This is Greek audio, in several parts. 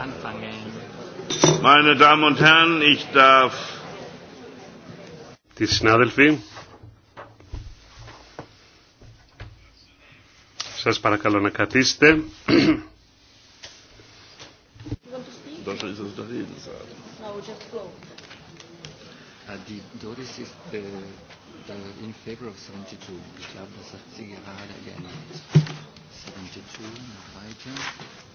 anfangen. Meine Damen und Herren, ich darf die συνάδελφοι, σας παρακαλώ να glaube, das hat sie gerade weiter.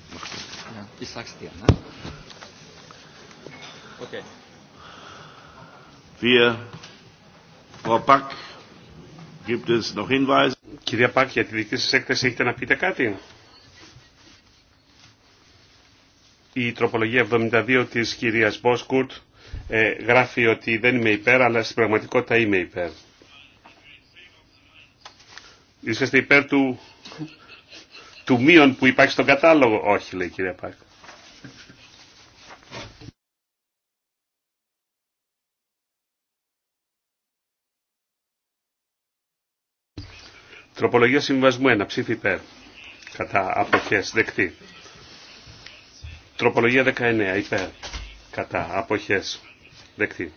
Κυρία Πάκ, για τη δική σα έκθεση έχετε να πείτε κάτι. Η τροπολογία 72 της κυρίας Μπόσκουρτ ε, γράφει ότι δεν είμαι υπέρ, αλλά στην πραγματικότητα είμαι υπέρ. Είσαστε υπέρ του του μείον που υπάρχει στον κατάλογο. Όχι, λέει η κυρία Πάκ. Τροπολογία συμβασμού 1. Ψήφι υπέρ. Κατά αποχές. Δεκτή. Τροπολογία 19. Υπέρ. Κατά αποχές. Δεκτή.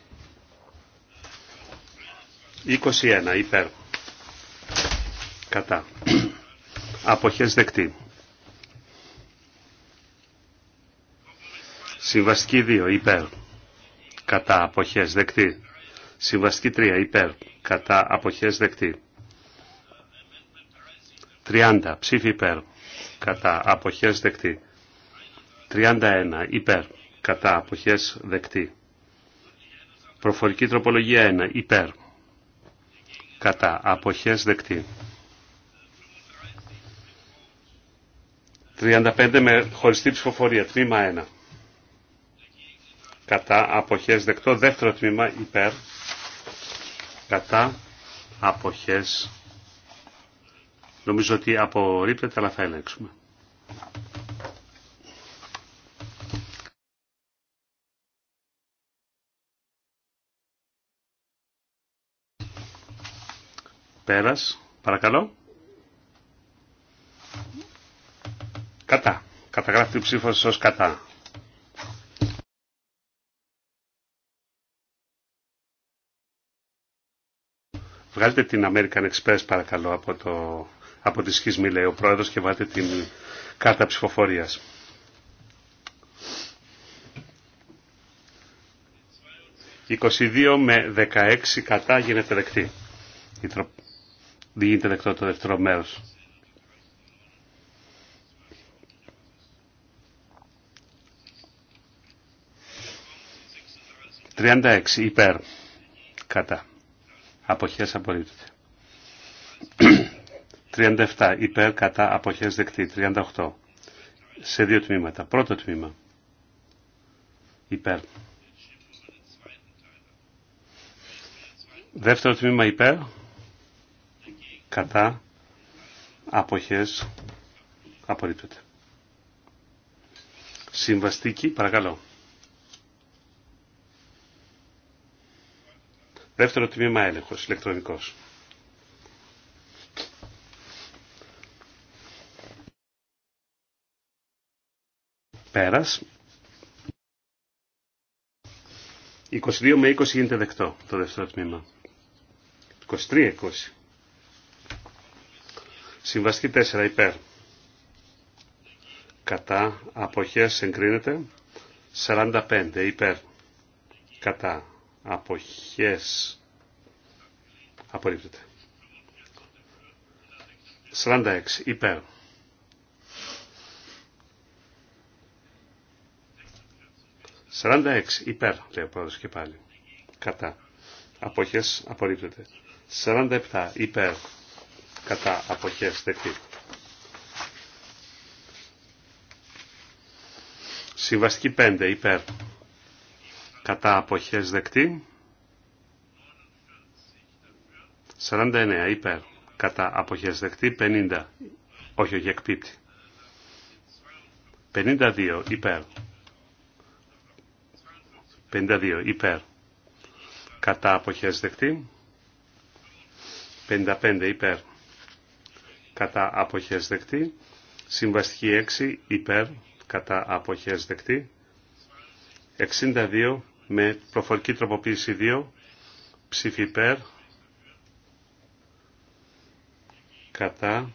21. Υπέρ. Κατά αποχές δεκτή. Συμβαστική 2 υπέρ κατά αποχές δεκτή. Συμβαστική 3 υπέρ κατά αποχές δεκτή. 30 ψήφι υπέρ κατά αποχές δεκτή. 31 υπέρ κατά αποχές δεκτή. Προφορική τροπολογία 1 υπέρ κατά αποχές δεκτή. 35 με χωριστή ψηφοφορία. Τμήμα 1. Κατά αποχές δεκτό. Δεύτερο τμήμα υπέρ. Κατά αποχές. Νομίζω ότι απορρίπτεται αλλά θα ελέγξουμε. Πέρας. Παρακαλώ. Κατά. Καταγράφει την ψήφο σα κατά. Βγάλετε την American Express παρακαλώ από, το, από τη σχισμή λέει ο πρόεδρος και βάλετε την κάρτα ψηφοφορίας. «22 με 16 κατά γίνεται δεκτή». Δεν Γίνεται δεκτό το δεύτερο μέρος. 36 υπέρ κατά αποχές απορρίπτεται. 37 υπέρ κατά αποχές δεκτή. 38 σε δύο τμήματα. Πρώτο τμήμα υπέρ. Δεύτερο τμήμα υπέρ κατά αποχές απορρίπτεται. Συμβαστική, παρακαλώ. Δεύτερο τμήμα έλεγχος, ηλεκτρονικός. Πέρας. 22 με 20 γίνεται δεκτό το δεύτερο τμήμα. 23-20. Συμβαστή 4 υπέρ. Κατά αποχές εγκρίνεται. 45 υπέρ. Κατά αποχές απορρίπτεται 46 υπέρ 46, υπέρ, λέει ο πρόεδρος και πάλι. Κατά. Αποχές απορρίπτεται. 47 υπέρ κατά αποχές δεχτεί. Συμβαστική 5 υπέρ κατά αποχές δεκτή. 49 υπέρ κατά αποχές δεκτή. 50 όχι όχι εκπίπτει. 52 υπέρ. 52 υπέρ κατά αποχές δεκτή. 55 υπέρ κατά αποχές δεκτή. Συμβαστική 6 υπέρ κατά αποχές δεκτή. 62 με προφορική τροποποίηση 2, ψήφι υπέρ, κατά,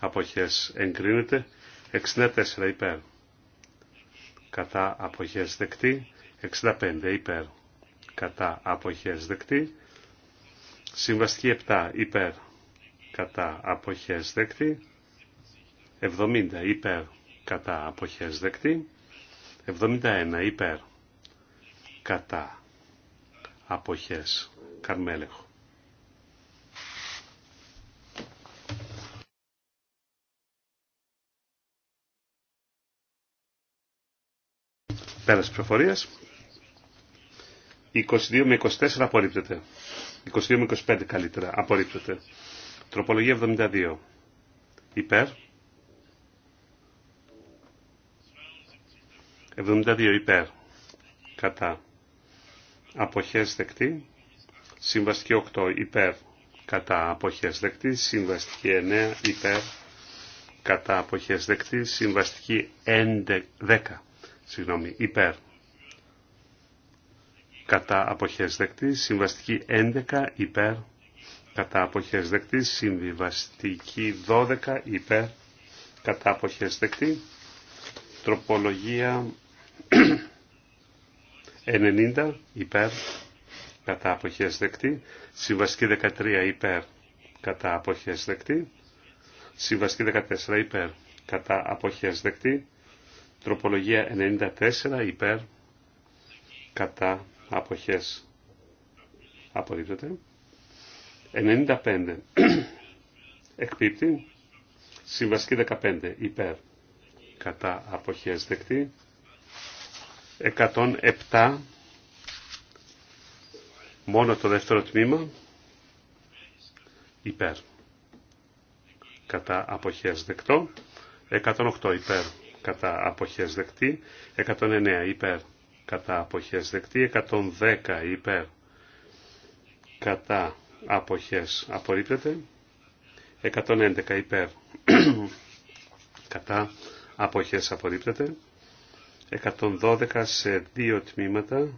αποχές εγκρίνεται, 64 υπέρ, κατά, αποχές δεκτή, 65 υπέρ, κατά, αποχές δεκτή, συμβαστική 7 υπέρ, κατά, αποχές δεκτή, 70 υπέρ, κατά, αποχές δεκτή, 71 υπέρ, κατά αποχές καρμέλεχο. έλεγχο. Πέρας 22 με 24 απορρίπτεται. 22 με 25 καλύτερα απορρίπτεται. Τροπολογία 72. Υπέρ. 72 υπέρ. Κατά αποχές δεκτή, συμβαστική 8 υπέρ κατά αποχές δεκτή, συμβαστική 9 υπέρ κατά αποχές δεκτή, συμβαστική 10 συγγνώμη, υπέρ κατά αποχές δεκτή, συμβαστική 11 υπέρ κατά αποχές δεκτή, συμβιβαστική 12 υπέρ κατά αποχές δεκτή, τροπολογία 90 υπέρ κατά αποχές δεκτή. Συμβαστική 13 υπέρ κατά αποχές δεκτή. Συμβαστική 14 υπέρ κατά αποχές δεκτή. Τροπολογία 94 υπέρ κατά αποχές απορρίπτεται. 95 εκπίπτει. Συμβαστική 15 υπέρ κατά αποχές δεκτή. 107 μόνο το δεύτερο τμήμα υπέρ κατά αποχές δεκτό 108 υπέρ κατά αποχές δεκτή 109 υπέρ κατά αποχές δεκτή 110 υπέρ κατά αποχές απορρίπτεται 111 υπέρ κατά αποχές απορρίπτεται 112 σε δύο τμήματα.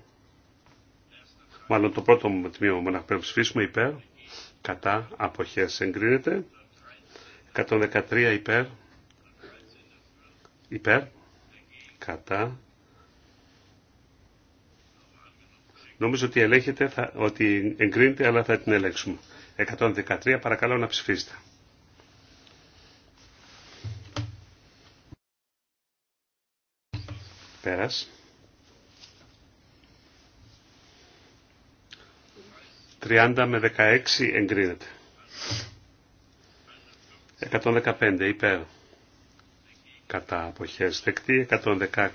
Μάλλον το πρώτο τμήμα που να ψηφίσουμε υπέρ. Κατά αποχές εγκρίνεται. 113 υπέρ. Υπέρ. Κατά. Νομίζω ότι ελέγχεται, θα, ότι εγκρίνεται, αλλά θα την ελέγξουμε. 113 παρακαλώ να ψηφίσετε. 30 με 16 εγκρίνεται. 115 υπέρ. Κατά αποχές δεκτή. 116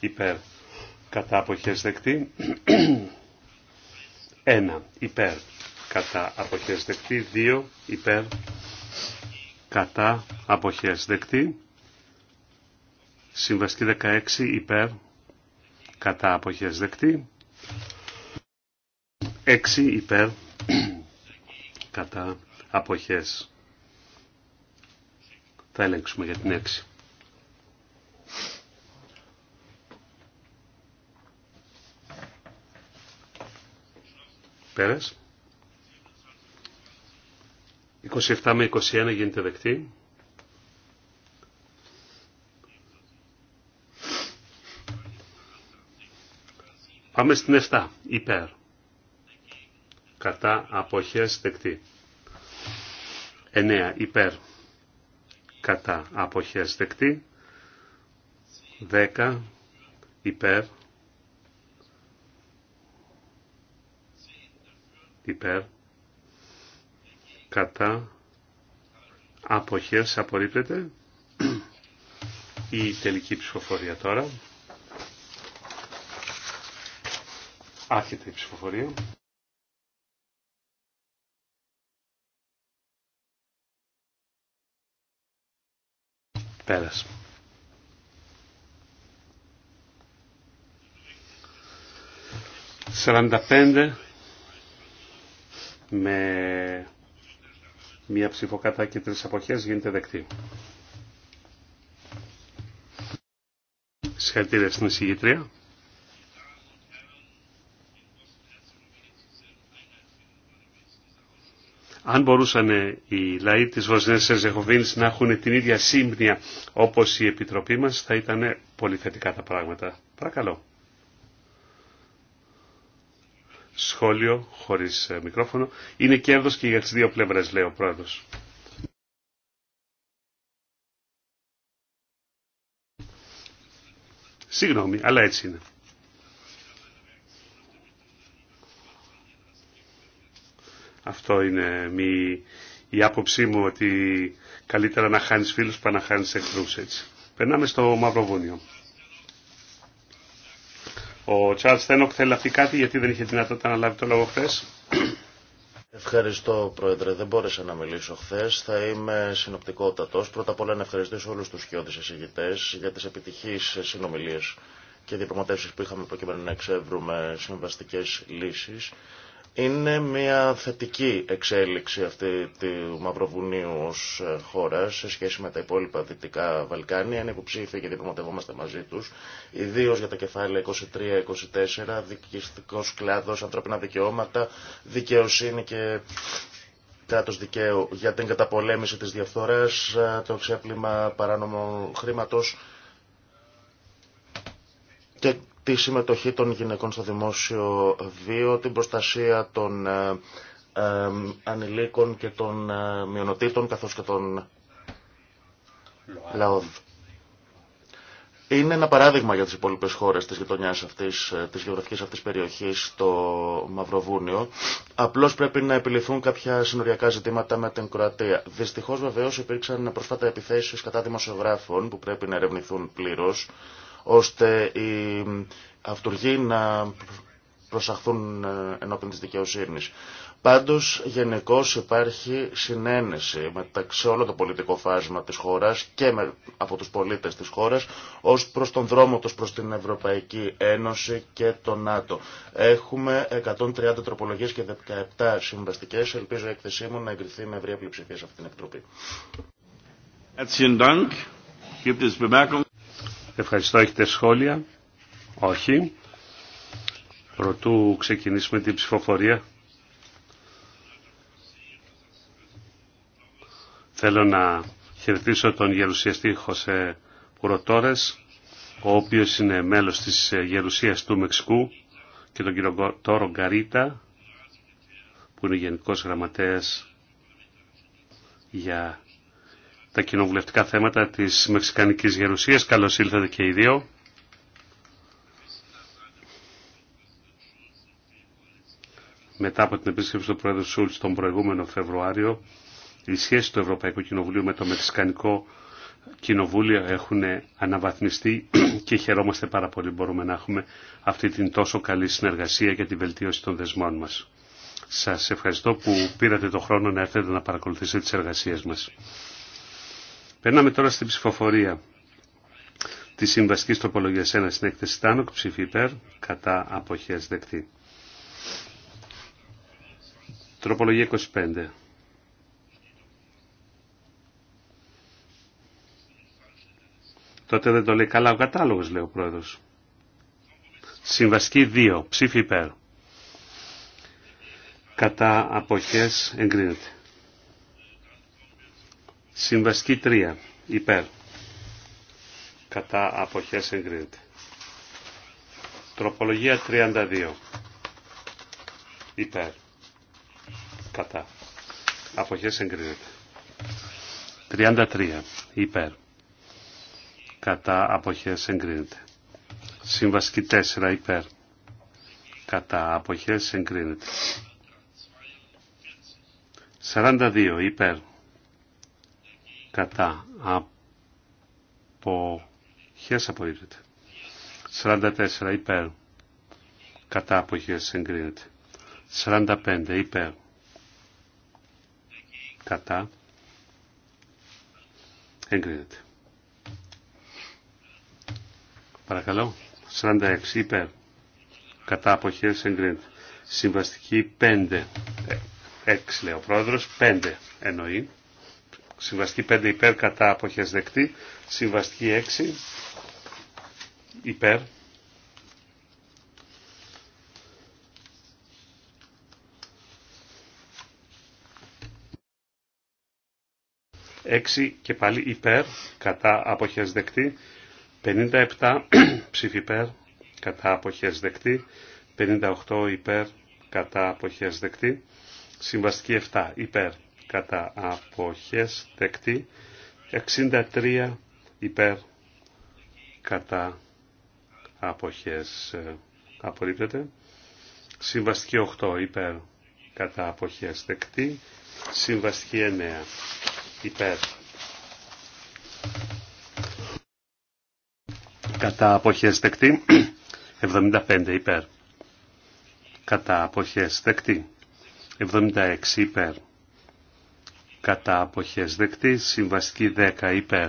υπέρ. Κατά αποχές δεκτή. 1 υπέρ. Κατά αποχές δεκτή. 2 υπέρ. Κατά αποχές δεκτή. Συμβαστική 16 υπέρ κατά αποχές δεκτή. 6 υπέρ κατά αποχές. Θα ελέγξουμε για την 6. Πέρας. 27 με 21 γίνεται δεκτή. Πάμε στην 7. Υπέρ. Κατά αποχές δεκτή. 9. Υπέρ. Κατά αποχές δεκτή. 10. Υπέρ. Υπέρ. Κατά αποχές απορρίπτεται. Η τελική ψηφοφορία τώρα. Άρχεται η ψηφοφορία. Πέρασε. Σαράντα με μία ψηφοκάτα και τρεις αποχές γίνεται δεκτή. Συγχαρητήρια στην εισηγητρία. Αν μπορούσαν οι λαοί της Βοσνίας Ερζεχοβίνης να έχουν την ίδια σύμπνοια όπως η Επιτροπή μας, θα ήταν πολύ θετικά τα πράγματα. Παρακαλώ. Σχόλιο χωρίς ε, μικρόφωνο. Είναι κέρδος και για τις δύο πλευρές, λέει ο πρόεδρος. Συγγνώμη, αλλά έτσι είναι. Αυτό είναι μη... η άποψή μου ότι καλύτερα να χάνεις φίλους παρά να χάνεις εχθρούς έτσι. Περνάμε στο Μαυροβούνιο. Ο Τσάρλ Στένοκ θέλει να πει κάτι γιατί δεν είχε δυνατότητα να λάβει το λόγο χθε. Ευχαριστώ, Πρόεδρε. Δεν μπόρεσα να μιλήσω χθε. Θα είμαι συνοπτικότατο. Πρώτα απ' όλα να ευχαριστήσω όλου του σκιώδει εισηγητέ για τι επιτυχεί συνομιλίε και διαπραγματεύσει που είχαμε προκειμένου να εξεύρουμε συμβαστικέ λύσει είναι μια θετική εξέλιξη αυτή του Μαυροβουνίου ως ε, χώρα σε σχέση με τα υπόλοιπα Δυτικά Βαλκάνια. Είναι υποψήφια και διπλωματεύομαστε μαζί τους, ιδίως για τα κεφάλαια 23-24, δικηστικό κλάδος, ανθρώπινα δικαιώματα, δικαιοσύνη και κράτος δικαίου για την καταπολέμηση της διαφθοράς, ε, το ξέπλυμα παράνομου χρήματος και τη συμμετοχή των γυναικών στο δημόσιο βίο, την προστασία των ε, ε, ανηλίκων και των ε, μειονοτήτων καθώς και των λαών; Είναι ένα παράδειγμα για τις υπόλοιπες χώρες της γειτονιάς αυτής, της γεωγραφικής αυτής περιοχής στο Μαυροβούνιο. Απλώς πρέπει να επιληθούν κάποια συνοριακά ζητήματα με την Κροατία. Δυστυχώς βεβαίως υπήρξαν πρόσφατα επιθέσεις κατά δημοσιογράφων που πρέπει να ερευνηθούν πλήρως ώστε οι αυτούργοι να προσαχθούν ε, ενώπιν της δικαιοσύνης. Πάντως γενικώ υπάρχει συνένεση μεταξύ όλο το πολιτικό φάσμα της χώρας και από τους πολίτες της χώρας ως προς τον δρόμο τους προς την Ευρωπαϊκή Ένωση και το ΝΑΤΟ. Έχουμε 130 τροπολογίες και 17 συμβαστικές. Ελπίζω η έκθεσή μου να εγκριθεί με ευρία πλειοψηφία σε αυτήν την εκτροπή. Ευχαριστώ. Έχετε σχόλια. Όχι. Προτού ξεκινήσουμε την ψηφοφορία. Θέλω να χαιρετήσω τον γερουσιαστή Χωσέ Πουροτόρες, ο οποίος είναι μέλος της γερουσίας του Μεξικού και τον κύριο Τόρο Γκαρίτα, που είναι γενικός γραμματέας για τα κοινοβουλευτικά θέματα της Μεξικανικής Γερουσίας. Καλώς ήλθατε και οι δύο. Μετά από την επίσκεψη του Πρόεδρου Σούλτ τον προηγούμενο Φεβρουάριο, οι σχέσει του Ευρωπαϊκού Κοινοβουλίου με το Μεξικανικό Κοινοβούλιο έχουν αναβαθμιστεί και χαιρόμαστε πάρα πολύ μπορούμε να έχουμε αυτή την τόσο καλή συνεργασία για την βελτίωση των δεσμών μας. Σας ευχαριστώ που πήρατε το χρόνο να έρθετε να παρακολουθήσετε τις εργασίες μας. Περνάμε τώρα στην ψηφοφορία τη συμβαστική τροπολογία 1 στην έκθεση Τάνοκ. Ψήφι υπέρ, κατά αποχέ δεκτή. Τροπολογία 25. Τότε δεν το λέει καλά ο κατάλογος, λέει ο πρόεδρος. Συμβαστική 2. Ψήφι υπέρ. Κατά αποχές εγκρίνεται. Συμβασκή 3. Υπέρ. Κατά αποχές εγκρίνεται. Τροπολογία 32. Υπέρ. Κατά. Αποχές εγκρίνεται. 33. Υπέρ. Κατά αποχές εγκρίνεται. Συμβαστική 4. Υπέρ. Κατά αποχές εγκρίνεται. 42. Υπέρ κατά από χιές απορρίπτεται. 44 υπέρ κατά από χιές εγκρίνεται. 45 υπέρ κατά εγκρίνεται. Παρακαλώ. 46 υπέρ κατά από χιές εγκρίνεται. Συμβαστική 5 6 ε, λέει ο πρόεδρος 5 εννοεί Συμβαστική 5 υπέρ κατά αποχές δεκτή. Συμβαστική 6 υπέρ. 6 και πάλι υπέρ, κατά αποχές δεκτή. 57 ψήφι υπέρ, κατά αποχές δεκτή. 58 υπέρ, κατά αποχές δεκτή. Συμβαστική 7 υπέρ, κατά αποχές δεκτή 63 υπέρ κατά αποχές ε, απορρίπτεται συμβαστική 8 υπέρ κατά αποχές δεκτή συμβαστική 9 υπέρ κατά αποχές δεκτή 75 υπέρ κατά αποχές δεκτή 76 υπέρ κατά αποχές δεκτή, συμβαστική 10 υπέρ,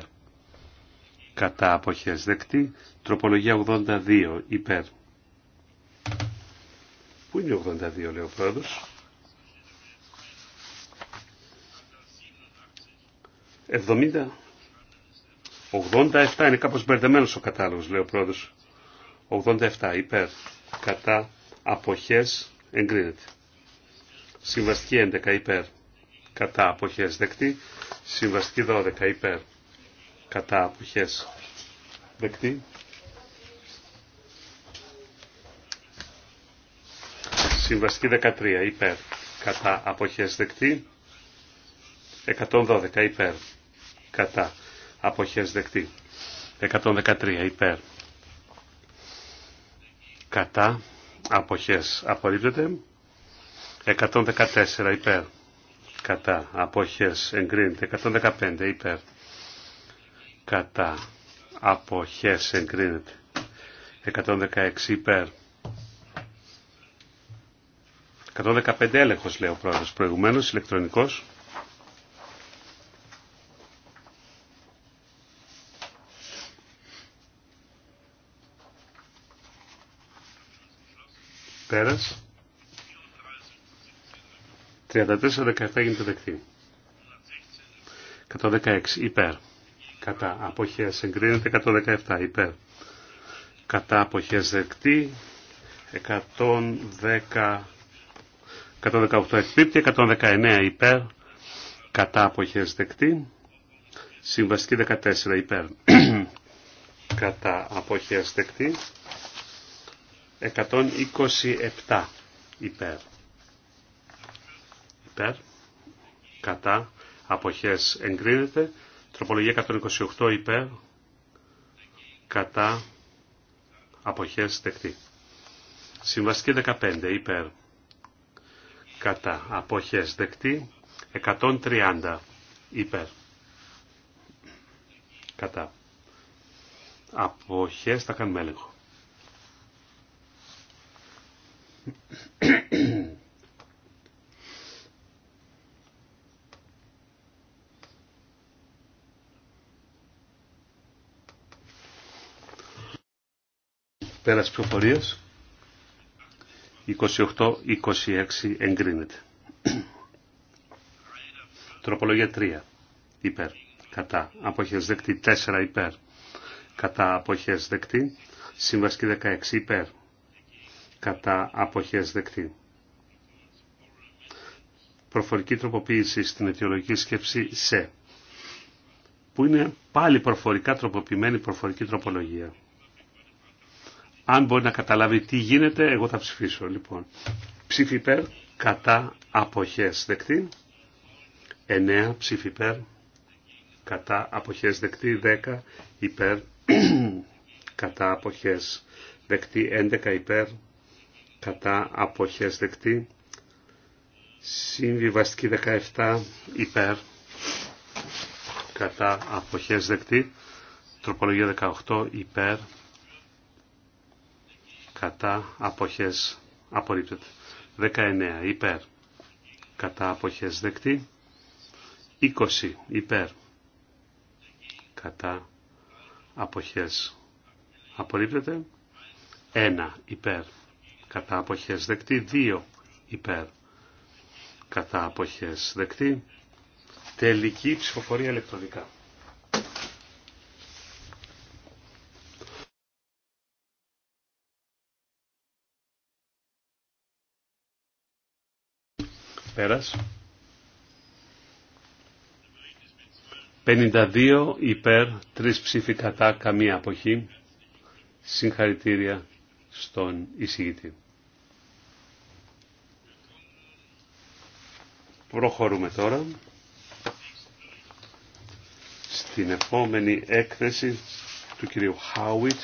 κατά αποχές δεκτή, τροπολογία 82 υπέρ. Πού είναι 82 λέει ο πρόεδρος. 70. 87 είναι κάπως μπερδεμένος ο κατάλογος λέει ο πρόεδρος. 87 υπέρ, κατά αποχές εγκρίνεται. Συμβαστική 11 υπέρ κατά αποχές δεκτή, συμβαστική 12 υπέρ κατά αποχές δεκτή. Συμβαστική 13 υπέρ κατά αποχές δεκτή. 112 υπέρ κατά αποχές δεκτή. 113 υπέρ κατά αποχές απορρίπτεται. 114 υπέρ κατά αποχές εγκρίνεται 115 υπέρ κατά αποχές εγκρίνεται 116 υπέρ 115 έλεγχος λέει ο πρόεδρος προηγουμένως ηλεκτρονικός πέρας 34-17 γίνεται δεκτή. 116 υπέρ. Κατά αποχές εγκρίνεται 117 υπέρ. Κατά αποχές δεκτή 110, 118 εκπίπτει, 119 υπέρ. Κατά αποχές δεκτή. Συμβαστική 14 υπέρ. Κατά αποχές δεκτή. 127 υπέρ υπέρ, κατά, αποχές εγκρίνεται. Τροπολογία 128 υπέρ, κατά, αποχές δεκτή. Συμβαστική 15 υπέρ, κατά, αποχές δεκτή. 130 υπέρ, κατά. Αποχές θα κάνουμε έλεγχο. περας πληροφορια ψηφοφορίας. 28-26 εγκρίνεται. Τροπολογία 3. Υπέρ. Κατά. απόχε δεκτή. 4 υπέρ. Κατά. Αποχές δεκτή. Σύμβασκη 16 υπέρ. Κατά. Αποχές δεκτή. Προφορική τροποποίηση στην αιτιολογική σκέψη σε. Που είναι πάλι προφορικά τροποποιημένη προφορική τροπολογία αν μπορεί να καταλάβει τι γίνεται, εγώ θα ψηφίσω λοιπόν. Ψήφι υπέρ, κατά αποχές δεκτή. 9 ψήφι υπέρ, κατά αποχές δεκτή. 10 υπέρ, κατά αποχές δεκτή. 11 υπέρ, κατά αποχές δεκτή. Συμβιβαστική 17 υπέρ, κατά αποχές δεκτή. Τροπολογία 18 υπέρ, κατά αποχές απορρίπτεται. 19 υπέρ κατά αποχές δεκτή. 20 υπέρ κατά αποχές απορρίπτεται. 1 υπέρ κατά αποχές δεκτή. 2 υπέρ κατά αποχές δεκτή. Τελική ψηφοφορία ηλεκτρονικά. Πέρας. 52 υπέρ, 3 ψήφοι κατά, καμία αποχή. Συγχαρητήρια στον εισηγητή. Προχωρούμε τώρα στην επόμενη έκθεση του κυρίου Χάουιτ.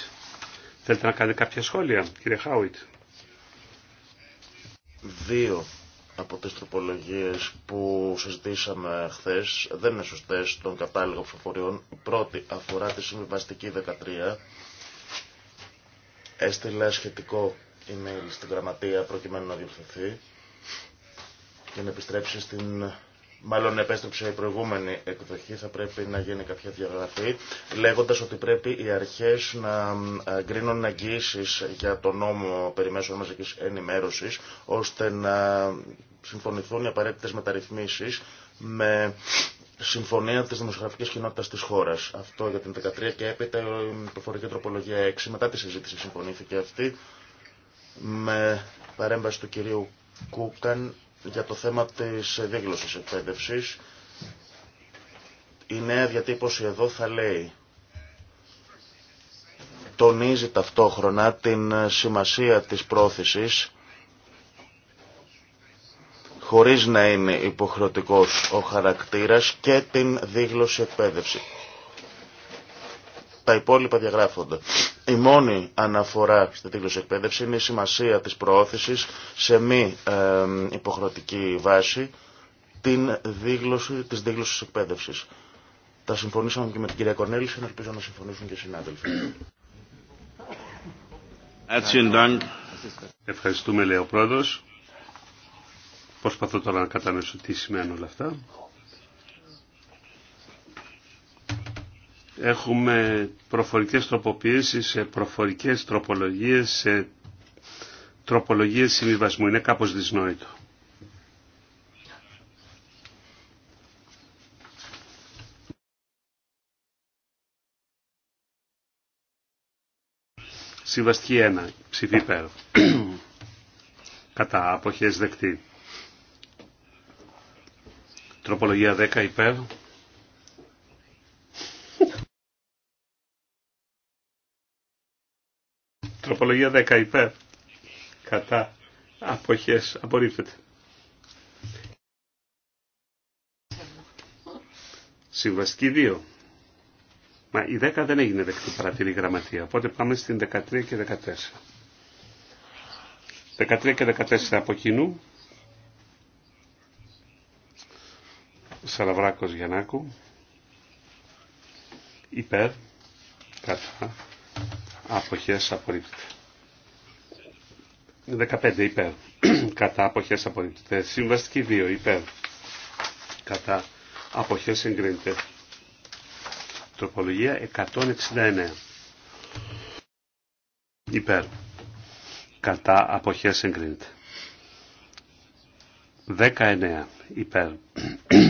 Θέλετε να κάνετε κάποια σχόλια, κύριε Χάουιτ. Δύο από τις τροπολογίες που συζητήσαμε χθες δεν είναι σωστές στον κατάλογο ψηφοφοριών. Η πρώτη αφορά τη συμβιβαστική 13. έστειλε σχετικό email στην γραμματεία προκειμένου να διορθωθεί και να επιστρέψει στην... Μάλλον επέστρεψε η προηγούμενη εκδοχή, θα πρέπει να γίνει κάποια διαγραφή, λέγοντας ότι πρέπει οι αρχές να ε, γκρίνουν αγγίσεις για τον νόμο περί μαζικής ενημέρωσης, ώστε να συμφωνηθούν οι απαραίτητες μεταρρυθμίσεις με συμφωνία της δημοσιογραφικής κοινότητας της χώρας. Αυτό για την 13 και έπειτα η προφορική τροπολογία 6. Μετά τη συζήτηση συμφωνήθηκε αυτή με παρέμβαση του κυρίου Κούκαν για το θέμα της δίγλωσης εκπαίδευσης. Η νέα διατύπωση εδώ θα λέει τονίζει ταυτόχρονα την σημασία της πρόθεσης χωρίς να είναι υποχρεωτικός ο χαρακτήρας και την δίγλωση εκπαίδευση. Τα υπόλοιπα διαγράφονται. Η μόνη αναφορά στη δίγλωση εκπαίδευση είναι η σημασία της προώθησης σε μη υποχρεωτική βάση την δίγλωση, της δίγλωσης εκπαίδευσης. Τα συμφωνήσαμε και με την κυρία Κονέλη, να ελπίζω να συμφωνήσουν και οι συνάδελφοι. Ευχαριστούμε, λέει ο πρόεδρος. Προσπαθώ τώρα να κατανοήσω τι σημαίνουν όλα αυτά. Έχουμε προφορικές τροποποιήσεις, σε προφορικές τροπολογίες, σε τροπολογίες συμβιβασμού. Είναι κάπως δυσνόητο. Συμβαστική 1. Ψηφί πέρα. Κατά αποχές δεκτή. Τροπολογία 10 υπέρ. Τροπολογία 10 υπέρ. Κατά αποχές απορρίφεται Συμβαστική 2. Μα η 10 δεν έγινε δεκτή παρατηρή γραμματεία. Οπότε πάμε στην 13 και 14. 13 και 14 από κοινού. Σαλαβράκος Γιαννάκου υπέρ κατά αποχές απορρίπτεται 15 υπέρ κατά αποχές απορρίπτεται συμβαστική 2 υπέρ κατά αποχές εγκρίνεται τροπολογία 169 υπέρ κατά αποχές εγκρίνεται 19 υπέρ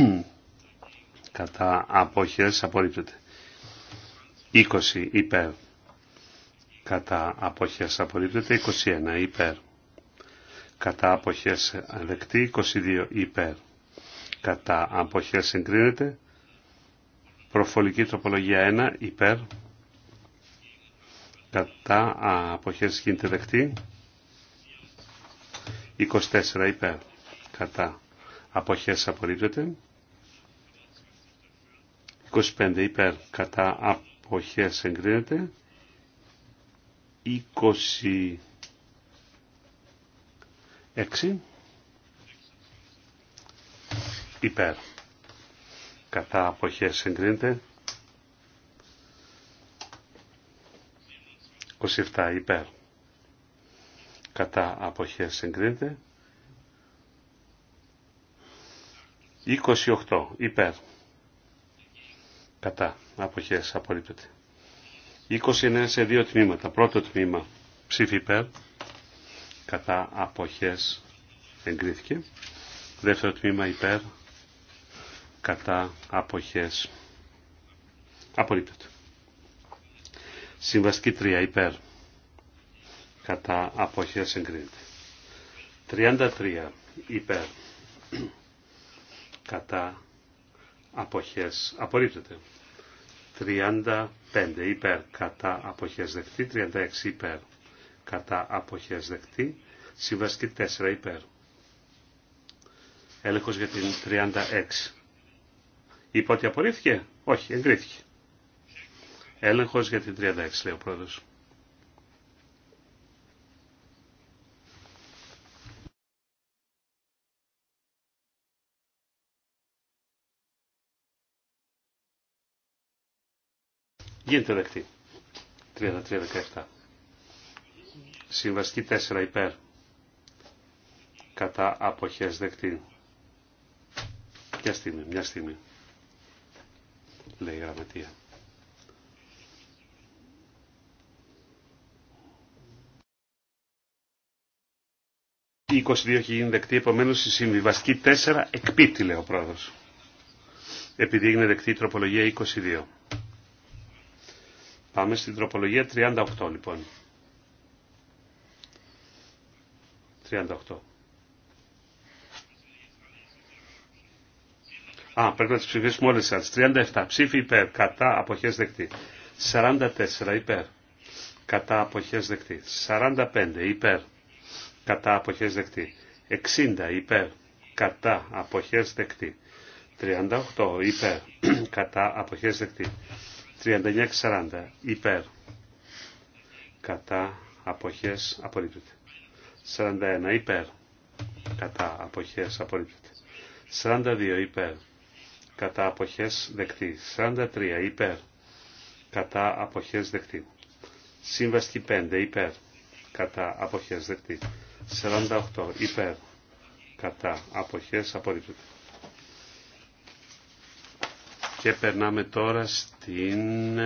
κατά αποχές απορρίπτεται. 20 υπέρ κατά αποχές απορρίπτεται. 21 υπέρ κατά αποχές δεκτή. 22 υπέρ κατά αποχές εγκρίνεται Προφορική τροπολογία 1 υπέρ κατά αποχές γίνεται δεκτή. 24 υπέρ κατά αποχές απορρίπτεται. 25 υπέρ κατά αποχές εγκρίνεται. 26 υπέρ κατά αποχές εγκρίνεται. 27 υπέρ κατά αποχές εγκρίνεται. 28 υπέρ κατά αποχές απορρίπτεται. 29 σε δύο τμήματα. Πρώτο τμήμα ψήφι υπέρ κατά αποχές εγκρίθηκε. Δεύτερο τμήμα υπέρ κατά αποχές απορρίπτεται. Συμβαστική 3 υπέρ κατά αποχές εγκρίνεται. 33 υπέρ κατά αποχές απορρίπτεται. 35 υπέρ κατά αποχές δεκτή, 36 υπέρ κατά αποχές δεκτή, συμβαστική 4 υπέρ. Έλεγχος για την 36. Είπα ότι απορρίφθηκε. Όχι, εγκρίθηκε. Έλεγχος για την 36 λέει ο πρόεδρος. Γίνεται δεκτή. 33-17. Συμβαστική 4 υπέρ. Κατά αποχές δεκτή. Μια στιγμή, μια στιγμή. Λέει η γραμματεία. Η 22 έχει γίνει δεκτή, επομένω η συμβιβαστική 4 εκπίπτει, λέει ο πρόεδρο. Επειδή είναι δεκτή η τροπολογία 22. Πάμε στην τροπολογία 38 λοιπόν. 38. Α, πρέπει να τις ψηφίσουμε όλες 37 ψήφι υπέρ, κατά αποχές δεκτή. 44 υπέρ, κατά αποχές δεκτή. 45 υπέρ, κατά αποχές δεκτή. 60 υπέρ, κατά αποχές δεκτή. 38 υπέρ, κατά αποχές δεκτή. 39 40 υπέρ κατά αποχές απορρίπτεται. 41 υπέρ κατά αποχές απορρίπτεται. 42 υπέρ κατά αποχές δεκτή. 43 υπέρ κατά αποχές δεκτή. Σύμβαστη 5 υπέρ κατά αποχές δεκτή. 48 υπέρ κατά αποχές απορρίπτεται. Και περνάμε τώρα στην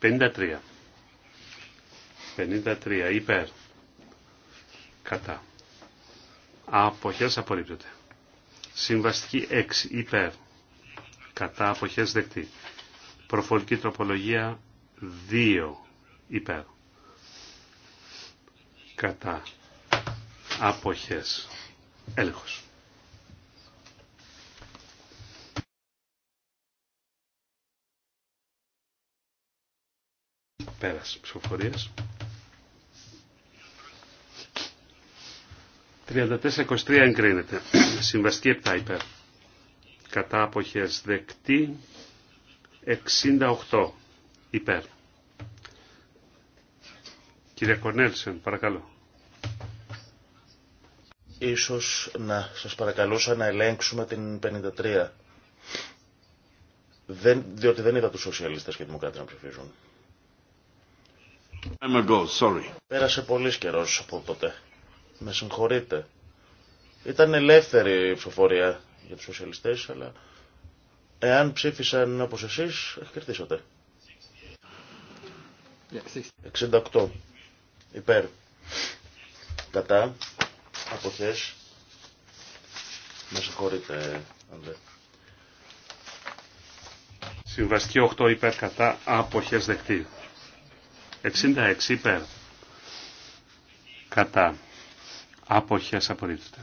53. Ε, 53 υπέρ. Κατά. Αποχές απορρίπτεται. Συμβαστική 6 υπέρ. Κατά αποχές δεκτή. Προφορική τροπολογία 2 υπέρ. Κατά αποχές. Έλεγχος. Πέρας ψηφοφορίας. 34-23 εγκρίνεται. Συμβαστική 7 υπέρ. Κατά αποχές δεκτή. 68 υπέρ. Κύριε Κορνέλσεν, παρακαλώ. Ίσως να σας παρακαλούσα να ελέγξουμε την 53. Δεν, διότι δεν είδα τους σοσιαλίστες και δημοκράτες να ψηφίζουν sorry. Πέρασε πολύ καιρό από τότε. Με συγχωρείτε. Ήταν ελεύθερη η ψηφοφορία για τους σοσιαλιστές, αλλά εάν ψήφισαν όπως εσείς, κερδίσατε. 68. Υπέρ. Κατά. Αποχές. Με συγχωρείτε, Ανδρέ. Συμβαστική 8 υπέρ κατά αποχές δεκτή. 66 υπέρ. Κατά. Αποχές απορρίπτεται.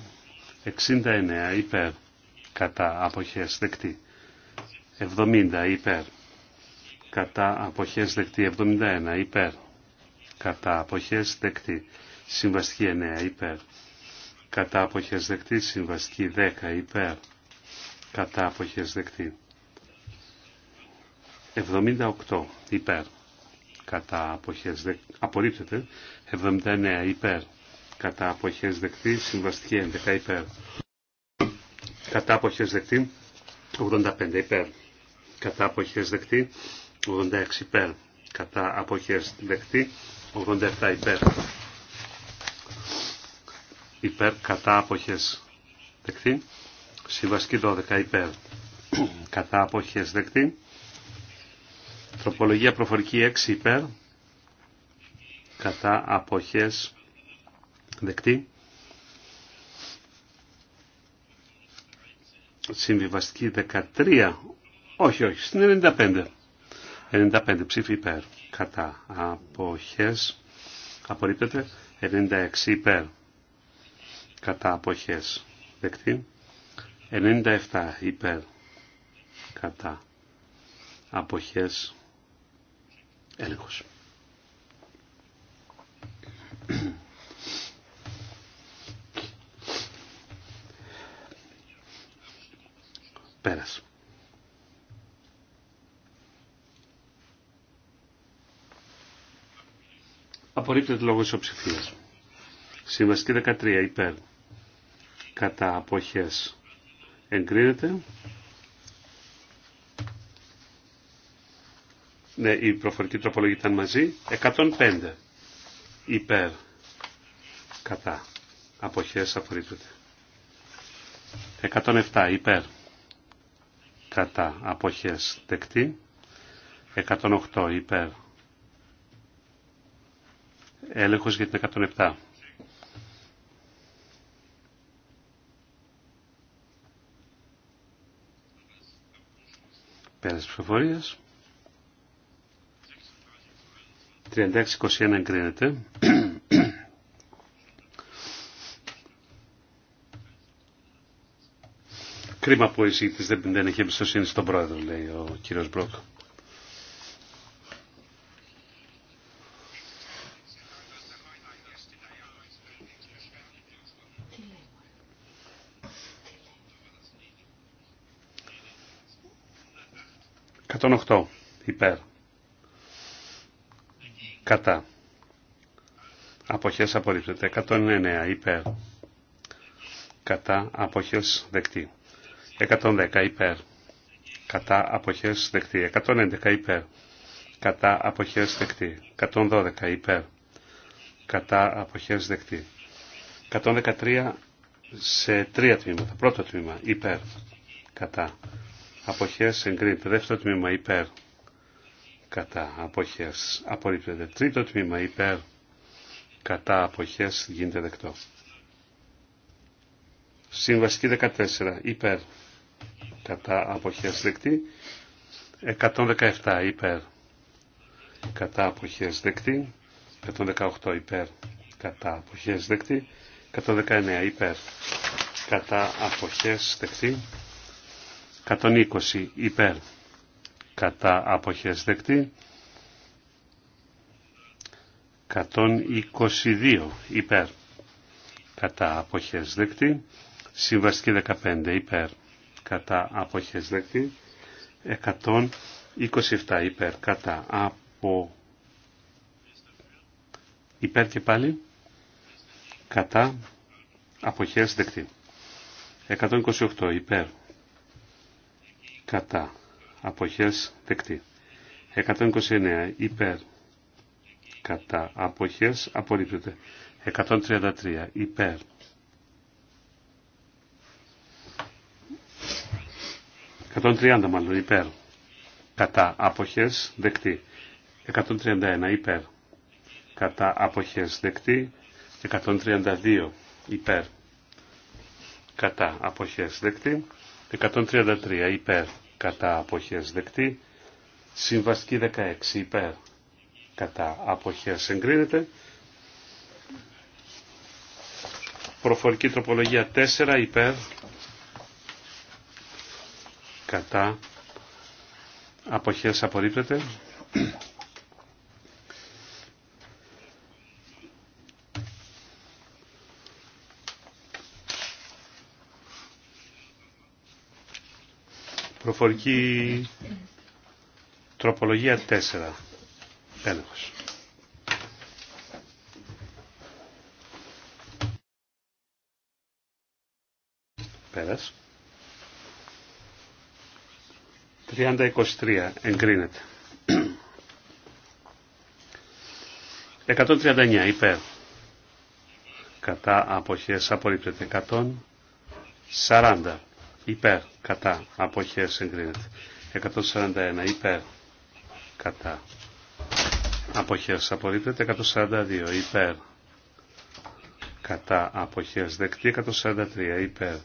69 υπέρ. Κατά. Αποχές δεκτή. 70 υπέρ. Κατά. Αποχές δεκτή. 71 υπέρ. Κατά. Αποχές δεκτή. Συμβαστική 9 υπέρ. Κατά. Αποχές δεκτή. Συμβαστική 10 υπέρ. Κατά. Αποχές δεκτή. 78 υπέρ κατά αποχές απορρίπτεται, 79 υπέρ κατά αποχές δεκτή, συμβαστική 11 υπέρ κατά αποχές δεκτή, 85 υπέρ κατά αποχές δεκτή, 86 υπέρ κατά αποχές δεκτή, 87 υπέρ υπέρ κατά αποχές δεκτή, συμβαστική 12 υπέρ κατά αποχές δεκτή, Τροπολογία προφορική 6 υπέρ. Κατά αποχές δεκτή. Συμβιβαστική 13. Όχι, όχι, στην 95. 95 ψήφι υπέρ. Κατά αποχές απορρίπτεται. 96 υπέρ. Κατά αποχές δεκτή. 97 υπέρ. Κατά αποχές Έλεγχος. Πέρας. Απορρίπτεται λόγω ισοψηφία. Συμβαστική 13 υπέρ. Κατά αποχές εγκρίνεται. Ναι, η προφορική τροπολογία ήταν μαζί. 105 υπέρ κατά αποχές απορρίπτωται. 107 υπέρ κατά αποχές δεκτή. 108 υπέρ έλεγχος για την 107. Πέρας ψηφοφορίας. 36-21 εγκρινεται Κρίμα που ο εισηγητής δεν, δεν έχει εμπιστοσύνη στον πρόεδρο, λέει ο κύριος Μπρόκ. Τον 8 υπέρ κατά. Αποχές απορρίπτεται. 109 υπέρ. Κατά αποχές δεκτή. 110 υπέρ. Κατά αποχές δεκτή. 111 υπέρ. Κατά αποχές δεκτή. 112 υπέρ. Κατά αποχές δεκτή. 113 σε τρία τμήματα. Πρώτο τμήμα υπέρ. Κατά. Αποχές εγκρίνεται. Δεύτερο τμήμα υπέρ κατά αποχές απορρίπτεται. Τρίτο τμήμα υπέρ κατά αποχές γίνεται δεκτό. Συμβαστική 14 υπέρ κατά αποχές δεκτή. 117 υπέρ κατά αποχές δεκτή. 118 υπέρ κατά αποχές δεκτή. 119 υπέρ κατά αποχές δεκτή. 120 υπέρ κατά αποχές δεκτή 122 υπέρ κατά αποχές δεκτή συμβαστική 15 υπέρ κατά αποχές δεκτή 127 υπέρ κατά από υπέρ και πάλι κατά αποχές δεκτή 128 υπέρ κατά αποχές δεκτή. 129 υπέρ κατά αποχές απορρίπτεται. 133 υπέρ Εκατόν μάλλον υπέρ. Κατά αποχές δεκτή. 131 υπέρ. Κατά αποχές δεκτή. 132 υπέρ. Κατά αποχές δεκτή. 133 υπέρ κατά αποχές δεκτή, συμβαστική 16 υπέρ κατά αποχές εγκρίνεται, προφορική τροπολογία 4 υπέρ κατά αποχές απορρίπτεται, προφορική τροπολογία 4. Έλεγχος. Πέρας. 30-23 εγκρίνεται. 139 υπέρ. Κατά αποχές απορρίπτεται 140 υπέρ, κατά, αποχές συγκρίνεται 141 υπέρ, κατά, αποχές απορρίπτεται. 142 υπέρ, κατά, αποχές δεκτή. 143 υπέρ,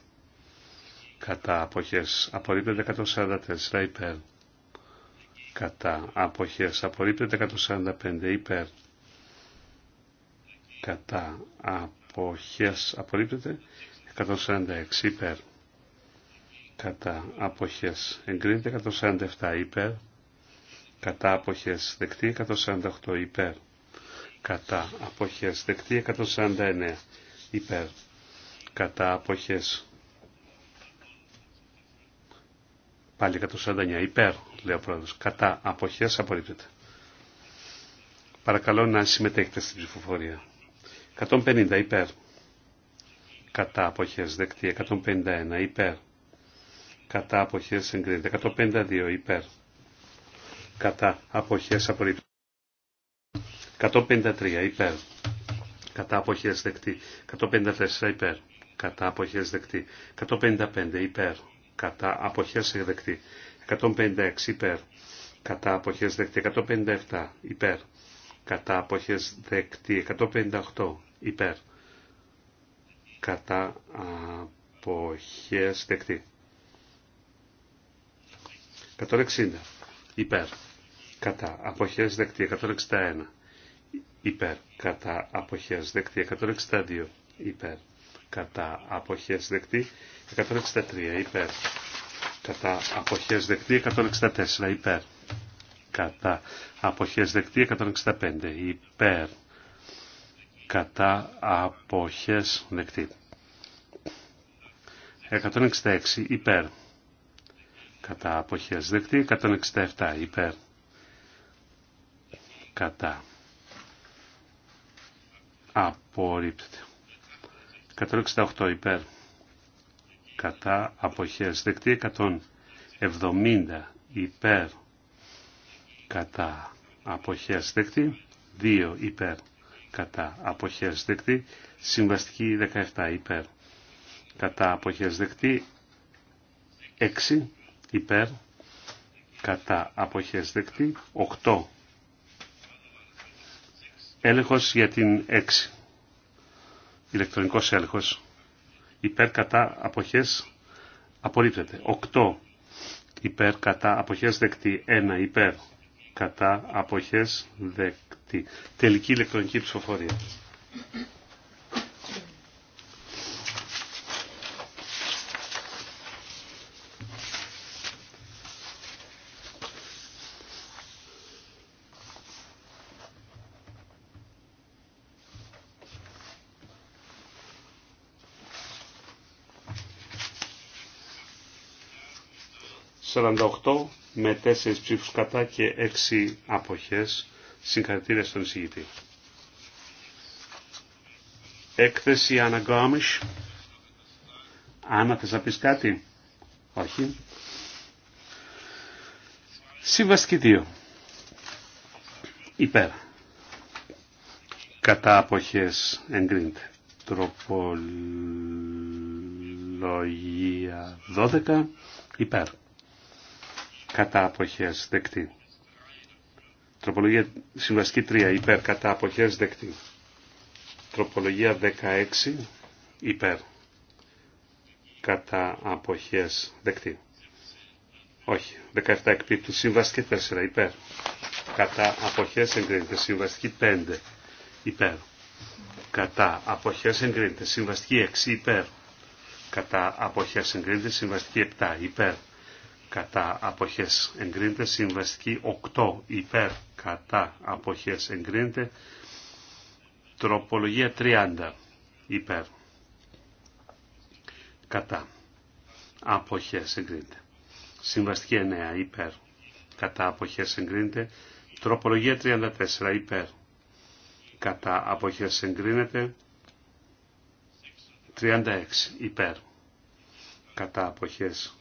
κατά, αποχές απορρίπτεται. 144 υπέρ, κατά, αποχές απορρίπτεται. 145 υπέρ, κατά, αποχές απορρίπτεται. 146 υπέρ κατά αποχές εγκρίνεται 147 υπέρ, κατά αποχές δεκτή 148 υπέρ, κατά αποχές δεκτή 149 υπέρ, κατά αποχές πάλι 149 υπέρ, λέει ο πρόεδρος, κατά αποχές απορρίπτεται. Παρακαλώ να συμμετέχετε στην ψηφοφορία. 150 υπέρ. Κατά αποχές δεκτή 151 υπέρ κατά αποχές συγκρίνεται. 152 υπέρ κατά αποχές απορρίπτει. 153 υπέρ κατά αποχές δεκτή. 154 υπέρ κατά αποχές δεκτή. 155 υπέρ κατά αποχές δεκτή. 156 υπέρ κατά αποχές δεκτή. 157 υπέρ κατά αποχές δεκτή. 158 υπέρ κατά αποχές δεκτή. 160 υπέρ κατά αποχές δεκτή 161 υπέρ κατά αποχές δεκτή 162 υπέρ κατά αποχές δεκτή 163 υπέρ κατά αποχές δεκτή 164 υπέρ κατά αποχές δεκτή 165 υπέρ κατά αποχές δεκτή 166 υπέρ κατά αποχές δεκτή, 167 υπέρ κατά απορρίπτεται. 168 υπέρ κατά αποχές δεκτή, 170 υπέρ κατά αποχές δεκτή, 2 υπέρ κατά αποχές δεκτή, συμβαστική 17 υπέρ κατά αποχές δεκτή, 6 υπέρ κατά αποχές δεκτή 8 έλεγχος για την 6 ηλεκτρονικός έλεγχος υπέρ κατά αποχές απορρίπτεται 8 υπέρ κατά αποχές δεκτή 1 υπέρ κατά αποχές δεκτή τελική ηλεκτρονική ψηφοφορία 48 με 4 ψήφους κατά και 6 αποχές. Συγχαρητήρια στον εισηγητή. Έκθεση Άννα Άννα θες να πεις κάτι. Όχι. Σύμβαση 2. Υπέρ. Κατά αποχές εγκρίνεται. Τροπολογία 12. Υπέρ κατά αποχές δεκτή. Τροπολογία συμβαστική 3 υπέρ κατά αποχές δεκτή. Τροπολογία 16 υπέρ κατά αποχές δεκτή. Όχι, 17 εκπίπτου, συμβαστική 4 υπέρ. Κατά αποχές εγκρίνεται, συμβαστική 5 υπέρ. Κατά αποχές εγκρίνεται, συμβαστική 6 υπέρ. Κατά αποχές εγκρίνεται, συμβαστική 7 υπέρ κατά αποχές εγκρίνεται, συμβαστική 8 υπέρ κατά αποχές εγκρίνεται, τροπολογία 30 υπέρ κατά αποχές εγκρίνεται, συμβαστική 9 υπέρ κατά αποχές εγκρίνεται, τροπολογία 34 υπέρ κατά αποχές εγκρίνεται, 36 υπέρ κατά αποχές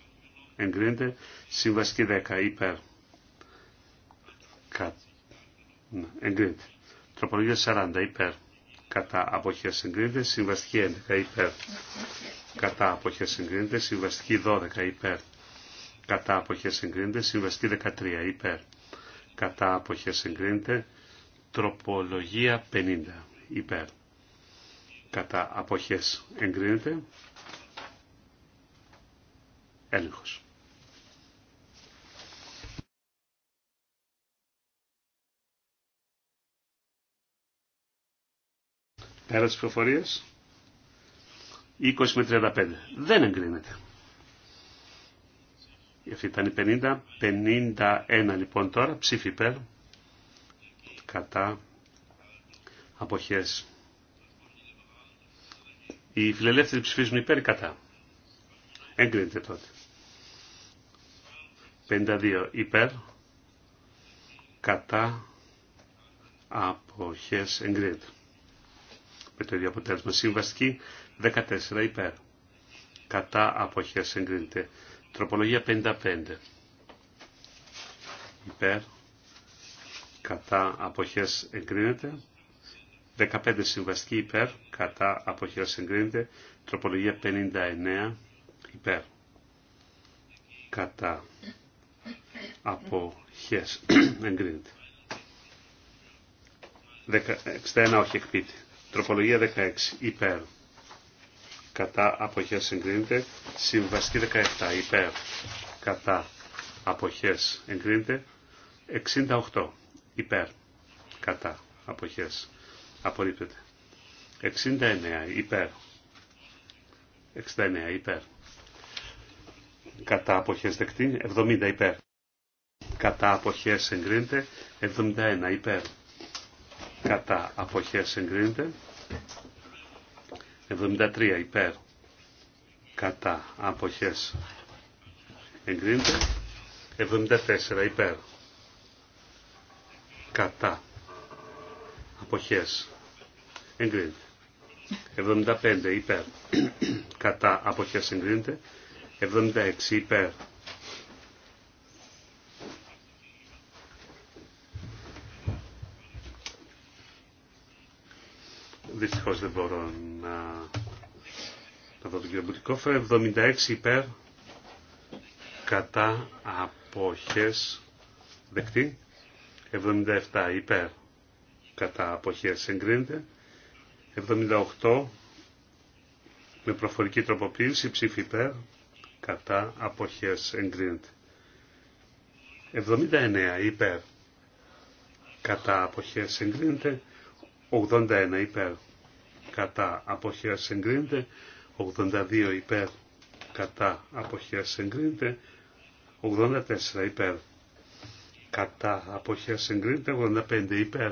εγκρίνεται. Συμβαστική 10 υπέρ κα, ναι, εγκρίνεται. Τροπολογία 40 υπέρ κατά αποχέ εγκρίνεται. Συμβαστική 11 υπέρ κατά αποχέ εγκρίνεται. Συμβαστική 12 υπέρ κατά αποχέ εγκρίνεται. Συμβαστική 13 υπέρ κατά αποχέ εγκρίνεται. Τροπολογία 50 υπέρ κατά αποχές εγκρίνεται έλεγχος. Πέρα της προφορίας. 20 με 35. Δεν εγκρίνεται. Αυτή ήταν η 50. 51 λοιπόν τώρα. Ψήφι υπέρ. Κατά. Αποχές. Οι φιλελεύθεροι ψηφίζουν υπέρ κατά. Εγκρίνεται τότε. 52 υπέρ. Κατά. Αποχές εγκρίνεται με το ίδιο αποτέλεσμα. Συμβαστική 14 υπέρ. Κατά αποχές εγκρίνεται. Τροπολογία 55. Υπέρ. Κατά αποχές εγκρίνεται. 15 συμβαστική υπέρ. Κατά αποχές εγκρίνεται. Τροπολογία 59 υπέρ. Κατά αποχές εγκρίνεται. 61 όχι εκπίτη. Τροπολογία 16. Υπέρ. Κατά αποχές εγκρίνεται. Συμβαστική 17. Υπέρ. Κατά αποχές εγκρίνεται. 68. Υπέρ. Κατά αποχές. Απορρίπτεται. 69. Υπέρ. 69. Υπέρ. Κατά αποχές δεκτή. 70. Υπέρ. Κατά αποχές εγκρίνεται. 71. Υπέρ κατά αποχές εγκρίνεται 73 υπέρ κατά αποχές εγκρίνεται 74 υπέρ κατά αποχές εγκρίνεται 75 υπέρ κατά αποχές εγκρίνεται 76 υπέρ Δυστυχώ δεν μπορώ να, να δω τον κύριο Μπουτικόφερ. 76 υπέρ κατά αποχές δεκτή. 77 υπέρ κατά αποχές εγκρίνεται. 78 με προφορική τροποποίηση ψήφι υπέρ κατά αποχές εγκρίνεται. 79 υπέρ κατά αποχές εγκρίνεται. 81 υπέρ κατά αποχές εγκρίνεται, 82 υπέρ κατά αποχές εγκρίνεται, 84 υπέρ κατά αποχές εγκρίνεται, 85 υπέρ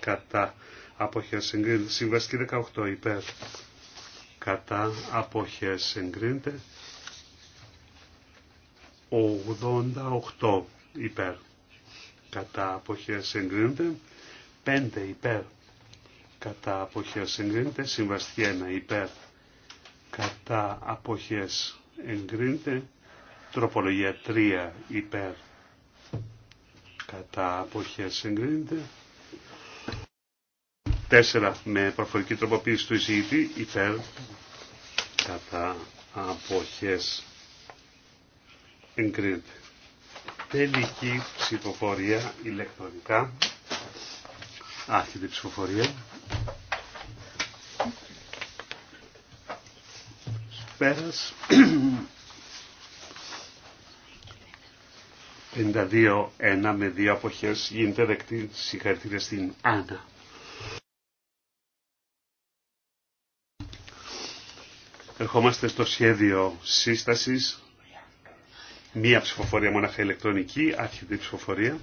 κατά αποχές εγκρίνεται, συμβαστική 18 υπέρ κατά αποχές εγκρίνεται, 88 υπέρ κατά αποχές εγκρίνεται, 5 υπέρ κατά αποχές εγκρίνεται, συμβαστική 1 υπέρ κατά αποχές εγκρίνεται, τροπολογία 3 υπέρ κατά αποχές εγκρίνεται, 4 με προφορική τροποποίηση του εισηγητή υπέρ κατά αποχές εγκρίνεται. Τελική ψηφοφορία ηλεκτρονικά. Άρχεται η ψηφοφορία. Πέρας. 52-1 με δύο αποχές γίνεται δεκτή συγχαρητήρια στην Άννα. Ερχόμαστε στο σχέδιο σύστασης. Μία ψηφοφορία μοναχα ηλεκτρονική, άρχιτη ψηφοφορία.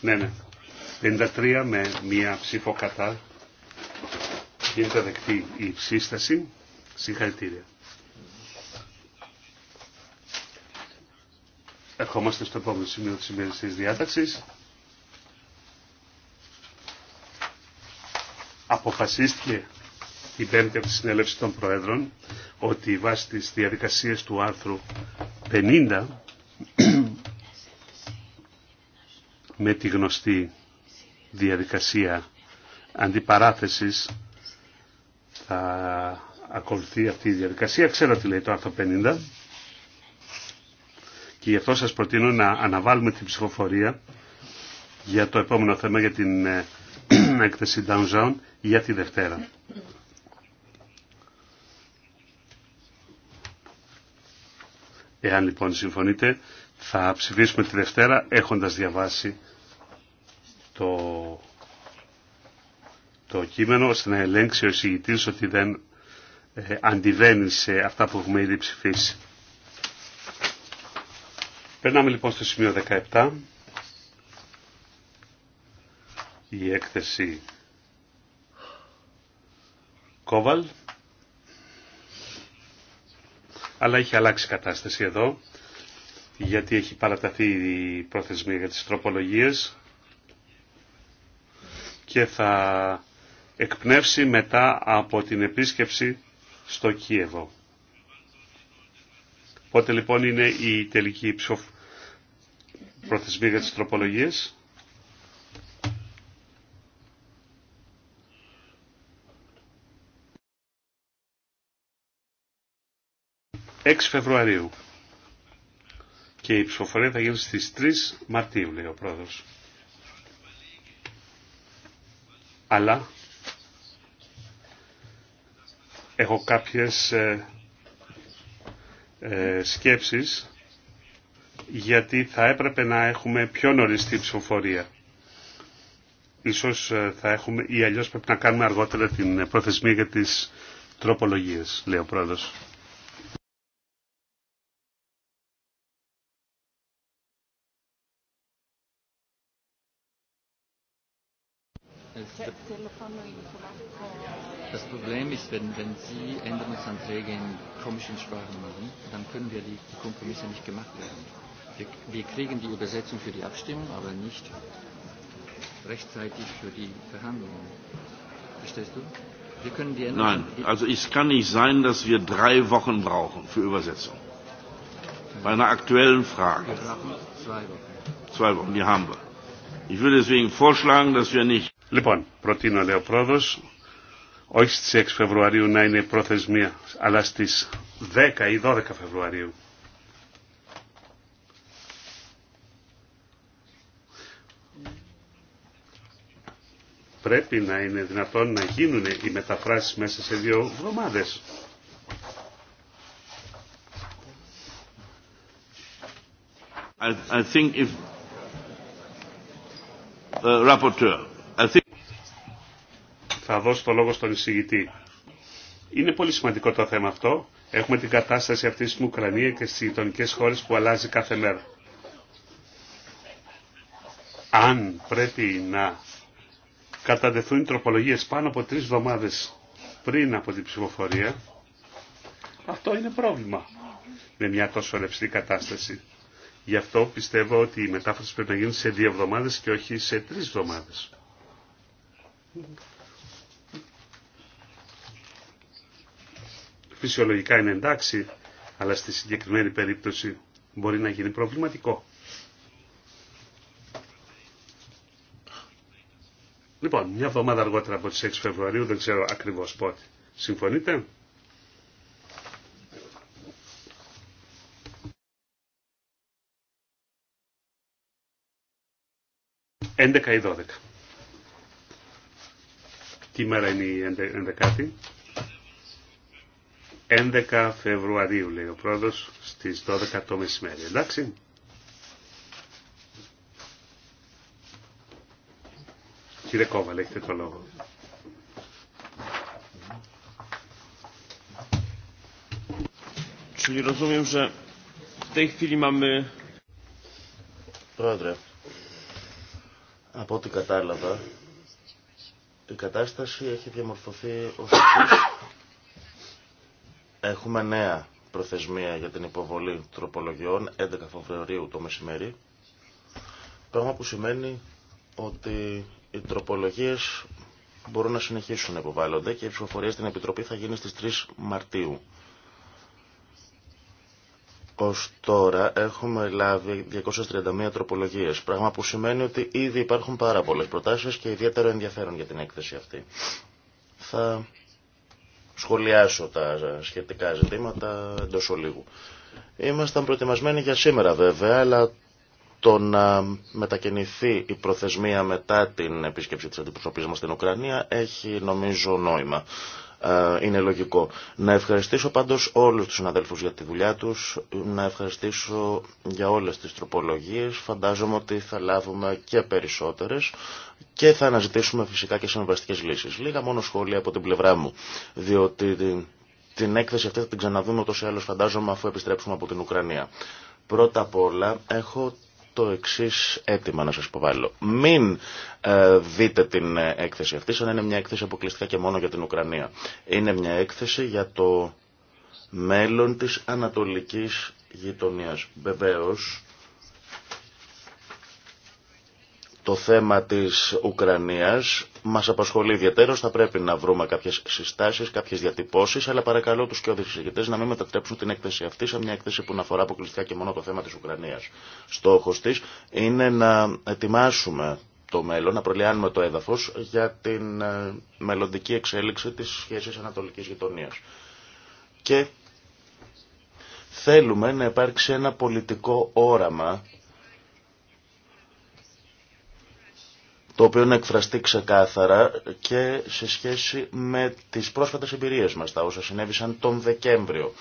Ναι, ναι. 53 με μία ψήφο κατά γίνεται δεκτή η ψήσταση. Συγχαρητήρια. Ερχόμαστε στο επόμενο σημείο της σημερινής της διάταξης. Αποφασίστηκε την Πέμπτη από τη Συνέλευση των Προέδρων ότι βάσει τις διαδικασίες του άρθρου 50 με τη γνωστή διαδικασία αντιπαράθεσης θα ακολουθεί αυτή η διαδικασία. Ξέρω τι λέει το άρθρο 50 και γι' αυτό σας προτείνω να αναβάλουμε την ψηφοφορία για το επόμενο θέμα για την ε, έκθεση Zone για τη Δευτέρα. Εάν λοιπόν συμφωνείτε, θα ψηφίσουμε τη Δευτέρα έχοντας διαβάσει το, το κείμενο ώστε να ελέγξει ο εισηγητής ότι δεν ε, αντιβαίνει σε αυτά που έχουμε ήδη ψηφίσει. Περνάμε λοιπόν στο σημείο 17. Η έκθεση Κόβαλ αλλά έχει αλλάξει η κατάσταση εδώ, γιατί έχει παραταθεί η πρόθεσμη για τις τροπολογίες και θα εκπνεύσει μετά από την επίσκεψη στο Κίεβο. Πότε λοιπόν είναι η τελική ψηφοφορία για τις τροπολογίες. 6 Φεβρουαρίου. Και η ψηφοφορία θα γίνει στις 3 Μαρτίου, λέει ο πρόεδρος. Αλλά έχω κάποιες ε, ε, σκέψεις γιατί θα έπρεπε να έχουμε πιο νωρίς την ψηφοφορία. Ίσως ε, θα έχουμε ή αλλιώς πρέπει να κάνουμε αργότερα την ε, προθεσμία για τις τροπολογίες, λέει ο πρόεδρος. Problem ist, wenn, wenn Sie Änderungsanträge in komischen Sprachen machen, dann können wir die, Kompromisse nicht gemacht werden. Wir, kriegen die Übersetzung für die Abstimmung, aber nicht rechtzeitig für die Verhandlungen. Verstehst du? Wir können die Nein, also es kann nicht sein, dass wir drei Wochen brauchen für Übersetzung. Bei einer aktuellen Frage. Wir brauchen zwei Wochen. Zwei Wochen, die haben wir. Ich würde deswegen vorschlagen, dass wir nicht... Λοιπόν, προτείνω, λέει ο όχι στις 6 Φεβρουαρίου να είναι προθεσμία, αλλά στις 10 ή 12 Φεβρουαρίου. Πρέπει να είναι δυνατόν να γίνουν οι μεταφράσεις μέσα σε δύο εβδομάδες. I, think if... the uh, rapporteur. Θα δώσω το λόγο στον εισηγητή. Είναι πολύ σημαντικό το θέμα αυτό. Έχουμε την κατάσταση αυτή στην Ουκρανία και στις γειτονικέ χώρε που αλλάζει κάθε μέρα. Αν πρέπει να καταδεθούν οι τροπολογίες πάνω από τρεις εβδομάδε πριν από την ψηφοφορία, αυτό είναι πρόβλημα με μια τόσο ρευστή κατάσταση. Γι' αυτό πιστεύω ότι η μετάφραση πρέπει να γίνει σε δύο εβδομάδε και όχι σε τρει εβδομάδε. φυσιολογικά είναι εντάξει, αλλά στη συγκεκριμένη περίπτωση μπορεί να γίνει προβληματικό. Λοιπόν, μια εβδομάδα αργότερα από τις 6 Φεβρουαρίου, δεν ξέρω ακριβώς πότε. Συμφωνείτε? Έντεκα ή δώδεκα. Τι μέρα είναι η δωδεκα τι μερα ειναι η 11η? 11 Φεβρουαρίου, λέει ο πρόεδρος, στι 12 το μεσημέρι. Εντάξει. Κύριε Κόβαλ, έχετε το λόγο. Πρόεδρε, από ό,τι κατάλαβα, η κατάσταση έχει διαμορφωθεί ως Έχουμε νέα προθεσμία για την υποβολή τροπολογιών 11 Φεβρουαρίου το μεσημέρι. Πράγμα που σημαίνει ότι οι τροπολογίες μπορούν να συνεχίσουν να υποβάλλονται και η ψηφοφορία στην Επιτροπή θα γίνει στις 3 Μαρτίου. Ως τώρα έχουμε λάβει 231 τροπολογίες, πράγμα που σημαίνει ότι ήδη υπάρχουν πάρα πολλές προτάσεις και ιδιαίτερο ενδιαφέρον για την έκθεση αυτή. Θα σχολιάσω τα σχετικά ζητήματα εντό ολίγου. Ήμασταν προετοιμασμένοι για σήμερα βέβαια, αλλά το να μετακινηθεί η προθεσμία μετά την επίσκεψη της αντιπροσωπής μας στην Ουκρανία έχει νομίζω νόημα. Ε, είναι λογικό. Να ευχαριστήσω πάντως όλους τους συναδέλφους για τη δουλειά τους, να ευχαριστήσω για όλες τις τροπολογίες. Φαντάζομαι ότι θα λάβουμε και περισσότερες και θα αναζητήσουμε φυσικά και συμβαστικές λύσεις. Λίγα μόνο σχόλια από την πλευρά μου, διότι την έκθεση αυτή θα την ξαναδούμε ούτως ή άλλως φαντάζομαι αφού επιστρέψουμε από την Ουκρανία. Πρώτα απ' όλα έχω το εξή αίτημα να σας υποβάλω. Μην ε, δείτε την έκθεση αυτή σαν είναι μια έκθεση αποκλειστικά και μόνο για την Ουκρανία. Είναι μια έκθεση για το μέλλον της ανατολικής γειτονίας. Βεβαίως, το θέμα της Ουκρανίας μας απασχολεί ιδιαίτερως, θα πρέπει να βρούμε κάποιες συστάσεις, κάποιες διατυπώσεις, αλλά παρακαλώ τους και οδηγητές να μην μετατρέψουν την έκθεση αυτή σε μια έκθεση που να αφορά αποκλειστικά και μόνο το θέμα της Ουκρανίας. Στόχος της είναι να ετοιμάσουμε το μέλλον, να προλιάνουμε το έδαφος για την ε, μελλοντική εξέλιξη της σχέσης ανατολικής γειτονίας. Και θέλουμε να υπάρξει ένα πολιτικό όραμα το οποίο να εκφραστεί ξεκάθαρα και σε σχέση με τις πρόσφατες εμπειρίες μας, τα όσα συνέβησαν τον Δεκέμβριο.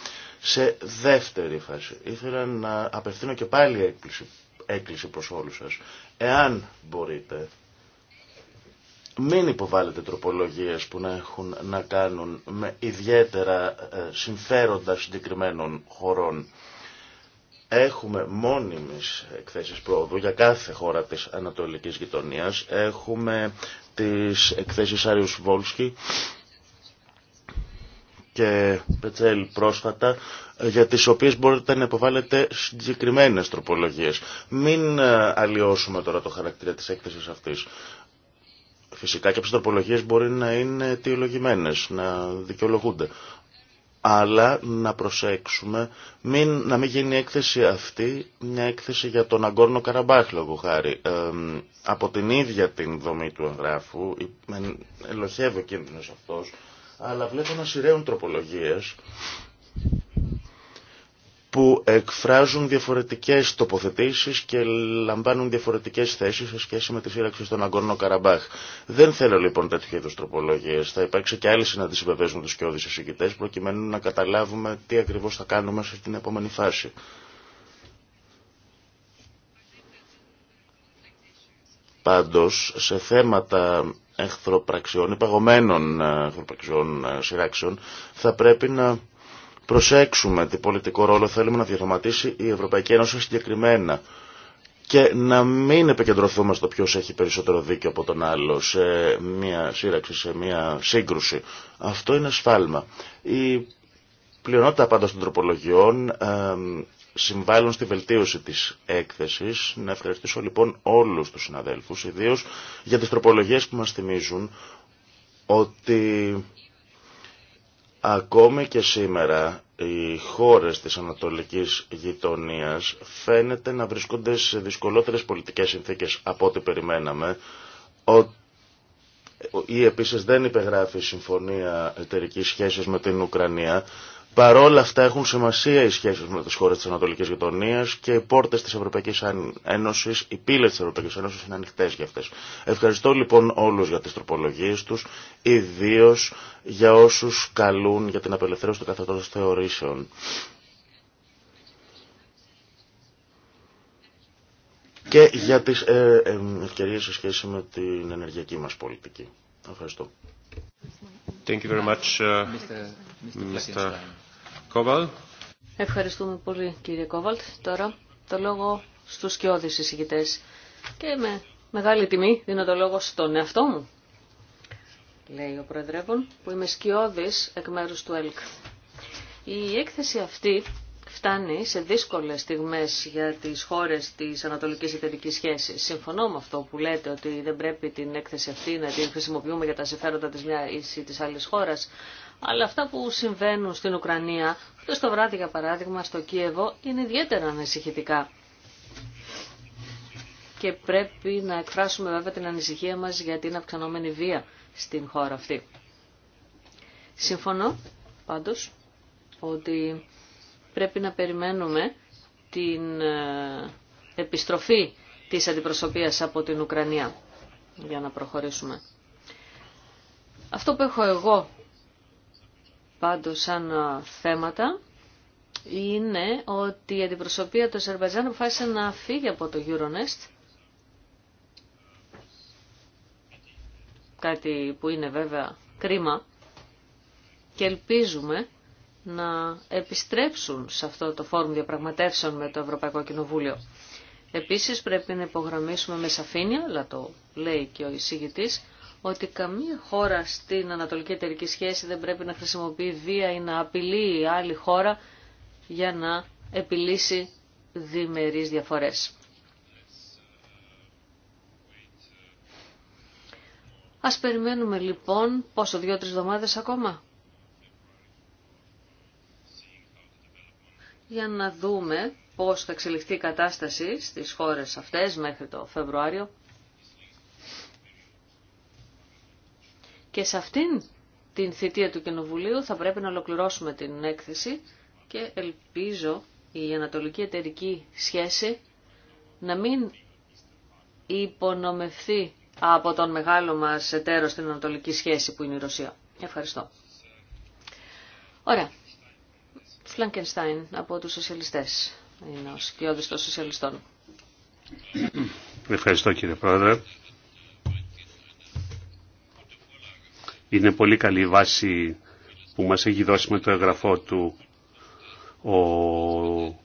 Σε δεύτερη φάση, ήθελα να απευθύνω και πάλι έκκληση, έκκληση προς όλους σας. Εάν μπορείτε, μην υποβάλλετε τροπολογίες που να έχουν να κάνουν με ιδιαίτερα ε, συμφέροντα συγκεκριμένων χωρών. Έχουμε μόνιμες εκθέσεις πρόοδου για κάθε χώρα της Ανατολικής Γειτονίας. Έχουμε τις εκθέσεις Άριους Βόλσκι και Πετσέλ πρόσφατα για τις οποίες μπορείτε να υποβάλλετε συγκεκριμένες τροπολογίες. Μην ε, αλλοιώσουμε τώρα το χαρακτήρα της έκθεσης αυτής. Φυσικά και τροπολογίες μπορεί να είναι αιτιολογημένε, να δικαιολογούνται αλλά να προσέξουμε μην, να μην γίνει η έκθεση αυτή μια έκθεση για τον Αγκόρνο Καραμπάχ λόγω χάρη. από την ίδια την δομή του εγγράφου, ελοχεύει ο κίνδυνος αυτός, αλλά βλέπω να σειραίουν τροπολογίες που εκφράζουν διαφορετικές τοποθετήσεις και λαμβάνουν διαφορετικές θέσεις σε σχέση με τη σύραξη στον Αγκόρνο Καραμπάχ. Δεν θέλω λοιπόν τέτοιου είδους τροπολογίες. Θα υπάρξει και άλλη συνάντηση βεβαίως με τους κοιόδης εισηγητές προκειμένου να καταλάβουμε τι ακριβώς θα κάνουμε σε την επόμενη φάση. Πάντως, σε θέματα εχθροπραξιών, υπαγωμένων ε, εχθροπραξιών ε, σειράξεων, θα πρέπει να προσέξουμε τι πολιτικό ρόλο θέλουμε να διαδραματίσει η Ευρωπαϊκή Ένωση συγκεκριμένα και να μην επικεντρωθούμε στο ποιος έχει περισσότερο δίκιο από τον άλλο σε μια σύραξη, σε μια σύγκρουση. Αυτό είναι σφάλμα. Η πλειονότητα πάντως των τροπολογιών συμβάλλουν στη βελτίωση της έκθεσης. Να ευχαριστήσω λοιπόν όλους τους συναδέλφους, ιδίως για τις τροπολογίες που μας θυμίζουν ότι Ακόμη και σήμερα οι χώρες της ανατολικής γειτονίας φαίνεται να βρισκόνται σε δυσκολότερες πολιτικές συνθήκες από ό,τι περιμέναμε ή επίσης δεν υπεγράφει η συμφωνία συμφωνια σχέσης με την Ουκρανία Παρόλα αυτά έχουν σημασία οι σχέσεις με τις χώρες της Ανατολικής Γειτονίας και οι πόρτες της Ευρωπαϊκής Ένωσης, οι πύλες της Ευρωπαϊκής Ένωσης είναι ανοιχτές για αυτές. Ευχαριστώ λοιπόν όλους για τις τροπολογίες τους, ιδίω για όσους καλούν για την απελευθέρωση των καθετών θεωρήσεων. Και για τις ε, ε, ευκαιρίες σε σχέση με την ενεργειακή μας πολιτική. Ευχαριστώ. Thank you very much, uh, Mr. Mr. Ευχαριστούμε πολύ κύριε Κόβαλτ. Τώρα το λόγο στους σκιώδεις εισηγητές. Και με μεγάλη τιμή δίνω το λόγο στον εαυτό μου, λέει ο Προεδρεύων, που είμαι σκιώδης εκ μέρους του ΕΛΚ. Η έκθεση αυτή φτάνει σε δύσκολες στιγμές για τις χώρες της Ανατολικής Εταιρικής Σχέσης. Συμφωνώ με αυτό που λέτε ότι δεν πρέπει την έκθεση αυτή να την χρησιμοποιούμε για τα συμφέροντα της μια ή της άλλης χώρας, αλλά αυτά που συμβαίνουν στην Ουκρανία, χτες το βράδυ για παράδειγμα στο Κίεβο, είναι ιδιαίτερα ανησυχητικά. Και πρέπει να εκφράσουμε βέβαια την ανησυχία μας για την αυξανόμενη βία στην χώρα αυτή. Συμφωνώ πάντως ότι πρέπει να περιμένουμε την ε, επιστροφή της αντιπροσωπείας από την Ουκρανία για να προχωρήσουμε. Αυτό που έχω εγώ πάντως σαν θέματα είναι ότι η αντιπροσωπεία του Αζερβαϊτζάν αποφάσισε να φύγει από το Euronest. Κάτι που είναι βέβαια κρίμα και ελπίζουμε να επιστρέψουν σε αυτό το φόρουμ διαπραγματεύσεων με το Ευρωπαϊκό Κοινοβούλιο. Επίσης πρέπει να υπογραμμίσουμε με σαφήνεια, αλλά το λέει και ο εισηγητής, ότι καμία χώρα στην ανατολική εταιρική σχέση δεν πρέπει να χρησιμοποιεί βία ή να απειλεί άλλη χώρα για να επιλύσει διμερείς διαφορές. Ας περιμένουμε λοιπόν πόσο δύο-τρεις εβδομάδες ακόμα. Για να δούμε πώς θα εξελιχθεί η κατάσταση στις χώρες αυτές μέχρι το Φεβρουάριο. Και σε αυτήν την θητεία του Κοινοβουλίου θα πρέπει να ολοκληρώσουμε την έκθεση και ελπίζω η ανατολική εταιρική σχέση να μην υπονομευθεί από τον μεγάλο μας εταίρο στην ανατολική σχέση που είναι η Ρωσία. Ευχαριστώ. Ωραία. Φλανκενστάιν από τους σοσιαλιστές. Είναι ο σκιώδης των σοσιαλιστών. Ευχαριστώ κύριε Πρόεδρε. Είναι πολύ καλή η βάση που μας έχει δώσει με το εγγραφό του ο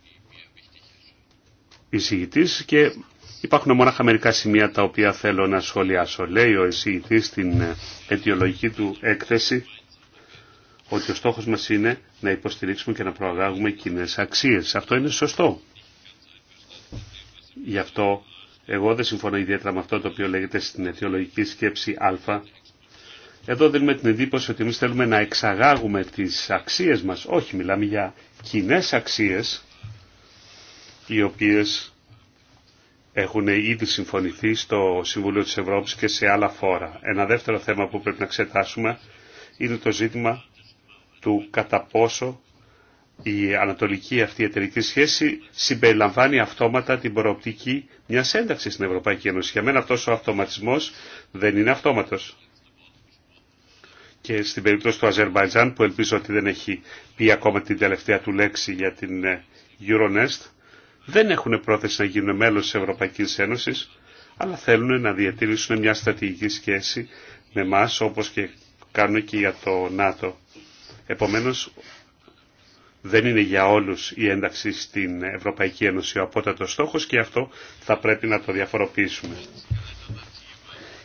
εισηγητής και υπάρχουν μονάχα μερικά σημεία τα οποία θέλω να σχολιάσω. Λέει ο εισηγητής στην αιτιολογική του έκθεση ότι ο στόχος μας είναι να υποστηρίξουμε και να προαγάγουμε κοινέ αξίες. Αυτό είναι σωστό. Γι' αυτό εγώ δεν συμφωνώ ιδιαίτερα με αυτό το οποίο λέγεται στην αιτιολογική σκέψη α εδώ δίνουμε την εντύπωση ότι εμεί θέλουμε να εξαγάγουμε τις αξίες μας. Όχι, μιλάμε για κοινέ αξίες οι οποίες έχουν ήδη συμφωνηθεί στο Συμβουλίο της Ευρώπης και σε άλλα φόρα. Ένα δεύτερο θέμα που πρέπει να εξετάσουμε είναι το ζήτημα του κατά πόσο η ανατολική αυτή εταιρική σχέση συμπεριλαμβάνει αυτόματα την προοπτική μια ένταξη στην Ευρωπαϊκή Ένωση. Για μένα αυτός ο αυτοματισμός δεν είναι αυτόματο και στην περίπτωση του Αζερβαϊτζάν που ελπίζω ότι δεν έχει πει ακόμα την τελευταία του λέξη για την ε, Euronest δεν έχουν πρόθεση να γίνουν μέλος της Ευρωπαϊκής Ένωσης αλλά θέλουν να διατηρήσουν μια στρατηγική σχέση με εμά όπως και κάνουν και για το ΝΑΤΟ. Επομένως δεν είναι για όλους η ένταξη στην Ευρωπαϊκή Ένωση ο απότατος στόχος και αυτό θα πρέπει να το διαφοροποιήσουμε.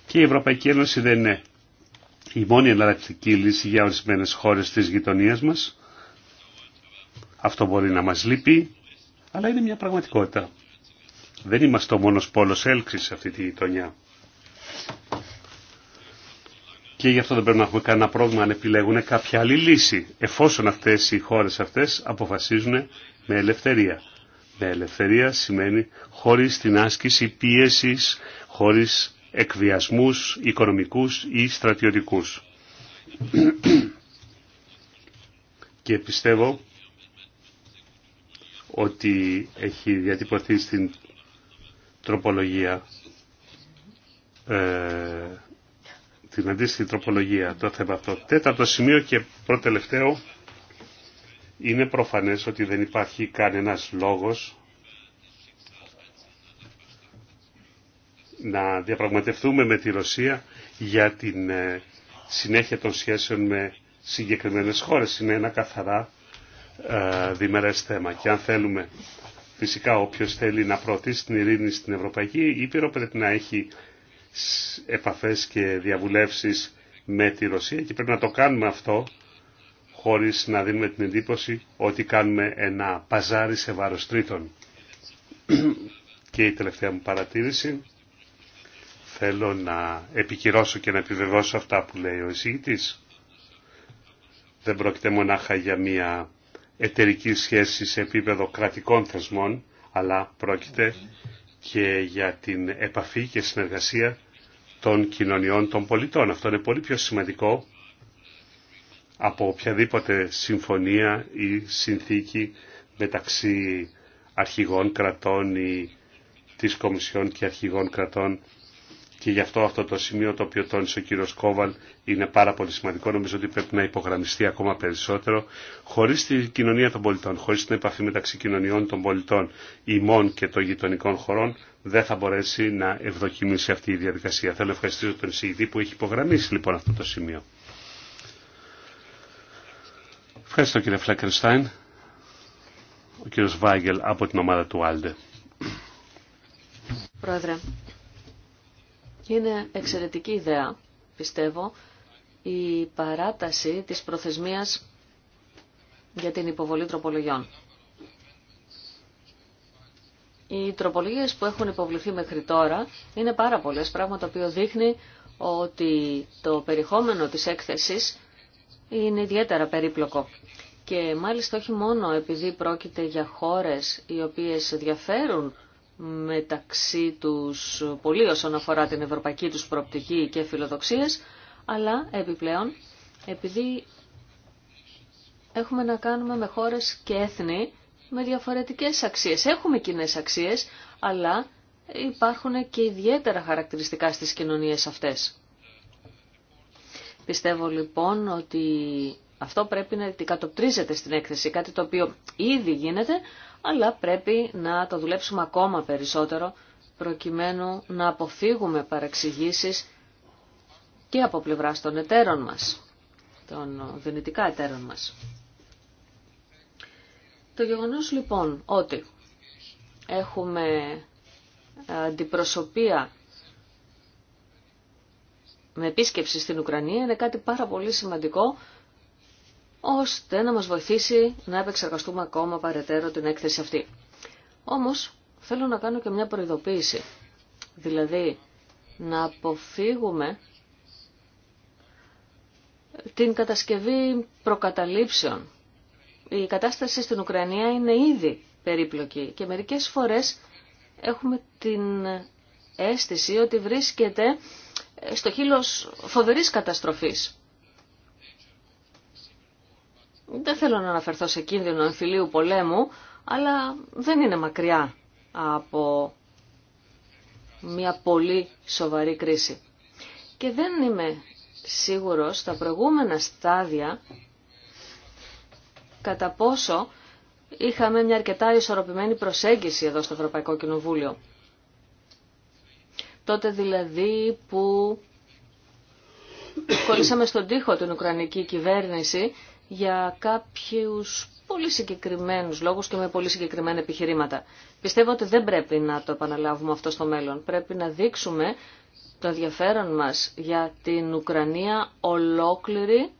Και η Ευρωπαϊκή Ένωση δεν είναι η μόνη εναλλακτική λύση για ορισμένε χώρες της γειτονία μας. Αυτό μπορεί να μας λείπει, αλλά είναι μια πραγματικότητα. Δεν είμαστε ο μόνος πόλος έλξης σε αυτή τη γειτονιά. Και γι' αυτό δεν πρέπει να έχουμε κανένα πρόβλημα αν επιλέγουν κάποια άλλη λύση, εφόσον αυτές οι χώρες αυτές αποφασίζουν με ελευθερία. Με ελευθερία σημαίνει χωρί την άσκηση πίεση, χωρί εκβιασμούς οικονομικούς ή στρατιωτικούς. Και πιστεύω ότι έχει διατυπωθεί στην τροπολογία ε, την αντίστοιχη τροπολογία το θέμα αυτό. Τέταρτο σημείο και προτελευταίο είναι προφανές ότι δεν υπάρχει κανένας λόγος να διαπραγματευτούμε με τη Ρωσία για την ε, συνέχεια των σχέσεων με συγκεκριμένες χώρες. Είναι ένα καθαρά ε, διμερές θέμα. Και αν θέλουμε φυσικά όποιος θέλει να προωθήσει την ειρήνη στην Ευρωπαϊκή Ήπειρο πρέπει να έχει επαφές και διαβουλεύσεις με τη Ρωσία και πρέπει να το κάνουμε αυτό χωρίς να δίνουμε την εντύπωση ότι κάνουμε ένα παζάρι σε βάρος τρίτων. και η τελευταία μου παρατήρηση Θέλω να επικυρώσω και να επιβεβαιώσω αυτά που λέει ο εισηγητής. Δεν πρόκειται μονάχα για μια εταιρική σχέση σε επίπεδο κρατικών θεσμών, αλλά πρόκειται και για την επαφή και συνεργασία των κοινωνιών των πολιτών. Αυτό είναι πολύ πιο σημαντικό από οποιαδήποτε συμφωνία ή συνθήκη μεταξύ αρχηγών κρατών ή της Κομισιόν και αρχηγών κρατών και γι' αυτό αυτό το σημείο το οποίο τόνισε ο κύριο Κόβαλ είναι πάρα πολύ σημαντικό. Νομίζω ότι πρέπει να υπογραμμιστεί ακόμα περισσότερο. Χωρί την κοινωνία των πολιτών, χωρί την επαφή μεταξύ κοινωνιών των πολιτών, ημών και των γειτονικών χωρών, δεν θα μπορέσει να ευδοκιμήσει αυτή η διαδικασία. Θέλω να ευχαριστήσω τον εισηγητή που έχει υπογραμμίσει λοιπόν αυτό το σημείο. Ευχαριστώ κύριε Φλέκενστάιν. Ο κύριος Βάγγελ από την ομάδα του Άλντε. Πρόεδρε, είναι εξαιρετική ιδέα, πιστεύω, η παράταση της προθεσμίας για την υποβολή τροπολογιών. Οι τροπολογίες που έχουν υποβληθεί μέχρι τώρα είναι πάρα πολλές, πράγμα το οποίο δείχνει ότι το περιεχόμενο της έκθεσης είναι ιδιαίτερα περίπλοκο. Και μάλιστα όχι μόνο επειδή πρόκειται για χώρες οι οποίες διαφέρουν μεταξύ τους πολύ όσον αφορά την ευρωπαϊκή τους προοπτική και φιλοδοξίες, αλλά επιπλέον επειδή έχουμε να κάνουμε με χώρες και έθνη με διαφορετικές αξίες. Έχουμε κοινέ αξίες, αλλά υπάρχουν και ιδιαίτερα χαρακτηριστικά στις κοινωνίες αυτές. Πιστεύω λοιπόν ότι αυτό πρέπει να αντικατοπτρίζεται στην έκθεση, κάτι το οποίο ήδη γίνεται, αλλά πρέπει να το δουλέψουμε ακόμα περισσότερο προκειμένου να αποφύγουμε παραξηγήσεις και από πλευράς των εταίρων μας, των δυνητικά εταίρων μας. Το γεγονός λοιπόν ότι έχουμε αντιπροσωπεία με επίσκεψη στην Ουκρανία είναι κάτι πάρα πολύ σημαντικό ώστε να μας βοηθήσει να επεξεργαστούμε ακόμα παρετέρω την έκθεση αυτή. Όμως, θέλω να κάνω και μια προειδοποίηση. Δηλαδή, να αποφύγουμε την κατασκευή προκαταλήψεων. Η κατάσταση στην Ουκρανία είναι ήδη περίπλοκη και μερικές φορές έχουμε την αίσθηση ότι βρίσκεται στο χείλος φοβερής καταστροφής. Δεν θέλω να αναφερθώ σε κίνδυνο εμφυλίου πολέμου, αλλά δεν είναι μακριά από μια πολύ σοβαρή κρίση. Και δεν είμαι σίγουρος στα προηγούμενα στάδια κατά πόσο είχαμε μια αρκετά ισορροπημένη προσέγγιση εδώ στο Ευρωπαϊκό Κοινοβούλιο. Τότε δηλαδή που κολλήσαμε στον τοίχο την Ουκρανική κυβέρνηση για κάποιους πολύ συγκεκριμένους λόγους και με πολύ συγκεκριμένα επιχειρήματα. Πιστεύω ότι δεν πρέπει να το επαναλάβουμε αυτό στο μέλλον. Πρέπει να δείξουμε το ενδιαφέρον μας για την Ουκρανία ολόκληρη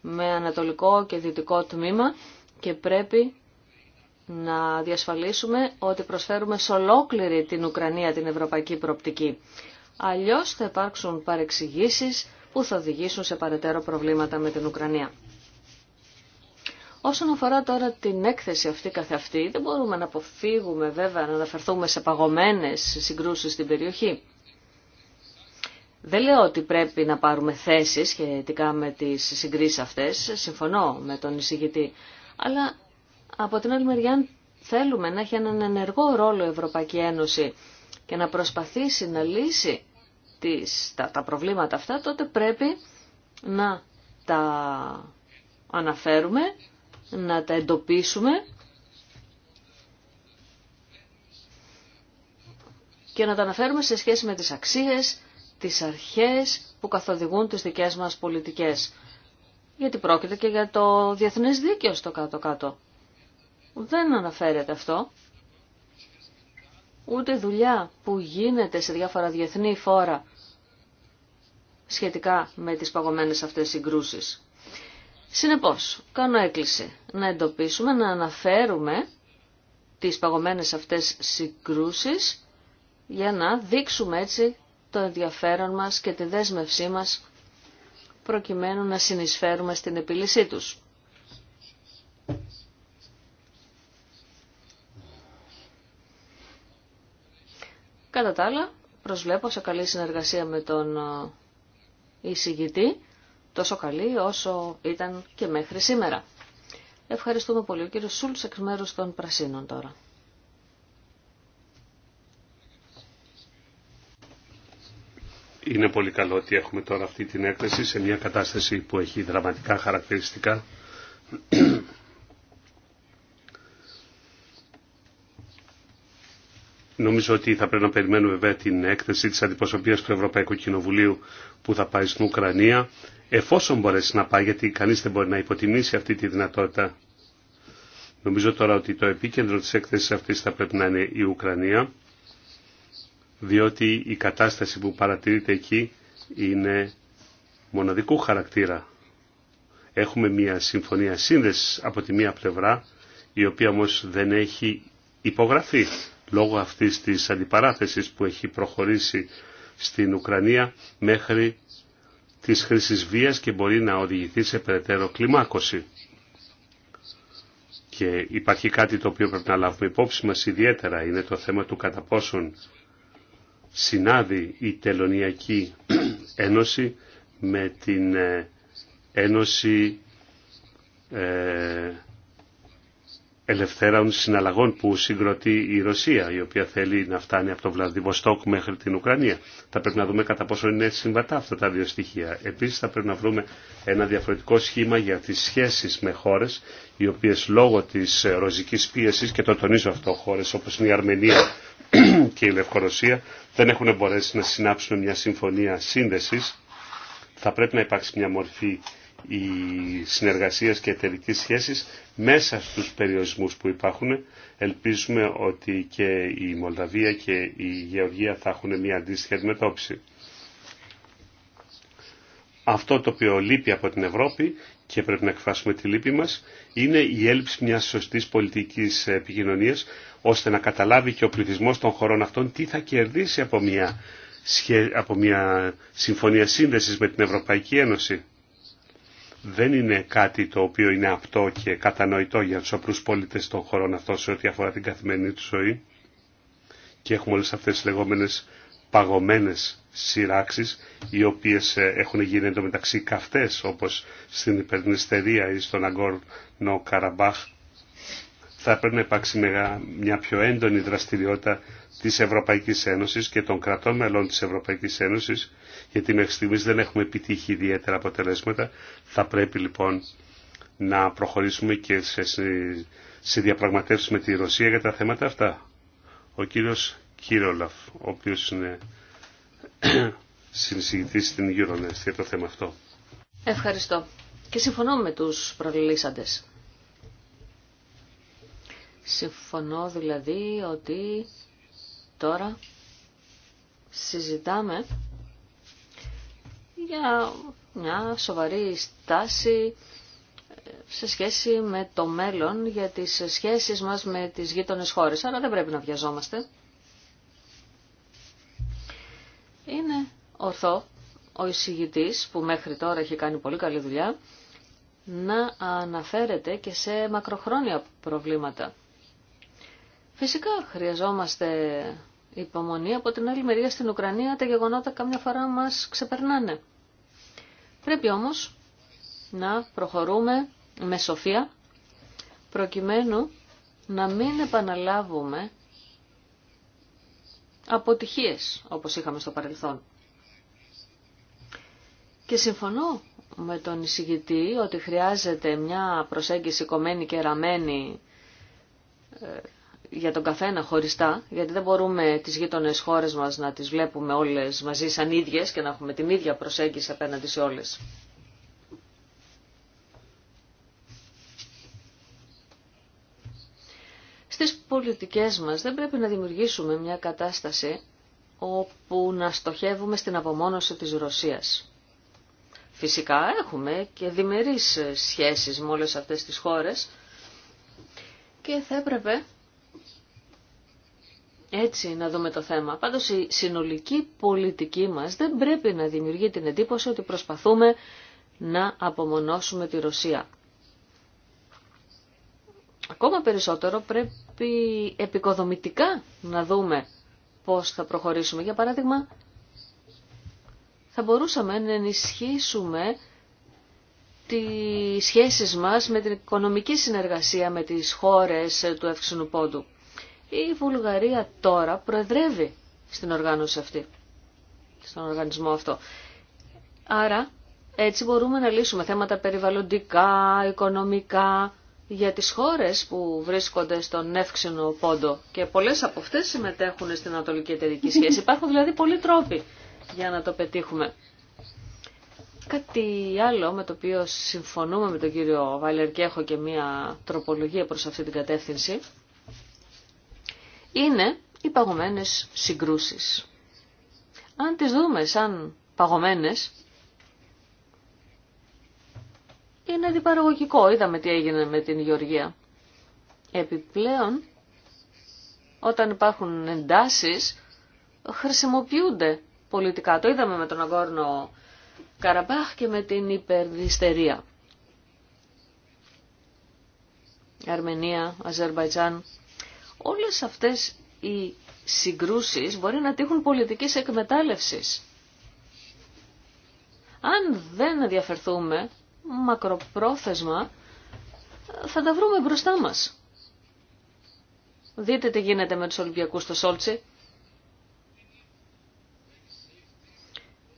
με ανατολικό και δυτικό τμήμα και πρέπει να διασφαλίσουμε ότι προσφέρουμε σε ολόκληρη την Ουκρανία την ευρωπαϊκή προοπτική. Αλλιώς θα υπάρξουν παρεξηγήσεις που θα οδηγήσουν σε παρετέρω προβλήματα με την Ουκρανία. Όσον αφορά τώρα την έκθεση αυτή καθεαυτή, δεν μπορούμε να αποφύγουμε βέβαια να αναφερθούμε σε παγωμένες συγκρούσεις στην περιοχή. Δεν λέω ότι πρέπει να πάρουμε θέσει σχετικά με τις συγκρίσεις αυτές, συμφωνώ με τον εισηγητή, αλλά από την άλλη μεριά θέλουμε να έχει έναν ενεργό ρόλο η Ευρωπαϊκή Ένωση και να προσπαθήσει να λύσει τις, τα, τα προβλήματα αυτά, τότε πρέπει να τα αναφέρουμε, να τα εντοπίσουμε και να τα αναφέρουμε σε σχέση με τις αξίες, τις αρχές που καθοδηγούν τις δικές μας πολιτικές. Γιατί πρόκειται και για το διεθνές δίκαιο στο κάτω-κάτω. Δεν αναφέρεται αυτό ούτε δουλειά που γίνεται σε διάφορα διεθνή φόρα σχετικά με τις παγωμένες αυτές συγκρούσεις. Συνεπώς, κάνω έκκληση να εντοπίσουμε, να αναφέρουμε τις παγωμένες αυτές συγκρούσεις για να δείξουμε έτσι το ενδιαφέρον μας και τη δέσμευσή μας προκειμένου να συνεισφέρουμε στην επίλυσή τους. Κατά τα άλλα, προσβλέπω σε καλή συνεργασία με τον ε, εισηγητή, τόσο καλή όσο ήταν και μέχρι σήμερα. Ευχαριστούμε πολύ. Ο κύριος Σούλτς εκ μέρους των Πρασίνων τώρα. Είναι πολύ καλό ότι έχουμε τώρα αυτή την έκθεση σε μια κατάσταση που έχει δραματικά χαρακτηριστικά Νομίζω ότι θα πρέπει να περιμένουμε βέβαια την έκθεση της αντιπροσωπείας του Ευρωπαϊκού Κοινοβουλίου που θα πάει στην Ουκρανία, εφόσον μπορέσει να πάει, γιατί κανείς δεν μπορεί να υποτιμήσει αυτή τη δυνατότητα. Νομίζω τώρα ότι το επίκεντρο της έκθεσης αυτής θα πρέπει να είναι η Ουκρανία, διότι η κατάσταση που παρατηρείται εκεί είναι μοναδικού χαρακτήρα. Έχουμε μια συμφωνία σύνδεσης από τη μία πλευρά, η οποία όμως δεν έχει υπογραφεί λόγω αυτής της αντιπαράθεσης που έχει προχωρήσει στην Ουκρανία μέχρι της χρήση βίας και μπορεί να οδηγηθεί σε περαιτέρω κλιμάκωση. Και υπάρχει κάτι το οποίο πρέπει να λάβουμε υπόψη μας ιδιαίτερα, είναι το θέμα του κατά πόσον συνάδει η Τελωνιακή Ένωση με την ε, Ένωση ε, ελευθέραν συναλλαγών που συγκροτεί η Ρωσία, η οποία θέλει να φτάνει από το Βλαδιβοστόκ μέχρι την Ουκρανία. Θα πρέπει να δούμε κατά πόσο είναι συμβατά αυτά τα δύο στοιχεία. Επίση, θα πρέπει να βρούμε ένα διαφορετικό σχήμα για τι σχέσει με χώρε, οι οποίε λόγω τη ρωσική πίεση και το τονίζω αυτό, χώρε όπω είναι η Αρμενία και η Λευκορωσία, δεν έχουν μπορέσει να συνάψουν μια συμφωνία σύνδεση. Θα πρέπει να υπάρξει μια μορφή η συνεργασίας και εταιρική σχέσης μέσα στους περιορισμούς που υπάρχουν. Ελπίζουμε ότι και η Μολδαβία και η Γεωργία θα έχουν μια αντίστοιχη αντιμετώπιση. Αυτό το οποίο λείπει από την Ευρώπη και πρέπει να εκφράσουμε τη λύπη μας, είναι η έλλειψη μιας σωστής πολιτικής επικοινωνίας, ώστε να καταλάβει και ο πληθυσμός των χωρών αυτών τι θα κερδίσει από μια, από μια συμφωνία σύνδεσης με την Ευρωπαϊκή Ένωση δεν είναι κάτι το οποίο είναι αυτό και κατανοητό για τους απλούς πολίτες των χωρών αυτών σε ό,τι αφορά την καθημερινή του ζωή και έχουμε όλες αυτές τις λεγόμενες παγωμένες σειράξεις οι οποίες ε, έχουν γίνει εντωμεταξύ καυτές όπως στην Υπερνηστερία ή στον Αγκόρνο Καραμπάχ θα πρέπει να υπάρξει μια πιο έντονη δραστηριότητα της Ευρωπαϊκής Ένωσης και των κρατών μελών της Ευρωπαϊκής Ένωσης, γιατί μέχρι στιγμής δεν έχουμε επιτύχει ιδιαίτερα αποτελέσματα. Θα πρέπει λοιπόν να προχωρήσουμε και σε, σε διαπραγματεύσεις με τη Ρωσία για τα θέματα αυτά. Ο κύριος Κύρολαφ, ο οποίος είναι συνεισηγητής στην Euronest για το θέμα αυτό. Ευχαριστώ. Και συμφωνώ με τους προλήσαντες. Συμφωνώ δηλαδή ότι Τώρα συζητάμε για μια σοβαρή στάση ε, σε σχέση με το μέλλον για τις σχέσεις μας με τις γείτονες χώρες. Άρα δεν πρέπει να βιαζόμαστε. Είναι ορθό ο εισηγητής που μέχρι τώρα έχει κάνει πολύ καλή δουλειά να αναφέρεται και σε μακροχρόνια προβλήματα. Φυσικά χρειαζόμαστε υπομονή. Από την άλλη μεριά στην Ουκρανία τα γεγονότα καμιά φορά μας ξεπερνάνε. Πρέπει όμως να προχωρούμε με σοφία προκειμένου να μην επαναλάβουμε αποτυχίες όπως είχαμε στο παρελθόν. Και συμφωνώ με τον εισηγητή ότι χρειάζεται μια προσέγγιση κομμένη και ραμμένη ε, για τον καθένα χωριστά, γιατί δεν μπορούμε τις γείτονες χώρες μας να τις βλέπουμε όλες μαζί σαν ίδιες και να έχουμε την ίδια προσέγγιση απέναντι σε όλες. Στις πολιτικές μας δεν πρέπει να δημιουργήσουμε μια κατάσταση όπου να στοχεύουμε στην απομόνωση της Ρωσίας. Φυσικά έχουμε και διμερείς σχέσεις με όλες αυτές τις χώρες και θα έπρεπε έτσι να δούμε το θέμα. Πάντως η συνολική πολιτική μας δεν πρέπει να δημιουργεί την εντύπωση ότι προσπαθούμε να απομονώσουμε τη Ρωσία. Ακόμα περισσότερο πρέπει επικοδομητικά να δούμε πώς θα προχωρήσουμε. Για παράδειγμα, θα μπορούσαμε να ενισχύσουμε τις σχέσεις μας με την οικονομική συνεργασία με τις χώρες του ευξενου Πόντου. Η Βουλγαρία τώρα προεδρεύει στην οργάνωση αυτή, στον οργανισμό αυτό. Άρα έτσι μπορούμε να λύσουμε θέματα περιβαλλοντικά, οικονομικά, για τις χώρες που βρίσκονται στον εύξενο πόντο και πολλές από αυτές συμμετέχουν στην Ανατολική Εταιρική Σχέση. Υπάρχουν δηλαδή πολλοί τρόποι για να το πετύχουμε. Κάτι άλλο με το οποίο συμφωνούμε με τον κύριο Βαλερ και έχω μία τροπολογία προς αυτή την κατεύθυνση είναι οι παγωμένες συγκρούσεις. Αν τις δούμε σαν παγωμένες, είναι αντιπαραγωγικό. Είδαμε τι έγινε με την Γεωργία. Επιπλέον, όταν υπάρχουν εντάσεις, χρησιμοποιούνται πολιτικά. Το είδαμε με τον Αγκόρνο Καραμπάχ και με την υπερδυστερία. Αρμενία, Αζερβαϊτζάν, Όλες αυτές οι συγκρούσεις μπορεί να τύχουν πολιτικής εκμετάλλευσης. Αν δεν ενδιαφερθούμε μακροπρόθεσμα, θα τα βρούμε μπροστά μας. Δείτε τι γίνεται με τους Ολυμπιακούς στο Σόλτσι.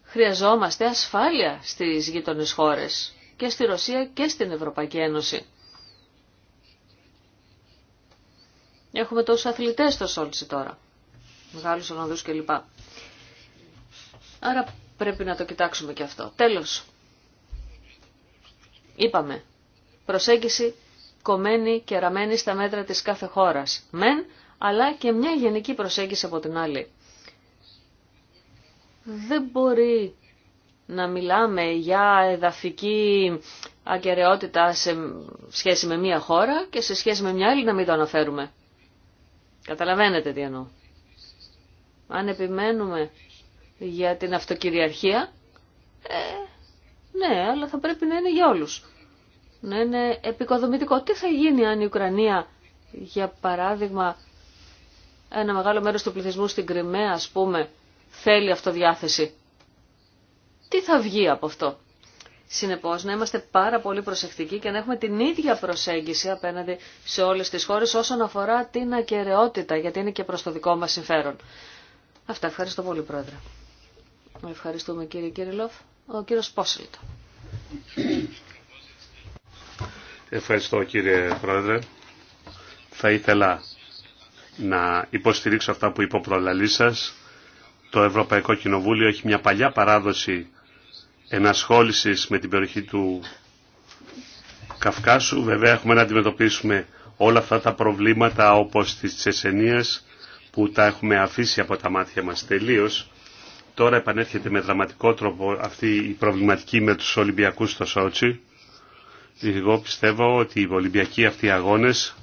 Χρειαζόμαστε ασφάλεια στις γείτονες χώρες, και στη Ρωσία και στην Ευρωπαϊκή Ένωση. Έχουμε τόσους αθλητές στο Σόλτσι τώρα. Μεγάλους Ολλανδούς κλπ. Άρα πρέπει να το κοιτάξουμε και αυτό. Τέλος. Είπαμε. Προσέγγιση κομμένη και ραμμένη στα μέτρα της κάθε χώρας. Μεν, αλλά και μια γενική προσέγγιση από την άλλη. Δεν μπορεί να μιλάμε για εδαφική ακαιρεότητα σε σχέση με μια χώρα και σε σχέση με μια άλλη να μην το αναφέρουμε. Καταλαβαίνετε τι εννοώ. Αν επιμένουμε για την αυτοκυριαρχία, ε, ναι, αλλά θα πρέπει να είναι για όλους. Να είναι επικοδομητικό. Τι θα γίνει αν η Ουκρανία, για παράδειγμα, ένα μεγάλο μέρος του πληθυσμού στην Κρυμαία, ας πούμε, θέλει αυτοδιάθεση. Τι θα βγει από αυτό. Συνεπώς να είμαστε πάρα πολύ προσεκτικοί και να έχουμε την ίδια προσέγγιση απέναντι σε όλες τις χώρες όσον αφορά την ακαιρεότητα, γιατί είναι και προς το δικό μας συμφέρον. Αυτά. Ευχαριστώ πολύ, Πρόεδρε. Ευχαριστούμε, κύριε Κύριλοφ. Ο κύριος Πόσλιτο. Ευχαριστώ, κύριε Πρόεδρε. Θα ήθελα να υποστηρίξω αυτά που είπε ο προλαλής σας. Το Ευρωπαϊκό Κοινοβούλιο έχει μια παλιά παράδοση ενασχόλησης με την περιοχή του Καυκάσου. Βέβαια έχουμε να αντιμετωπίσουμε όλα αυτά τα προβλήματα όπως της Τσεσενίας που τα έχουμε αφήσει από τα μάτια μας τελείως. Τώρα επανέρχεται με δραματικό τρόπο αυτή η προβληματική με τους Ολυμπιακούς στο Σότσι. Εγώ πιστεύω ότι οι Ολυμπιακοί αυτοί αγώνες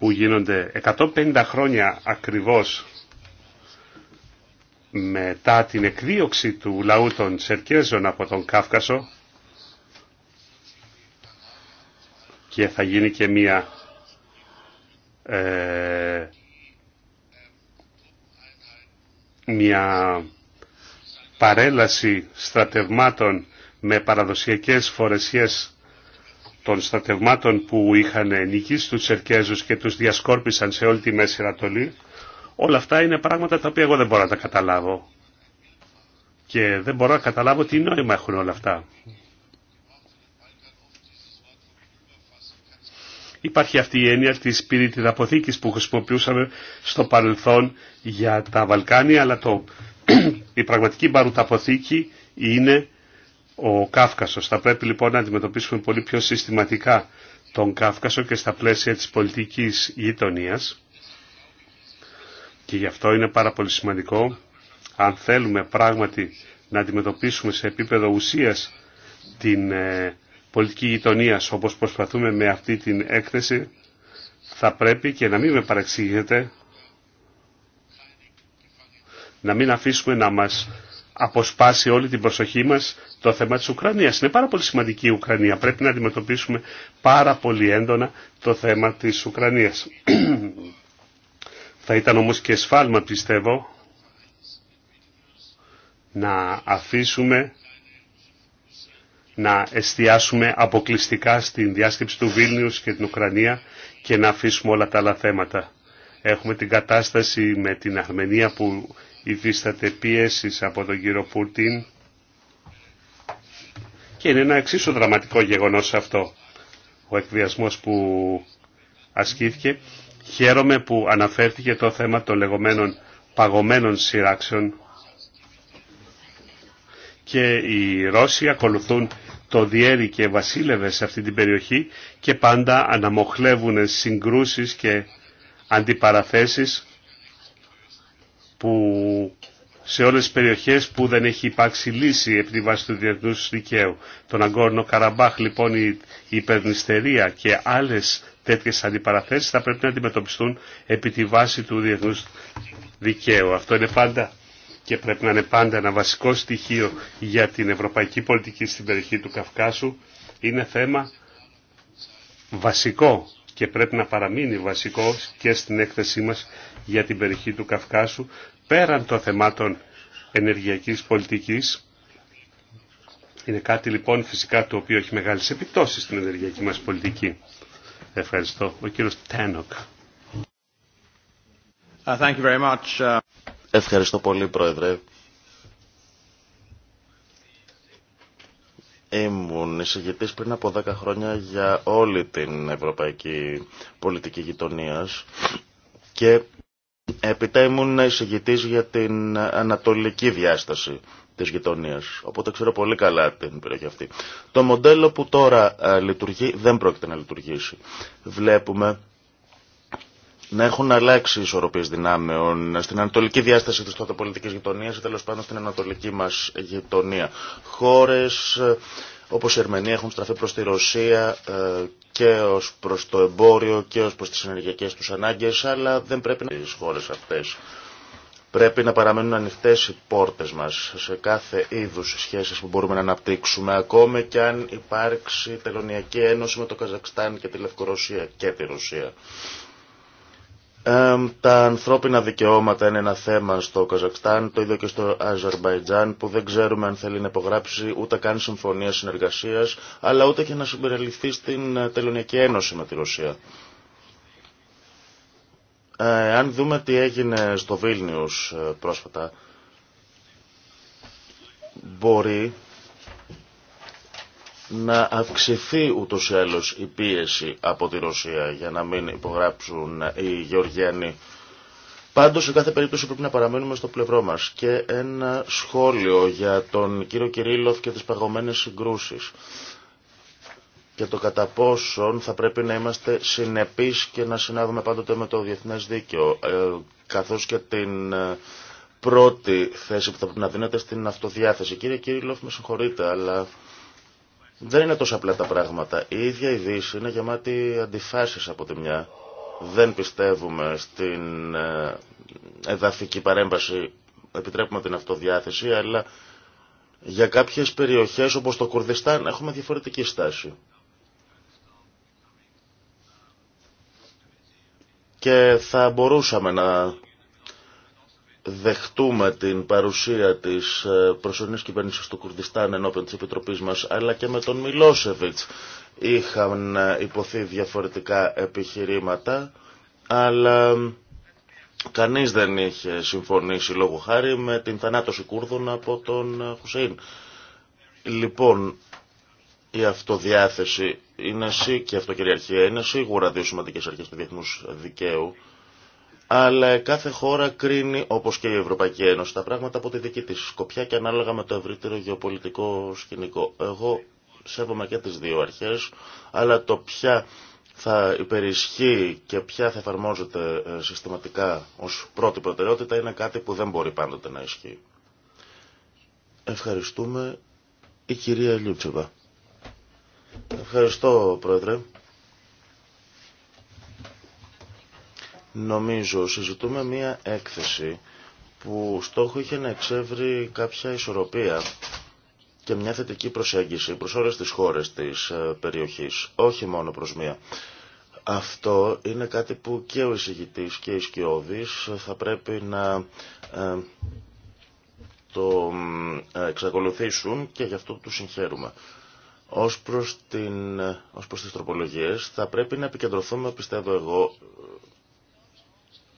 που γίνονται 150 χρόνια ακριβώς μετά την εκδίωξη του λαού των Τσερκέζων από τον Κάφκασο και θα γίνει και μία ε, μια παρέλαση στρατευμάτων με παραδοσιακές φορεσίες των στρατευμάτων που είχαν νικήσει τους Τσερκέζους και τους διασκόρπισαν σε όλη τη Μέση Ανατολή. Όλα αυτά είναι πράγματα τα οποία εγώ δεν μπορώ να τα καταλάβω. Και δεν μπορώ να καταλάβω τι νόημα έχουν όλα αυτά. Υπάρχει αυτή η έννοια της πυρήτης αποθήκης που χρησιμοποιούσαμε στο παρελθόν για τα Βαλκάνια, αλλά η πραγματική παρουταποθήκη είναι ο Κάφκασος. Θα πρέπει λοιπόν να αντιμετωπίσουμε πολύ πιο συστηματικά τον Κάφκασο και στα πλαίσια της πολιτικής γειτονία. Και γι' αυτό είναι πάρα πολύ σημαντικό, αν θέλουμε πράγματι να αντιμετωπίσουμε σε επίπεδο ουσίας την ε, πολιτική γειτονία όπως προσπαθούμε με αυτή την έκθεση, θα πρέπει και να μην με παρεξηγείτε, να μην αφήσουμε να μας αποσπάσει όλη την προσοχή μας το θέμα της Ουκρανίας. Είναι πάρα πολύ σημαντική η Ουκρανία. Πρέπει να αντιμετωπίσουμε πάρα πολύ έντονα το θέμα της Ουκρανίας. Θα ήταν όμως και σφάλμα πιστεύω να αφήσουμε να εστιάσουμε αποκλειστικά στην διάσκεψη του Βίλνιους και την Ουκρανία και να αφήσουμε όλα τα άλλα θέματα. Έχουμε την κατάσταση με την Αρμενία που υφίσταται πίεσης από τον κύριο Πούτιν και είναι ένα εξίσου δραματικό γεγονός αυτό ο εκβιασμός που ασκήθηκε. Χαίρομαι που αναφέρθηκε το θέμα των λεγόμενων παγωμένων σειράξεων και οι Ρώσοι ακολουθούν το διέρη και βασίλευε σε αυτή την περιοχή και πάντα αναμοχλεύουν συγκρούσεις και αντιπαραθέσεις που σε όλες τις περιοχές που δεν έχει υπάρξει λύση επί τη βάση του διεθνούς δικαίου. Τον Αγκόρνο Καραμπάχ λοιπόν η υπερνηστερία και άλλες τέτοιες αντιπαραθέσεις θα πρέπει να αντιμετωπιστούν επί τη βάση του διεθνούς δικαίου. Αυτό είναι πάντα και πρέπει να είναι πάντα ένα βασικό στοιχείο για την ευρωπαϊκή πολιτική στην περιοχή του Καυκάσου. Είναι θέμα βασικό και πρέπει να παραμείνει βασικό και στην έκθεσή μας για την περιοχή του Καυκάσου πέραν των θεμάτων ενεργειακής πολιτικής. Είναι κάτι λοιπόν φυσικά το οποίο έχει μεγάλες επιπτώσεις στην ενεργειακή μας πολιτική. Ευχαριστώ. Ο κύριος Τένοκ. Uh, thank you very much. Uh. Ευχαριστώ πολύ Πρόεδρε. Ήμουν εισηγητή πριν από 10 χρόνια για όλη την ευρωπαϊκή πολιτική γειτονία και Επιτά ήμουν εισηγητή για την ανατολική διάσταση της γειτονία. Οπότε ξέρω πολύ καλά την περιοχή αυτή. Το μοντέλο που τώρα ε, λειτουργεί δεν πρόκειται να λειτουργήσει. Βλέπουμε να έχουν αλλάξει οι ισορροπίες δυνάμεων στην ανατολική διάσταση της τότε πολιτικής γειτονίας ή πολιτική μας γειτονία. Χώρες ε, όπως η Ερμενία έχουν στραφεί προς τη Ρωσία ε, και ως προς το εμπόριο και ως προς τις ενεργειακές τους ανάγκες, αλλά δεν πρέπει να τις χώρες αυτές. Πρέπει να παραμένουν ανοιχτές οι πόρτες μας σε κάθε είδους σχέσεις που μπορούμε να αναπτύξουμε, ακόμη και αν υπάρξει τελωνιακή ένωση με το Καζακστάν και τη Λευκορωσία και τη Ρωσία τα ανθρώπινα δικαιώματα είναι ένα θέμα στο Καζακστάν, το ίδιο και στο Αζερμπαϊτζάν, που δεν ξέρουμε αν θέλει να υπογράψει ούτε καν συμφωνία συνεργασίας, αλλά ούτε και να συμπεριληφθεί στην ε, Τελωνιακή Ένωση με τη Ρωσία. Ε, αν δούμε τι έγινε στο Βίλνιους ε, πρόσφατα, μπορεί να αυξηθεί ούτως ή άλλως η πίεση από τη Ρωσία για να μην υπογράψουν οι Γεωργιανοί. Πάντως σε κάθε περίπτωση πρέπει να παραμένουμε στο πλευρό μας και ένα σχόλιο για τον κύριο Κυρίλοφ και τις παγωμένες συγκρούσεις και το κατά πόσον θα πρέπει να είμαστε συνεπείς και να συνάδουμε πάντοτε με το διεθνές δίκαιο ε, καθώς και την ε, πρώτη θέση που θα πρέπει να δίνεται στην αυτοδιάθεση. Κύριε Κυρίλοφ με συγχωρείτε αλλά δεν είναι τόσο απλά τα πράγματα. Η ίδια η Δύση είναι γεμάτη αντιφάσεις από τη μια. Δεν πιστεύουμε στην ε, εδαφική παρέμβαση, επιτρέπουμε την αυτοδιάθεση, αλλά για κάποιες περιοχές όπως το Κουρδιστάν έχουμε διαφορετική στάση. Και θα μπορούσαμε να δεχτούμε την παρουσία της ε, προσωρινής κυβέρνησης του Κουρδιστάν ενώπιον της Επιτροπής μας, αλλά και με τον Μιλόσεβιτς είχαν ε, υποθεί διαφορετικά επιχειρήματα, αλλά κανείς δεν είχε συμφωνήσει λόγω χάρη με την θανάτωση Κούρδων από τον ε, Χουσέιν. Λοιπόν, η αυτοδιάθεση είναι και η είναι σίγουρα δύο σημαντικές αρχές του διεθνούς δικαίου αλλά κάθε χώρα κρίνει, όπως και η Ευρωπαϊκή Ένωση, τα πράγματα από τη δική της σκοπιά και ανάλογα με το ευρύτερο γεωπολιτικό σκηνικό. Εγώ σέβομαι και τις δύο αρχές, αλλά το ποια θα υπερισχύει και ποια θα εφαρμόζεται ε, συστηματικά ως πρώτη προτεραιότητα είναι κάτι που δεν μπορεί πάντοτε να ισχύει. Ευχαριστούμε η κυρία Λιούτσεβα. Ευχαριστώ, Πρόεδρε. Νομίζω συζητούμε μία έκθεση που στόχο είχε να εξεύρει κάποια ισορροπία και μια θετική προσέγγιση προς όλες τις χώρες της ε, περιοχής, όχι μόνο προς μία. Αυτό είναι κάτι που και ο εισηγητής και οι σκιώδεις θα πρέπει να ε, το ε, εξακολουθήσουν και γι' αυτό τους συγχαίρουμε. Ως προς, την, ως προς τις τροπολογίες θα πρέπει να επικεντρωθούμε, πιστεύω εγώ,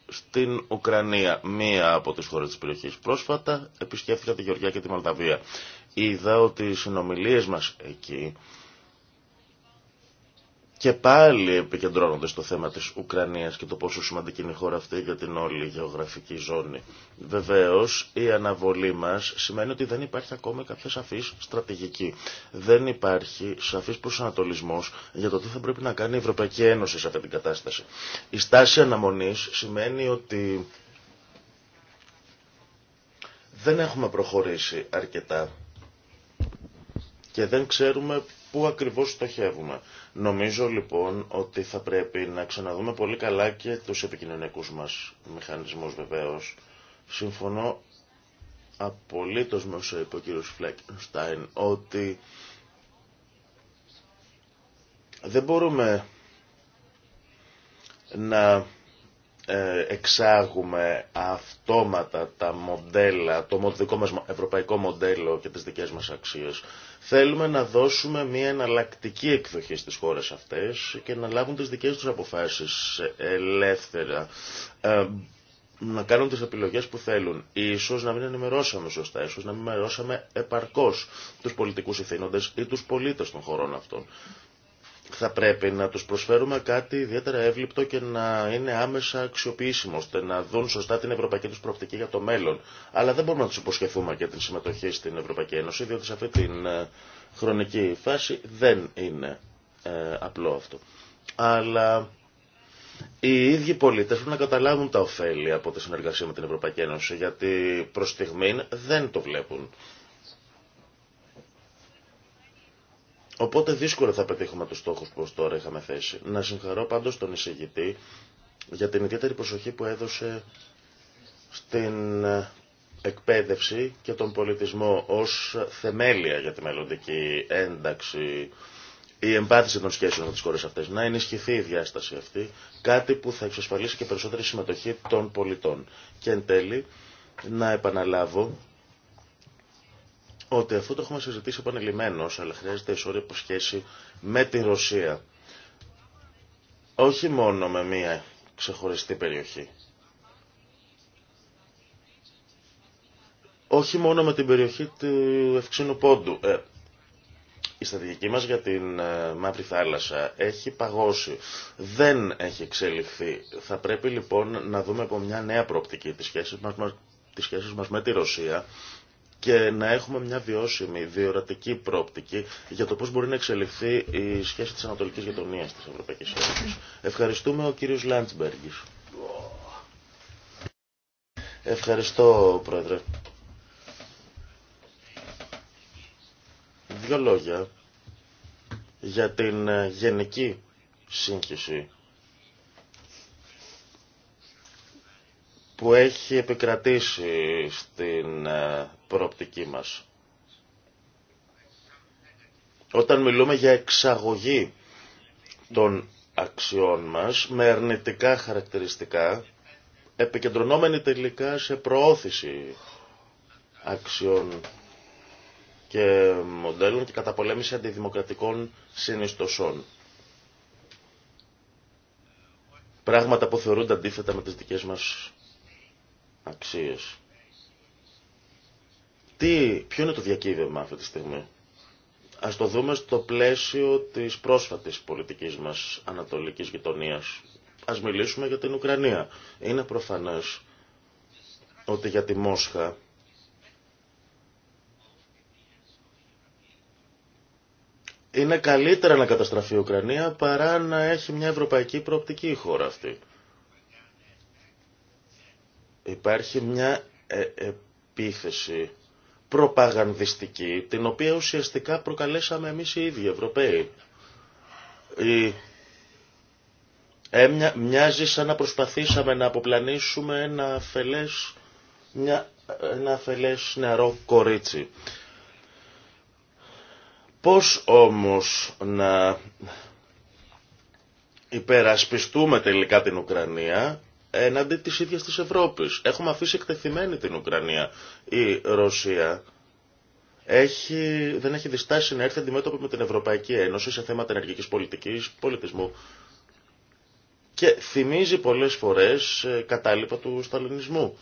στην Ουκρανία, μία από τις χώρες της περιοχής. Πρόσφατα επισκέφθηκα τη Γεωργία και τη Μαλταβία. Είδα ότι οι συνομιλίες μας εκεί και πάλι επικεντρώνονται στο θέμα της Ουκρανίας και το πόσο σημαντική είναι η χώρα αυτή για την όλη γεωγραφική ζώνη. Βεβαίως, η αναβολή μας σημαίνει ότι δεν υπάρχει ακόμα κάποια σαφής στρατηγική. Δεν υπάρχει σαφής προσανατολισμός για το τι θα πρέπει να κάνει η Ευρωπαϊκή Ένωση σε αυτή την κατάσταση. Η στάση αναμονής σημαίνει ότι δεν έχουμε προχωρήσει αρκετά και δεν ξέρουμε πού ακριβώς στοχεύουμε. Νομίζω λοιπόν ότι θα πρέπει να ξαναδούμε πολύ καλά και τους επικοινωνιακούς μας μηχανισμούς βεβαίως. Συμφωνώ απολύτως με όσο είπε ο κύριος Φλέκενστάιν ότι δεν μπορούμε να ε, εξάγουμε αυτόματα τα μοντέλα, το δικό μας ευρωπαϊκό μοντέλο και τις δικές μας αξίες. Θέλουμε να δώσουμε μια εναλλακτική εκδοχή στις χώρες αυτές και να λάβουν τις δικές τους αποφάσεις ελεύθερα, ε, να κάνουν τις επιλογές που θέλουν. Ίσως να μην ενημερώσαμε σωστά, ίσως να μην ενημερώσαμε επαρκώς τους πολιτικούς ευθύνοντες ή τους πολίτες των χωρών αυτών θα πρέπει να τους προσφέρουμε κάτι ιδιαίτερα εύληπτο και να είναι άμεσα αξιοποιήσιμο, ώστε να δουν σωστά την ευρωπαϊκή τους προοπτική για το μέλλον. Αλλά δεν μπορούμε να τους υποσχεθούμε και την συμμετοχή στην Ευρωπαϊκή Ένωση, διότι σε αυτή την ε, χρονική φάση δεν είναι ε, απλό αυτό. Αλλά οι ίδιοι πολίτες πρέπει να καταλάβουν τα ωφέλη από τη συνεργασία με την Ευρωπαϊκή Ένωση, γιατί προς στιγμή δεν το βλέπουν. Οπότε δύσκολο θα πετύχουμε τους στόχους που ως τώρα είχαμε θέσει. Να συγχαρώ πάντως τον εισηγητή για την ιδιαίτερη προσοχή που έδωσε στην ε, εκπαίδευση και τον πολιτισμό ως θεμέλια για τη μελλοντική ένταξη η εμπάθηση των σχέσεων με τις χώρες αυτές, να ενισχυθεί η διάσταση αυτή, κάτι που θα εξασφαλίσει και περισσότερη συμμετοχή των πολιτών. Και εν τέλει, να επαναλάβω ότι αφού το έχουμε συζητήσει επανειλημμένο, αλλά χρειάζεται ισόρροπη σχέση με τη Ρωσία. Όχι μόνο με μία ξεχωριστή περιοχή. Όχι μόνο με την περιοχή του Ευξήνου Πόντου. Ε, η στρατηγική μας για την ε, Μαύρη Θάλασσα έχει παγώσει. Δεν έχει εξελιχθεί. Θα πρέπει λοιπόν να δούμε από μια νέα προοπτική τις σχέσεις μας, τις σχέσεις μας με τη Ρωσία και να έχουμε μια βιώσιμη, διορατική πρόπτικη για το πώς μπορεί να εξελιχθεί η σχέση της Ανατολικής Γειτονίας της Ευρωπαϊκής Ένωσης. Ευχαριστούμε ο κύριος Λάντσμπεργκης. Ευχαριστώ, Πρόεδρε. Δύο λόγια για την ε, γενική σύγχυση που έχει επικρατήσει στην ε, προοπτική μας. Όταν μιλούμε για εξαγωγή των αξιών μας με αρνητικά χαρακτηριστικά, επικεντρωνόμενη τελικά σε προώθηση αξιών και μοντέλων και καταπολέμηση αντιδημοκρατικών συνιστοσών. Πράγματα που θεωρούνται αντίθετα με τις δικές μας αξίες. Τι, ποιο είναι το διακύβευμα αυτή τη στιγμή. Ας το δούμε στο πλαίσιο της πρόσφατης πολιτικής μας ανατολικής γειτονίας. Ας μιλήσουμε για την Ουκρανία. Είναι προφανές ότι για τη Μόσχα είναι καλύτερα να καταστραφεί η Ουκρανία παρά να έχει μια ευρωπαϊκή προοπτική η χώρα αυτή. Υπάρχει μια ε, επίθεση προπαγανδιστική, την οποία ουσιαστικά προκαλέσαμε εμείς οι ίδιοι Ευρωπαίοι. Η... Ε, μοιάζει σαν να προσπαθήσαμε να αποπλανήσουμε ένα αφελές, μια, ένα αφελές νεαρό κορίτσι. Πώς όμως να υπερασπιστούμε τελικά την Ουκρανία έναντι της ίδιας της Ευρώπης. Έχουμε αφήσει εκτεθειμένη την Ουκρανία. Η Ρωσία έχει, δεν έχει διστάσει να έρθει αντιμέτωπη με την Ευρωπαϊκή Ένωση σε θέματα ενεργικής πολιτικής, πολιτισμού και θυμίζει πολλές φορές ε, κατάλοιπα του σταλινισμού.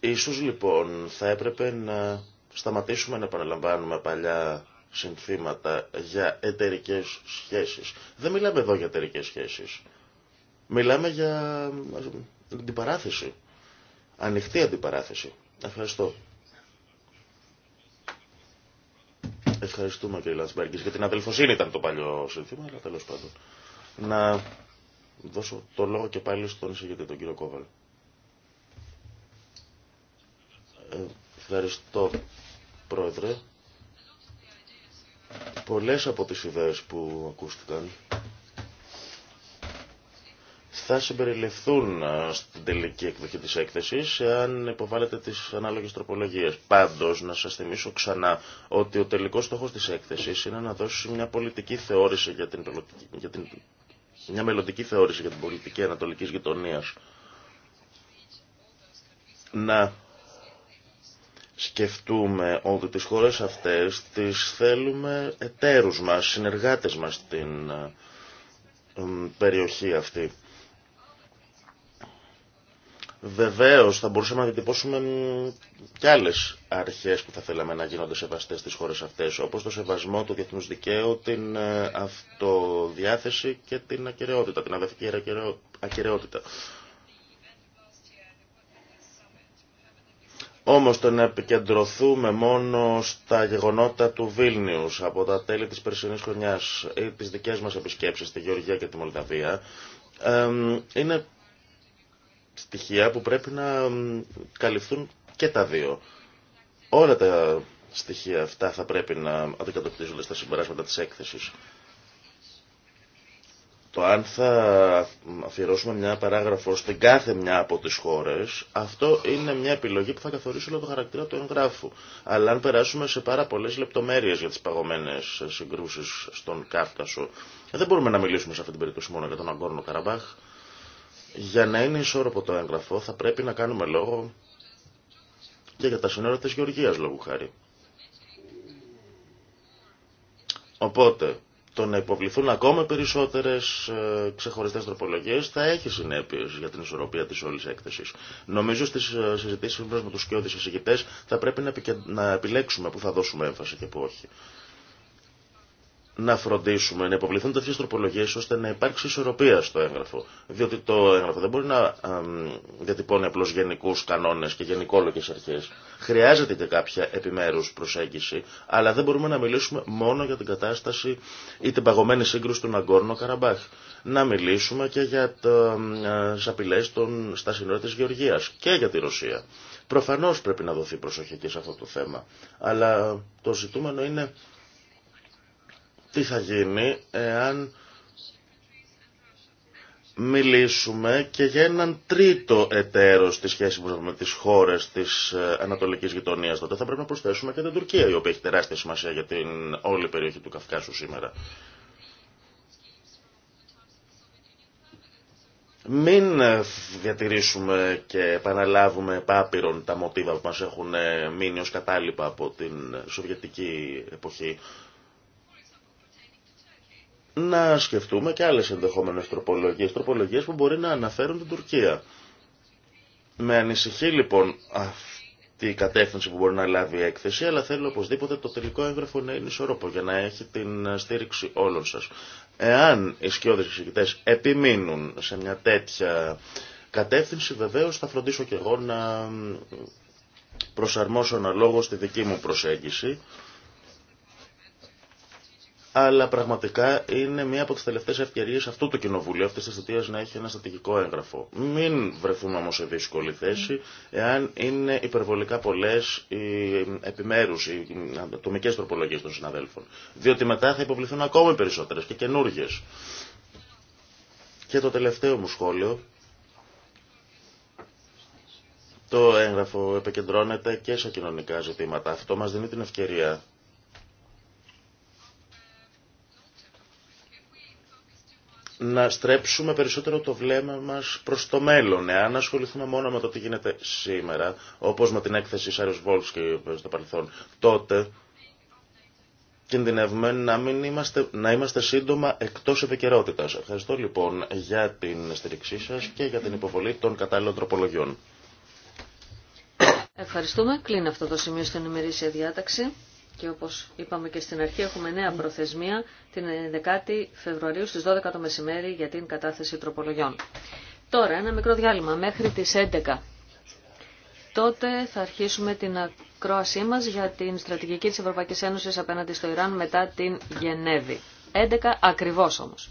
Ίσως λοιπόν θα έπρεπε να σταματήσουμε να επαναλαμβάνουμε παλιά συνθήματα για εταιρικέ σχέσεις. Δεν μιλάμε εδώ για εταιρικέ σχέσεις. Μιλάμε για αντιπαράθεση. Ανοιχτή αντιπαράθεση. Ευχαριστώ. Ευχαριστούμε κύριε Λανσμπέργκης για την αδελφοσύνη ήταν το παλιό σύνθημα, αλλά τέλος πάντων. Να δώσω το λόγο και πάλι στον εισηγητή, τον κύριο Κόβαλ. Ε, ευχαριστώ, Πρόεδρε. Πολλές από τις ιδέες που ακούστηκαν θα συμπεριληφθούν ε, στην τελική εκδοχή της έκθεσης εάν υποβάλλετε τις ανάλογες τροπολογίες. Πάντως, να σας θυμίσω ξανά ότι ο τελικός στόχος της έκθεσης είναι να δώσει μια πολιτική θεώρηση για την, για την μια μελλοντική θεώρηση για την πολιτική ανατολικής γειτονίας. Να σκεφτούμε ότι τις χώρες αυτές τις θέλουμε εταίρους μας, συνεργάτες μας στην ε, περιοχή αυτή. Βεβαίως θα μπορούσαμε να διατυπώσουμε και άλλε αρχέ που θα θέλαμε να γίνονται σεβαστές στις χώρες αυτές, όπως το σεβασμό του διεθνούς δικαίου, την ε, αυτοδιάθεση και την ακαιρεότητα, την αδευτική ακαιρεότητα. Όμως το να επικεντρωθούμε μόνο στα γεγονότα του Βίλνιους από τα τέλη της περσινής χρονιάς ή τις δικές μας επισκέψεις στη Γεωργία και τη Μολδαβία είναι στοιχεία που πρέπει να καλυφθούν και τα δύο. Όλα τα στοιχεία αυτά θα πρέπει να αντικατοπτρίζονται στα συμπεράσματα της έκθεσης. Το αν θα αφιερώσουμε μια παράγραφο στην κάθε μια από τις χώρες, αυτό είναι μια επιλογή που θα καθορίσει όλο το χαρακτήρα του εγγράφου. Αλλά αν περάσουμε σε πάρα πολλές λεπτομέρειες για τις παγωμένες συγκρούσεις στον Κάφκασο, δεν μπορούμε να μιλήσουμε σε αυτή την περίπτωση μόνο για τον Αγκόρνο Καραμπάχ. Για να είναι ισόρροπο το έγγραφο θα πρέπει να κάνουμε λόγο και για τα σύνορα της Γεωργίας λόγου χάρη. Οπότε, το να υποβληθούν ακόμα περισσότερες ξεχωριστέ ξεχωριστές τροπολογίες θα έχει συνέπειες για την ισορροπία της όλης έκθεσης. Νομίζω στις συζητήσει συζητήσεις με τους σκιώδεις εισηγητές θα πρέπει να, επιλέξουμε που θα δώσουμε έμφαση και που όχι να φροντίσουμε να υποβληθούν τέτοιε τροπολογίε ώστε να υπάρξει ισορροπία στο έγγραφο. Διότι το έγγραφο δεν μπορεί να διατυπώνει απλώ γενικού κανόνε και γενικόλογε αρχέ. Χρειάζεται και κάποια επιμέρου προσέγγιση, αλλά δεν μπορούμε να μιλήσουμε μόνο για την κατάσταση ή την παγωμένη σύγκρουση του Ναγκόρνο Καραμπάχ. Να μιλήσουμε και για ε, τι απειλέ στα σύνορα τη Γεωργία και για τη Ρωσία. Προφανώ πρέπει να δοθεί προσοχή και σε αυτό το θέμα. Αλλά το ζητούμενο είναι τι θα γίνει εάν μιλήσουμε και για έναν τρίτο εταίρο στη σχέση που με τις χώρες της ε, Ανατολικής Γειτονίας. Τότε θα πρέπει να προσθέσουμε και την Τουρκία, η οποία έχει τεράστια σημασία για την όλη περιοχή του Καυκάσου σήμερα. Μην ε, διατηρήσουμε και επαναλάβουμε επάπειρον τα μοτίβα που μας έχουν ε, μείνει ως κατάλοιπα από την Σοβιετική εποχή να σκεφτούμε και άλλες ενδεχόμενες τροπολογίες, τροπολογίες που μπορεί να αναφέρουν την Τουρκία. Με ανησυχεί λοιπόν αυτή η κατεύθυνση που μπορεί να λάβει η έκθεση, αλλά θέλω οπωσδήποτε το τελικό έγγραφο να είναι ισορροπό για να έχει την στήριξη όλων σας. Εάν οι σκιώδες εξηγητές επιμείνουν σε μια τέτοια κατεύθυνση, βεβαίως θα φροντίσω και εγώ να προσαρμόσω αναλόγως τη δική μου προσέγγιση αλλά πραγματικά είναι μία από τι τελευταίε ευκαιρίε αυτού του κοινοβουλίου, αυτή τη θητεία να έχει ένα στρατηγικό έγγραφο. Μην βρεθούμε όμω σε δύσκολη θέση, εάν είναι υπερβολικά πολλέ οι επιμέρου, οι ατομικέ τροπολογίε των συναδέλφων. Διότι μετά θα υποβληθούν ακόμη περισσότερε και καινούργιε. Και το τελευταίο μου σχόλιο. Το έγγραφο επικεντρώνεται και σε κοινωνικά ζητήματα. Αυτό μας δίνει την ευκαιρία να στρέψουμε περισσότερο το βλέμμα μας προς το μέλλον. Εάν ασχοληθούμε μόνο με το τι γίνεται σήμερα, όπως με την έκθεση Σάριος και στο παρελθόν, τότε κινδυνεύουμε να, μην είμαστε, να είμαστε σύντομα εκτός επικαιρότητα. Ευχαριστώ λοιπόν για την στήριξή σας και για την υποβολή των κατάλληλων τροπολογιών. Ευχαριστούμε. Κλείνει αυτό το σημείο στην ημερήσια διάταξη. Και όπως είπαμε και στην αρχή έχουμε νέα προθεσμία την 10 η Φεβρουαρίου στις 12 το μεσημέρι για την κατάθεση τροπολογιών. Τώρα ένα μικρό διάλειμμα μέχρι τις 11. Τότε θα αρχίσουμε την ακρόασή μας για την στρατηγική της Ευρωπαϊκής Ένωσης απέναντι στο Ιράν μετά την Γενέβη. 11 ακριβώς όμως.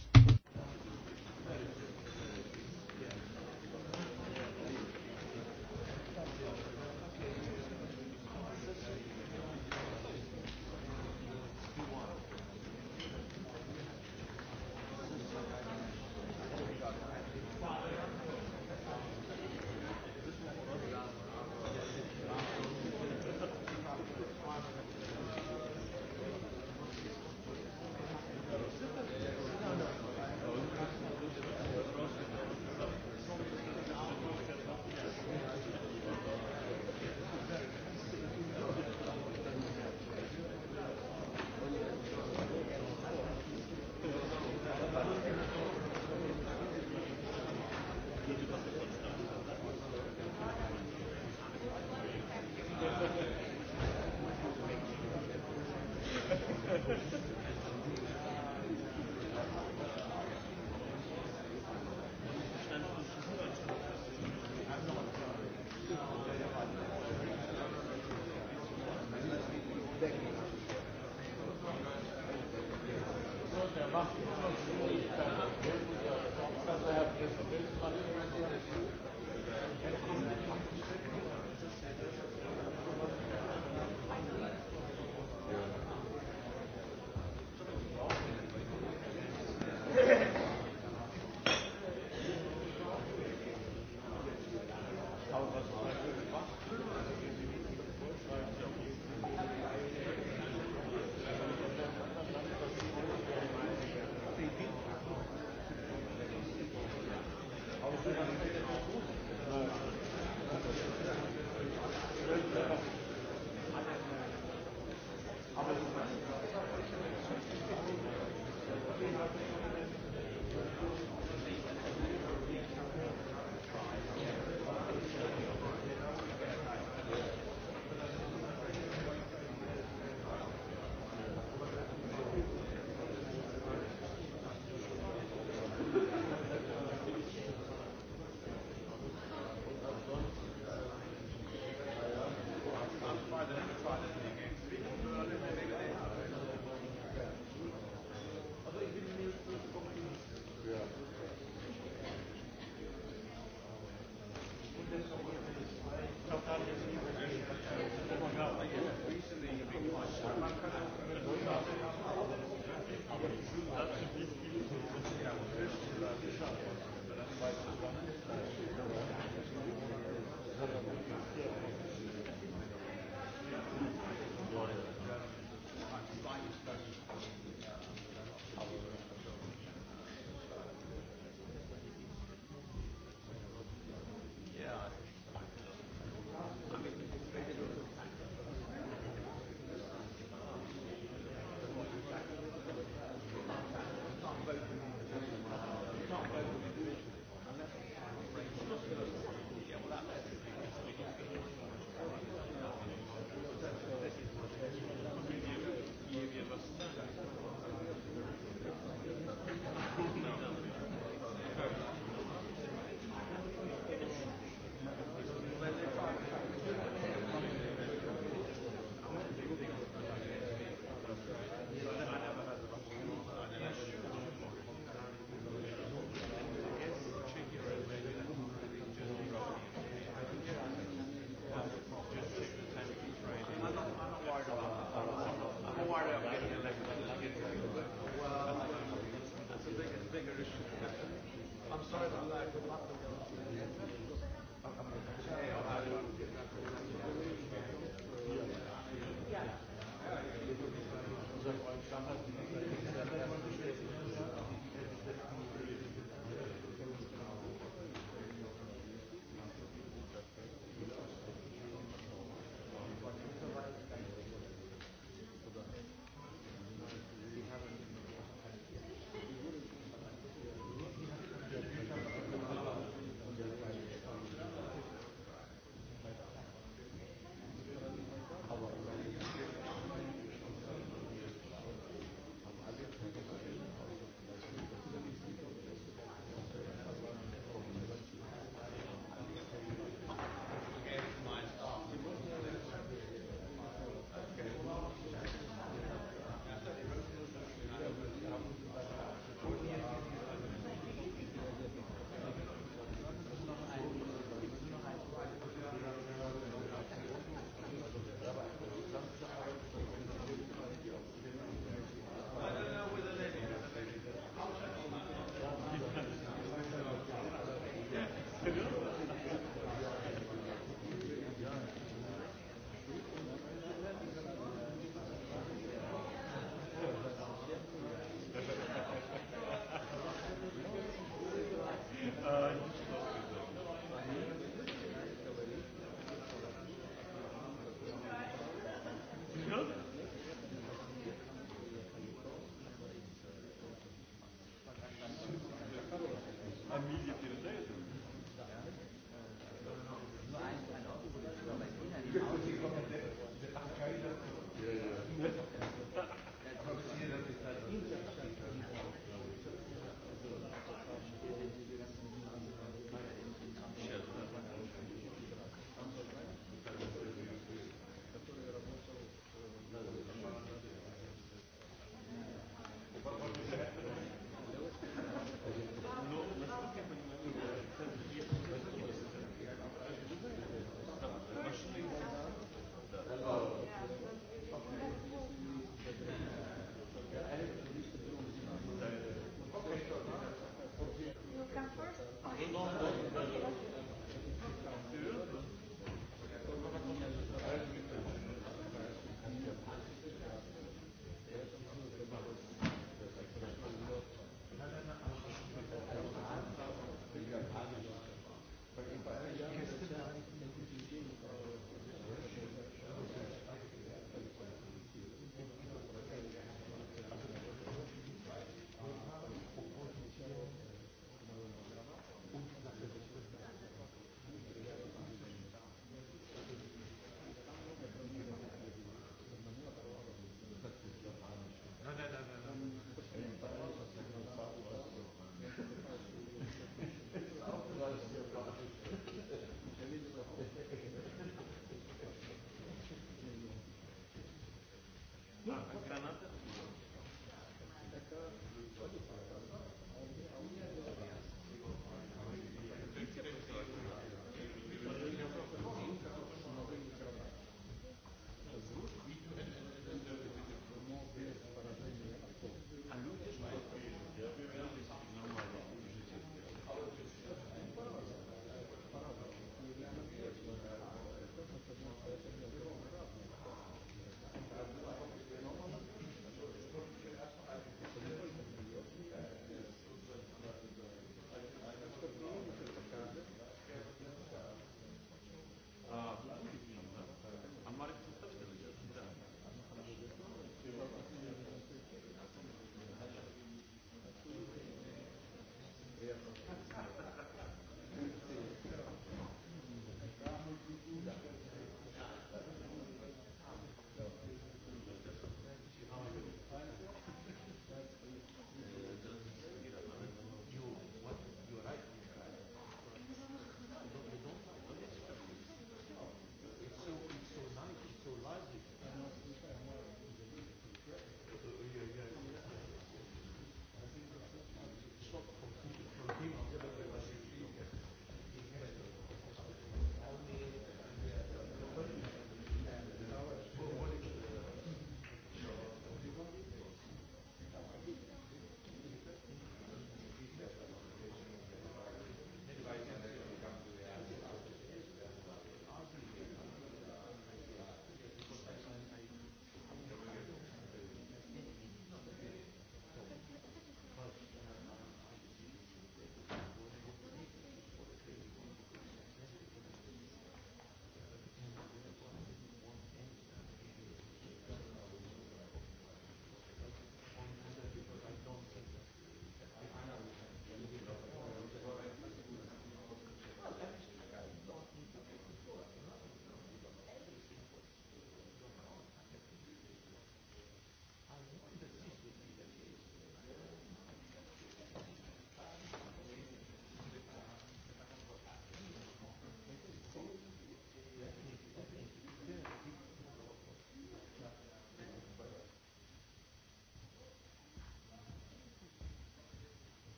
Gracias.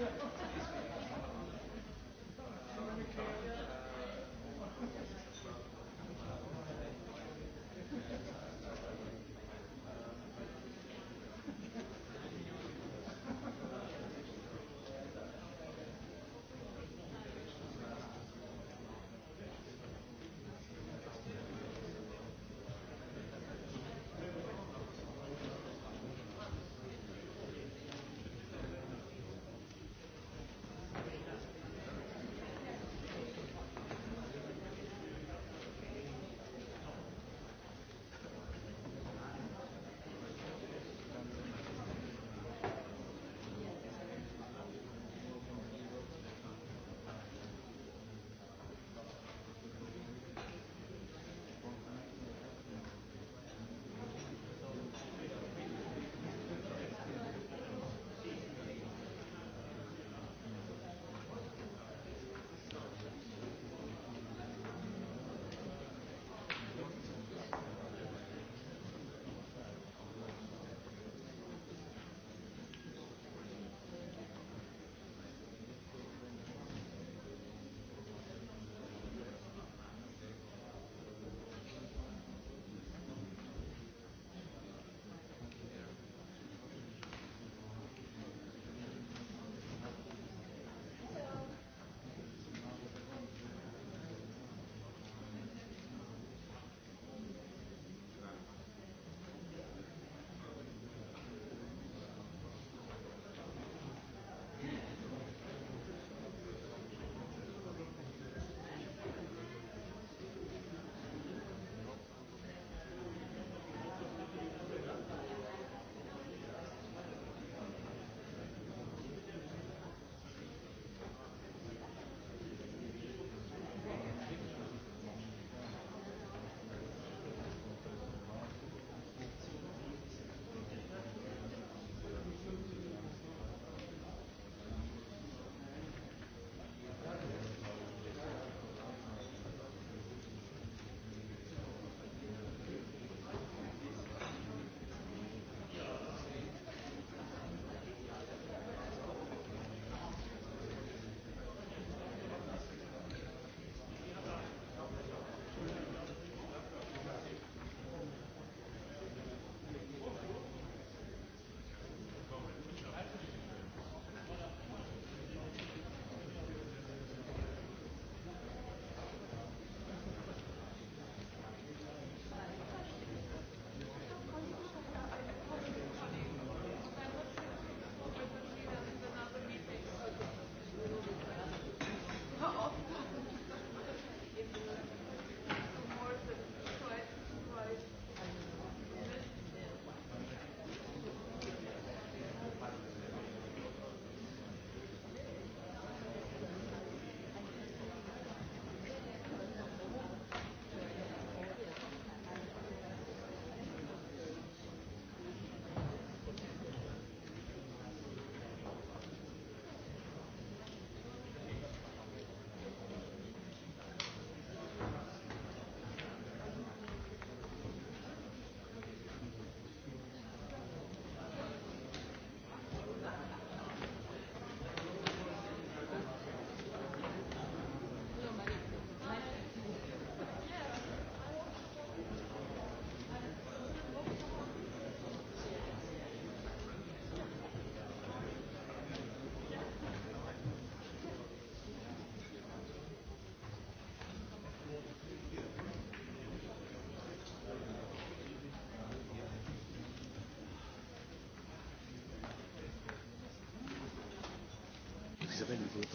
Υπότιτλοι AUTHORWAVE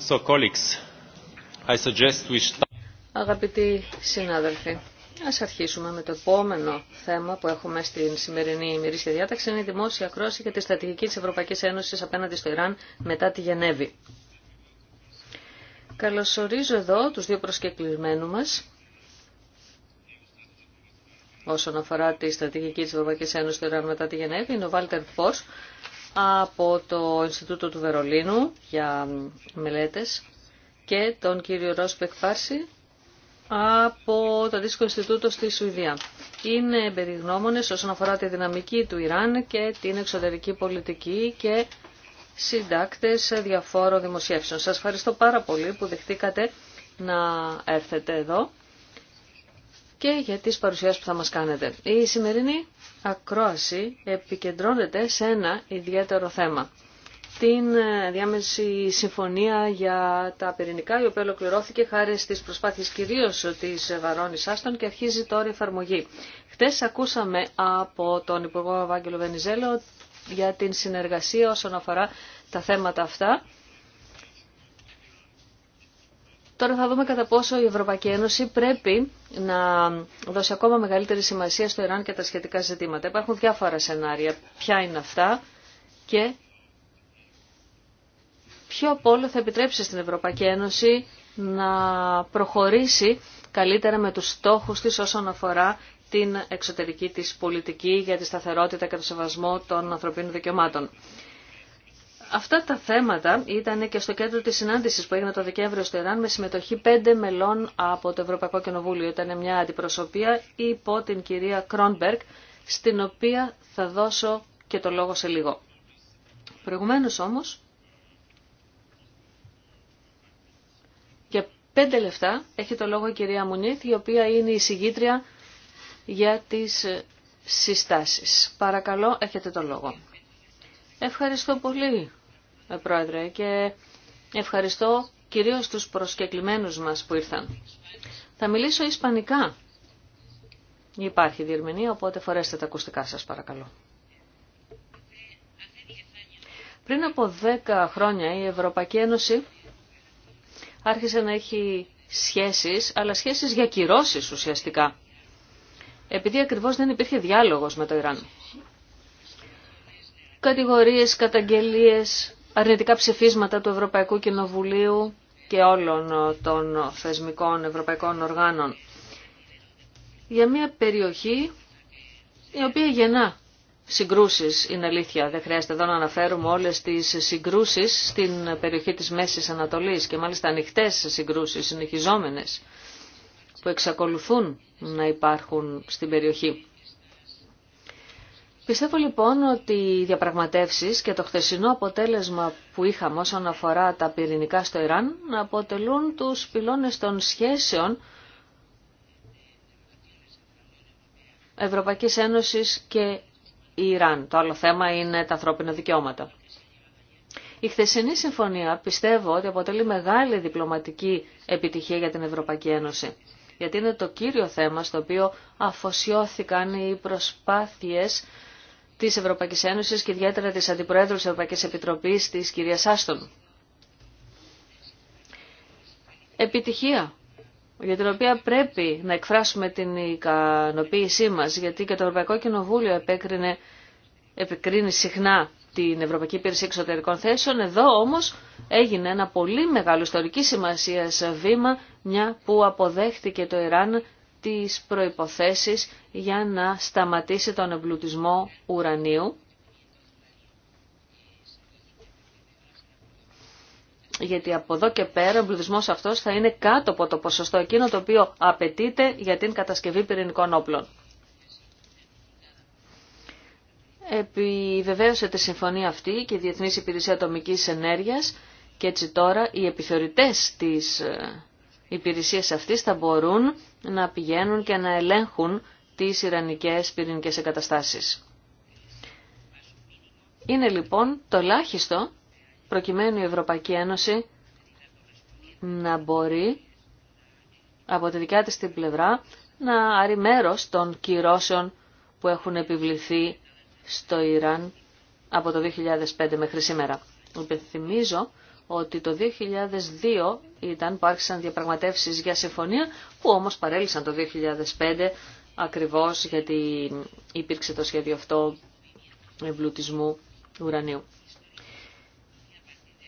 So, colleagues, I Αγαπητοί συνάδελφοι, ας αρχίσουμε με το επόμενο θέμα που έχουμε στην σημερινή ημερήσια διάταξη, είναι η δημόσια κρόση για τη στρατηγική της Ευρωπαϊκής Ένωσης απέναντι στο Ιράν μετά τη Γενέβη. Καλωσορίζω εδώ τους δύο προσκεκλημένους μας, όσον αφορά τη στρατηγική της Ευρωπαϊκής Ένωσης στο Ιράν μετά τη Γενέβη είναι ο Βάλτερ από το Ινστιτούτο του Βερολίνου για μελέτες και τον κύριο Ρόσπεκ από το Αντίστοιχο Ινστιτούτο στη Σουηδία. Είναι περιγνώμονες όσον αφορά τη δυναμική του Ιράν και την εξωτερική πολιτική και συντάκτες διαφόρων δημοσιεύσεων. Σας ευχαριστώ πάρα πολύ που δεχτήκατε να έρθετε εδώ και για τις παρουσιάσεις που θα μας κάνετε. Η σημερινή ακρόαση επικεντρώνεται σε ένα ιδιαίτερο θέμα. Την ε, διάμεση συμφωνία για τα πυρηνικά, η οποία ολοκληρώθηκε χάρη στις προσπάθειες κυρίως της Βαρόνης Άστον και αρχίζει τώρα η εφαρμογή. Χτες ακούσαμε από τον Υπουργό Ευάγγελο Βενιζέλο για την συνεργασία όσον αφορά τα θέματα αυτά Τώρα θα δούμε κατά πόσο η Ευρωπαϊκή Ένωση πρέπει να δώσει ακόμα μεγαλύτερη σημασία στο Ιράν και τα σχετικά ζητήματα. Υπάρχουν διάφορα σενάρια. Ποια είναι αυτά και ποιο πόλο θα επιτρέψει στην Ευρωπαϊκή Ένωση να προχωρήσει καλύτερα με τους στόχους της όσον αφορά την εξωτερική της πολιτική για τη σταθερότητα και το σεβασμό των ανθρωπίνων δικαιωμάτων. Αυτά τα θέματα ήταν και στο κέντρο της συνάντησης που έγινε το Δεκέμβριο στο Ιράν με συμμετοχή πέντε μελών από το Ευρωπαϊκό Κοινοβούλιο. Ήταν μια αντιπροσωπεία υπό την κυρία Κρόνμπεργκ, στην οποία θα δώσω και το λόγο σε λίγο. Προηγουμένως όμως, για πέντε λεφτά έχει το λόγο η κυρία Μουνίθ, η οποία είναι η συγγήτρια για τις συστάσεις. Παρακαλώ, έχετε το λόγο. Ευχαριστώ πολύ, ε, Πρόεδρε, και ευχαριστώ κυρίως τους προσκεκλημένους μας που ήρθαν. Θα μιλήσω ισπανικά. Υπάρχει διερμηνία, οπότε φορέστε τα ακουστικά σας παρακαλώ. Πριν από 10 χρόνια η Ευρωπαϊκή Ένωση άρχισε να έχει σχέσεις, αλλά σχέσεις για κυρώσεις ουσιαστικά. Επειδή ακριβώς δεν υπήρχε διάλογος με το Ιράν κατηγορίες, καταγγελίες, αρνητικά ψηφίσματα του Ευρωπαϊκού Κοινοβουλίου και όλων ε, των θεσμικών ευρωπαϊκών οργάνων για μια περιοχή η οποία γεννά συγκρούσεις, είναι αλήθεια. Δεν χρειάζεται εδώ να αναφέρουμε όλες τις συγκρούσεις στην περιοχή της Μέσης Ανατολής και μάλιστα ανοιχτέ συγκρούσεις, συνεχιζόμενες, που εξακολουθούν να υπάρχουν στην περιοχή. Πιστεύω λοιπόν ότι οι διαπραγματεύσεις και το χθεσινό αποτέλεσμα που είχαμε όσον αφορά τα πυρηνικά στο Ιράν αποτελούν τους πυλώνες των σχέσεων Ευρωπαϊκής Ένωσης και Ιράν. Το άλλο θέμα είναι τα ανθρώπινα δικαιώματα. Η χθεσινή συμφωνία πιστεύω ότι αποτελεί μεγάλη διπλωματική επιτυχία για την Ευρωπαϊκή Ένωση. Γιατί είναι το κύριο θέμα στο οποίο αφοσιώθηκαν οι προσπάθειες της Ευρωπαϊκής Ένωσης και ιδιαίτερα της Αντιπροέδρου της Ευρωπαϊκής Επιτροπής της κυρίας Άστον. Επιτυχία για την οποία πρέπει να εκφράσουμε την ικανοποίησή μας, γιατί και το Ευρωπαϊκό Κοινοβούλιο επέκρινε, επικρίνει συχνά την Ευρωπαϊκή Υπηρεσία Εξωτερικών Θέσεων. Εδώ όμως έγινε ένα πολύ μεγάλο ιστορική σημασία βήμα, μια που αποδέχτηκε το Ιράν τις προϋποθέσεις για να σταματήσει τον εμπλουτισμό ουρανίου. Γιατί από εδώ και πέρα ο εμπλουτισμός αυτός θα είναι κάτω από το ποσοστό εκείνο το οποίο απαιτείται για την κατασκευή πυρηνικών όπλων. Επιβεβαίωσε τη συμφωνία αυτή και η Διεθνής Υπηρεσία Ατομικής Ενέργειας και έτσι τώρα οι επιθεωρητές της ε, οι υπηρεσίες αυτής θα μπορούν να πηγαίνουν και να ελέγχουν τις Ιρανικές πυρηνικές εγκαταστάσεις. Είναι λοιπόν το ελάχιστο προκειμένου η Ευρωπαϊκή Ένωση να μπορεί από τη δικιά της την πλευρά να άρει μέρος των κυρώσεων που έχουν επιβληθεί στο Ιράν από το 2005 μέχρι σήμερα. Υπενθυμίζω ότι το 2002 ήταν που άρχισαν διαπραγματεύσεις για συμφωνία, που όμως παρέλυσαν το 2005 ακριβώς γιατί υπήρξε το σχέδιο αυτό εμπλουτισμού ουρανίου.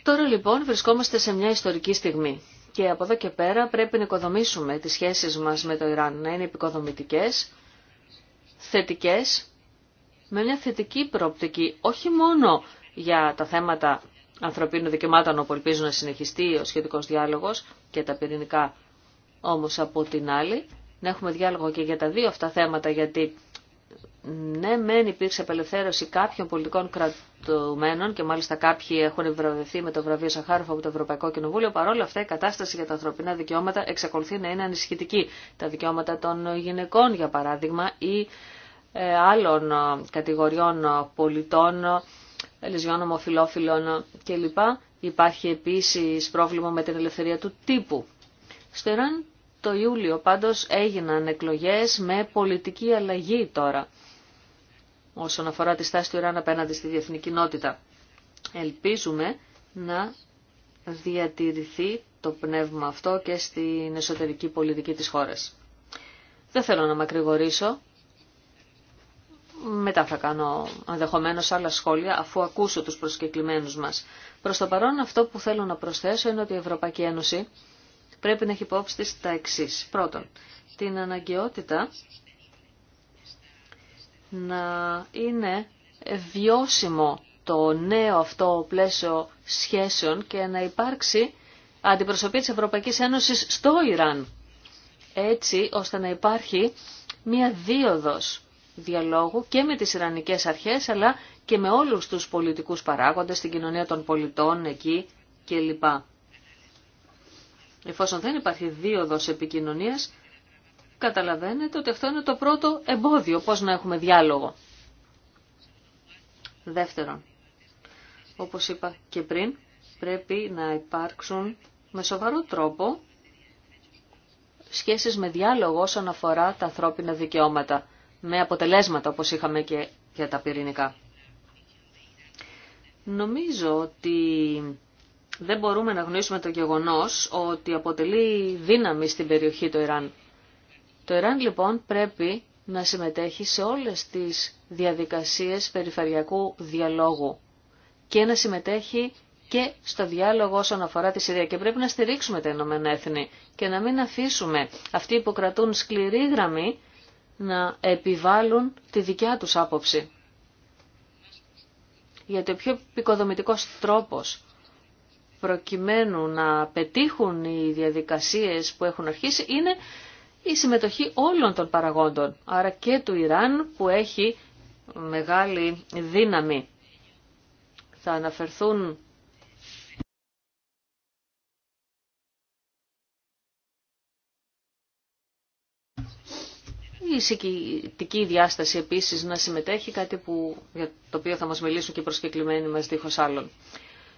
Τώρα λοιπόν βρισκόμαστε σε μια ιστορική στιγμή και από εδώ και πέρα πρέπει να οικοδομήσουμε τις σχέσεις μας με το Ιράν, να είναι επικοδομητικές, θετικές, με μια θετική προοπτική, όχι μόνο για τα θέματα ανθρωπίνων δικαιωμάτων όπου ελπίζω να συνεχιστεί ο σχετικός διάλογος και τα πυρηνικά όμως από την άλλη να έχουμε διάλογο και για τα δύο αυτά θέματα γιατί ναι μεν υπήρξε απελευθέρωση κάποιων πολιτικών κρατουμένων και μάλιστα κάποιοι έχουν βραβευθεί με το βραβείο Σαχάροφ από το Ευρωπαϊκό Κοινοβούλιο παρόλα αυτά η κατάσταση για τα ανθρωπινά δικαιώματα εξακολουθεί να είναι ανησυχητική. Τα δικαιώματα των γυναικών για παράδειγμα ή ε, άλλων ε, κατηγοριών πολιτών λεσβιών, και κλπ. Υπάρχει επίσης πρόβλημα με την ελευθερία του τύπου. Στο Ιράν το Ιούλιο πάντως έγιναν εκλογές με πολιτική αλλαγή τώρα όσον αφορά τη στάση του Ιράν απέναντι στη διεθνή κοινότητα. Ελπίζουμε να διατηρηθεί το πνεύμα αυτό και στην εσωτερική πολιτική της χώρας. Δεν θέλω να μακρηγορήσω, μετά θα κάνω ενδεχομένω άλλα σχόλια αφού ακούσω τους προσκεκλημένους μας. Προς το παρόν αυτό που θέλω να προσθέσω είναι ότι η Ευρωπαϊκή Ένωση πρέπει να έχει υπόψη της τα εξή. Πρώτον, την αναγκαιότητα να είναι βιώσιμο το νέο αυτό πλαίσιο σχέσεων και να υπάρξει αντιπροσωπή της Ευρωπαϊκής Ένωσης στο Ιράν. Έτσι ώστε να υπάρχει μία δίωδος διαλόγου και με τις Ιρανικές αρχές αλλά και με όλους τους πολιτικούς παράγοντες, την κοινωνία των πολιτών εκεί κλπ. Εφόσον δεν υπάρχει δίωδος επικοινωνίας, καταλαβαίνετε ότι αυτό είναι το πρώτο εμπόδιο, πώς να έχουμε διάλογο. Δεύτερον, όπως είπα και πριν, πρέπει να υπάρξουν με σοβαρό τρόπο σχέσεις με διάλογο όσον αφορά τα ανθρώπινα δικαιώματα με αποτελέσματα όπως είχαμε και για τα πυρηνικά. Νομίζω ότι δεν μπορούμε να γνωρίσουμε το γεγονός ότι αποτελεί δύναμη στην περιοχή το Ιράν. Το Ιράν λοιπόν πρέπει να συμμετέχει σε όλες τις διαδικασίες περιφερειακού διαλόγου και να συμμετέχει και στο διάλογο όσον αφορά τη Συρία. Και πρέπει να στηρίξουμε τα Ηνωμένα Έθνη και να μην αφήσουμε αυτοί που κρατούν σκληρή γραμμή να επιβάλλουν τη δικιά τους άποψη. Γιατί ο πιο επικοδομητικός τρόπος προκειμένου να πετύχουν οι διαδικασίες που έχουν αρχίσει είναι η συμμετοχή όλων των παραγόντων, άρα και του Ιράν που έχει μεγάλη δύναμη. Θα αναφερθούν η συγκεκριτική διάσταση επίσης να συμμετέχει, κάτι που, για το οποίο θα μας μιλήσουν και οι προσκεκλημένοι μας δίχως άλλων.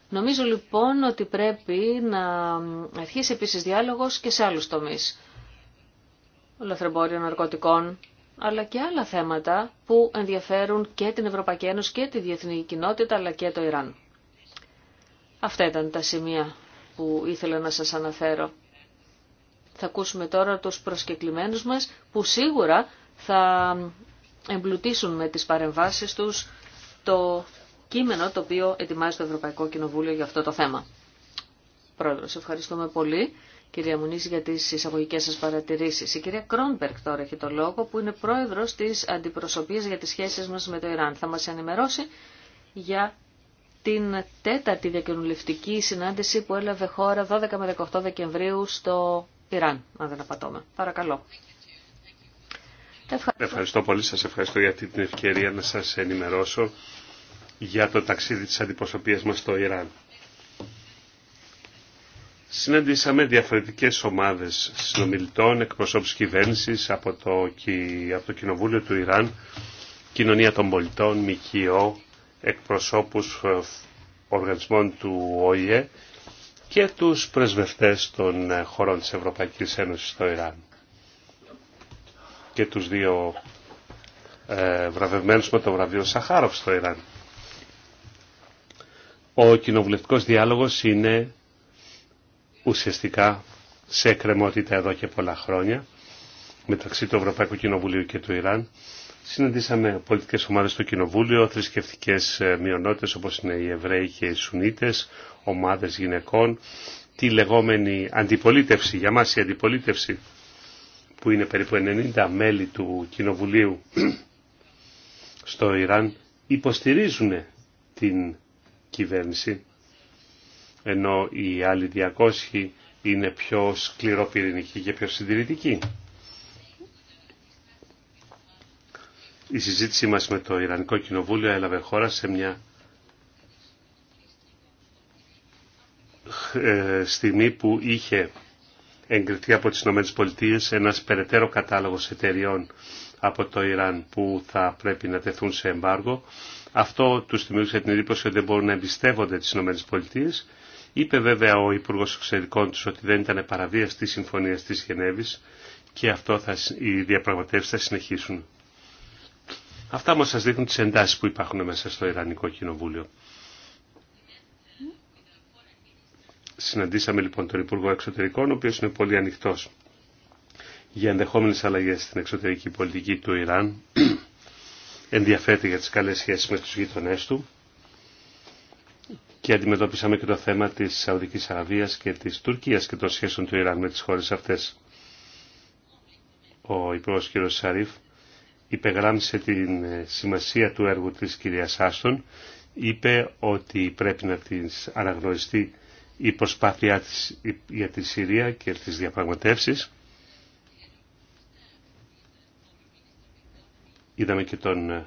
Νομίζω λοιπόν ότι πρέπει να αρχίσει επίσης διάλογος και σε άλλους τομείς. Λαθρεμπόριο ναρκωτικών, αλλά και άλλα θέματα που ενδιαφέρουν και την Ευρωπαϊκή Ένωση και τη διεθνή κοινότητα, αλλά και το Ιράν. Αυτά ήταν τα σημεία που ήθελα να σας αναφέρω. Θα ακούσουμε τώρα τους προσκεκλημένους μας που σίγουρα θα εμπλουτίσουν με τις παρεμβάσεις τους το κείμενο το οποίο ετοιμάζει το Ευρωπαϊκό Κοινοβούλιο για αυτό το θέμα. Πρόεδρος, ευχαριστούμε πολύ κυρία Μουνής για τις εισαγωγικές σας παρατηρήσεις. Η κυρία Κρόνπερκ τώρα έχει το λόγο που είναι πρόεδρος της αντιπροσωπείας για τις σχέσεις μας με το Ιράν. Θα μας ενημερώσει για την τέταρτη διακοινωνιστική συνάντηση που έλαβε χώρα 12 με 18 Δεκεμβρίου στο Ιράν, αν δεν απατώμε. Παρακαλώ. Ευχαριστώ. ευχαριστώ πολύ. Σας ευχαριστώ για την ευκαιρία να σας ενημερώσω για το ταξίδι της αντιπροσωπείας μας στο Ιράν. Συναντήσαμε διαφορετικές ομάδες συνομιλητών, εκπροσώπους κυβέρνησης από το, από το Κοινοβούλιο του Ιράν, Κοινωνία των Πολιτών, ΜΚΟ, εκπροσώπους ε, οργανισμών του ΟΗΕ και τους πρεσβευτές των ε, χωρών της Ευρωπαϊκής Ένωσης στο Ιράν. Και τους δύο ε, βραβευμένους με το βραβείο Σαχάροφ στο Ιράν. Ο κοινοβουλευτικός διάλογος είναι ουσιαστικά σε εκκρεμότητα εδώ και πολλά χρόνια μεταξύ του Ευρωπαϊκού Κοινοβουλίου και του Ιράν. Συναντήσαμε πολιτικές ομάδες στο Κοινοβούλιο, θρησκευτικές ε, μειονότητες όπως είναι οι Εβραίοι και οι Σουνίτες, ομάδες γυναικών, τη λεγόμενη αντιπολίτευση, για μας η αντιπολίτευση που είναι περίπου 90 μέλη του Κοινοβουλίου στο Ιράν υποστηρίζουν την κυβέρνηση ενώ οι άλλοι 200 είναι πιο σκληροπυρηνικοί και πιο συντηρητικοί. Η συζήτησή μας με το Ιρανικό Κοινοβούλιο έλαβε χώρα σε μια Ε, στιγμή που είχε εγκριθεί από τις ΗΠΑ ένας περαιτέρω κατάλογος εταιριών από το Ιράν που θα πρέπει να τεθούν σε εμπάργο. Αυτό του δημιούργησε την εντύπωση ότι δεν μπορούν να εμπιστεύονται τις ΗΠΑ. Είπε βέβαια ο Υπουργό Εξωτερικών του ότι δεν ήταν παραβίαση της Συμφωνία της Γενέβη και αυτό θα, οι διαπραγματεύσει θα συνεχίσουν. Αυτά μας σα δείχνουν τι εντάσει που υπάρχουν μέσα στο Ιρανικό Κοινοβούλιο. Συναντήσαμε λοιπόν τον Υπουργό Εξωτερικών, ο οποίος είναι πολύ ανοιχτός για ενδεχόμενες αλλαγές στην εξωτερική πολιτική του Ιράν. Ενδιαφέρεται για τις καλές σχέσεις με τους γείτονές του και αντιμετώπισαμε και το θέμα της Σαουδικής Αραβίας και της Τουρκίας και των σχέσεων του Ιράν με τις χώρες αυτές. Ο Υπουργός κ. Σαρίφ υπεγράμμισε την ε, σημασία του έργου της κυρίας Άστον, είπε ότι πρέπει να την αναγνωριστεί η προσπάθειά της για τη Συρία και τις διαπραγματεύσεις. Είδαμε και τον ε,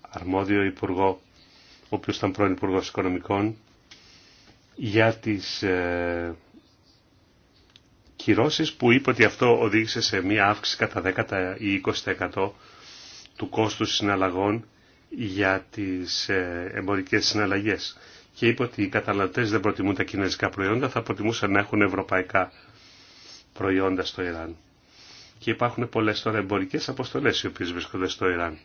αρμόδιο υπουργό, ο οποίος ήταν πρώην υπουργός οικονομικών, για τις ε, κυρώσεις που είπε ότι αυτό οδήγησε σε μία αύξηση κατά 10 ή 20% του κόστου συναλλαγών για τις ε, εμπορικές συναλλαγές και είπε ότι οι καταναλωτές δεν προτιμούν τα κινέζικα προϊόντα, θα προτιμούσαν να έχουν ευρωπαϊκά προϊόντα στο Ιράν. Και υπάρχουν πολλές τώρα εμπορικές αποστολές οι οποίες βρίσκονται στο Ιράν.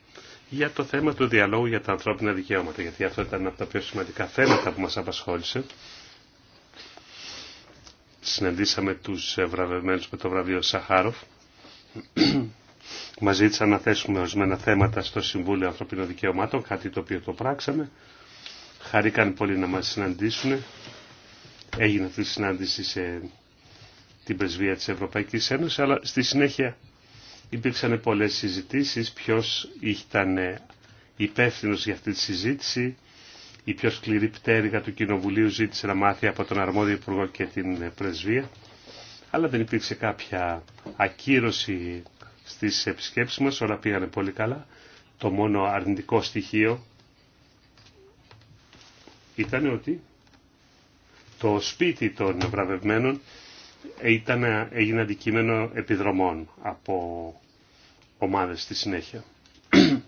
Για το θέμα του διαλόγου για τα ανθρώπινα δικαιώματα, γιατί αυτό ήταν από τα πιο σημαντικά θέματα που μας απασχόλησε. Συναντήσαμε τους βραβευμένους με το βραβείο Σαχάροφ. Μας ζήτησαν να θέσουμε ορισμένα θέματα στο Συμβούλιο Ανθρωπίνων Δικαιωμάτων, κάτι το οποίο το πράξαμε. Χαρήκαν πολύ να μας συναντήσουν. Έγινε αυτή η συνάντηση σε την πρεσβεία της Ευρωπαϊκής Ένωσης, αλλά στη συνέχεια υπήρξαν πολλές συζητήσεις, ποιος ήταν υπεύθυνο για αυτή τη συζήτηση, η πιο σκληρή πτέρυγα του Κοινοβουλίου ζήτησε να μάθει από τον αρμόδιο Υπουργό και την Πρεσβεία, αλλά δεν υπήρξε κάποια ακύρωση στις επισκέψεις μας, όλα πήγανε πολύ καλά. Το μόνο αρνητικό στοιχείο ήταν ότι το σπίτι των βραβευμένων ήταν, έγινε αντικείμενο επιδρομών από ομάδες στη συνέχεια.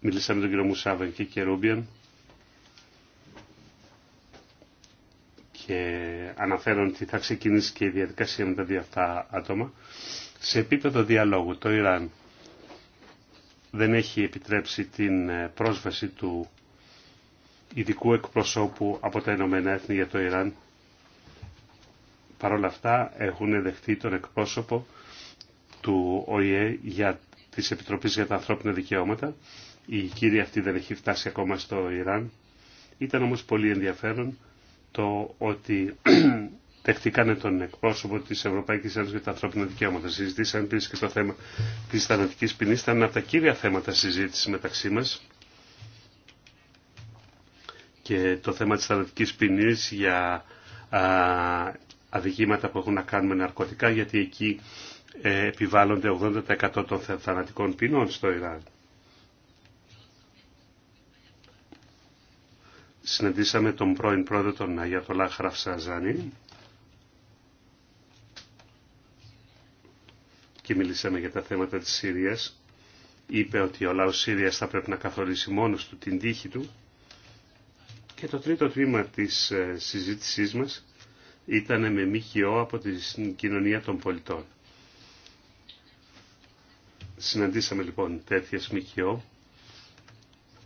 Μιλήσαμε με τον κύριο Μουσάβεν και Κερούμπιαν και αναφέρονται ότι θα ξεκινήσει και η διαδικασία με τα δύο αυτά άτομα. Σε επίπεδο διαλόγου το Ιράν δεν έχει επιτρέψει την ε, πρόσβαση του ειδικού εκπροσώπου από τα Ηνωμένα Έθνη για το Ιράν. Παρ' όλα αυτά έχουν δεχτεί τον εκπρόσωπο του ΟΗΕ για τις επιτροπές για τα Ανθρώπινα Δικαιώματα. Η κύρια αυτή δεν έχει φτάσει ακόμα στο Ιράν. Ήταν όμως πολύ ενδιαφέρον το ότι δεχτήκανε τον εκπρόσωπο της Ευρωπαϊκής Ένωσης για τα Ανθρώπινα Δικαιώματα. Συζητήσαν επίσης και το θέμα της θανατικής ποινής. Ήταν ένα από τα κύρια θέματα συζήτηση μεταξύ μας και το θέμα της θανατικής ποινή για α, αδικήματα που έχουν να κάνουν με ναρκωτικά, γιατί εκεί ε, επιβάλλονται 80% των θανατικών ποινών στο Ιράν. Συναντήσαμε τον πρώην πρόεδρο τον Αγιατολά Χραφσαζάνη και μιλήσαμε για τα θέματα της Συρίας. Είπε ότι ο λαός Συρίας θα πρέπει να καθορίσει μόνος του την τύχη του και το τρίτο τμήμα της ε, συζήτησής μας ήταν με ΜΚΟ από την κοινωνία των πολιτών. Συναντήσαμε λοιπόν τέτοιες ΜΚΟ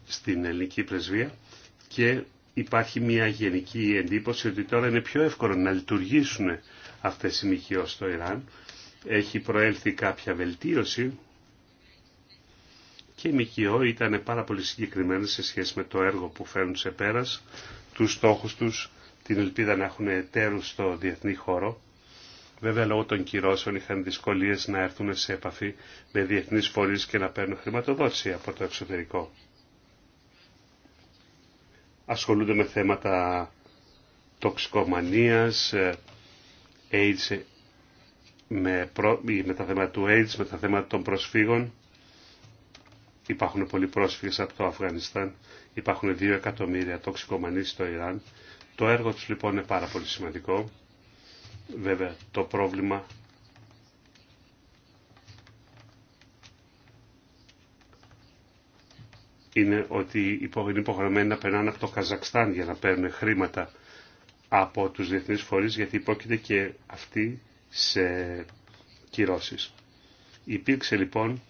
στην ελληνική πρεσβεία και υπάρχει μια γενική εντύπωση ότι τώρα είναι πιο εύκολο να λειτουργήσουν αυτές οι ΜΚΟ στο Ιράν. Έχει προέλθει κάποια βελτίωση και οι ΜΚΟ ήταν πάρα πολύ συγκεκριμένε σε σχέση με το έργο που φέρνουν σε πέρας, τους στόχους τους, την ελπίδα να έχουν εταίρους στο διεθνή χώρο. Βέβαια λόγω των κυρώσεων είχαν δυσκολίες να έρθουν σε επαφή με διεθνείς φορείς και να παίρνουν χρηματοδότηση από το εξωτερικό. Ασχολούνται με θέματα τοξικομανίας, ε, ε, με, με τα θέματα του AIDS, με τα θέματα των προσφύγων Υπάρχουν πολλοί πρόσφυγες από το Αφγανιστάν, υπάρχουν δύο εκατομμύρια τοξικομανείς στο Ιράν. Το έργο τους λοιπόν είναι πάρα πολύ σημαντικό. Βέβαια το πρόβλημα είναι ότι είναι υποχρεωμένοι να περνάνε από το Καζακστάν για να παίρνουν χρήματα από τους διεθνείς φορείς γιατί υπόκειται και αυτοί σε κυρώσεις. Υπήρξε λοιπόν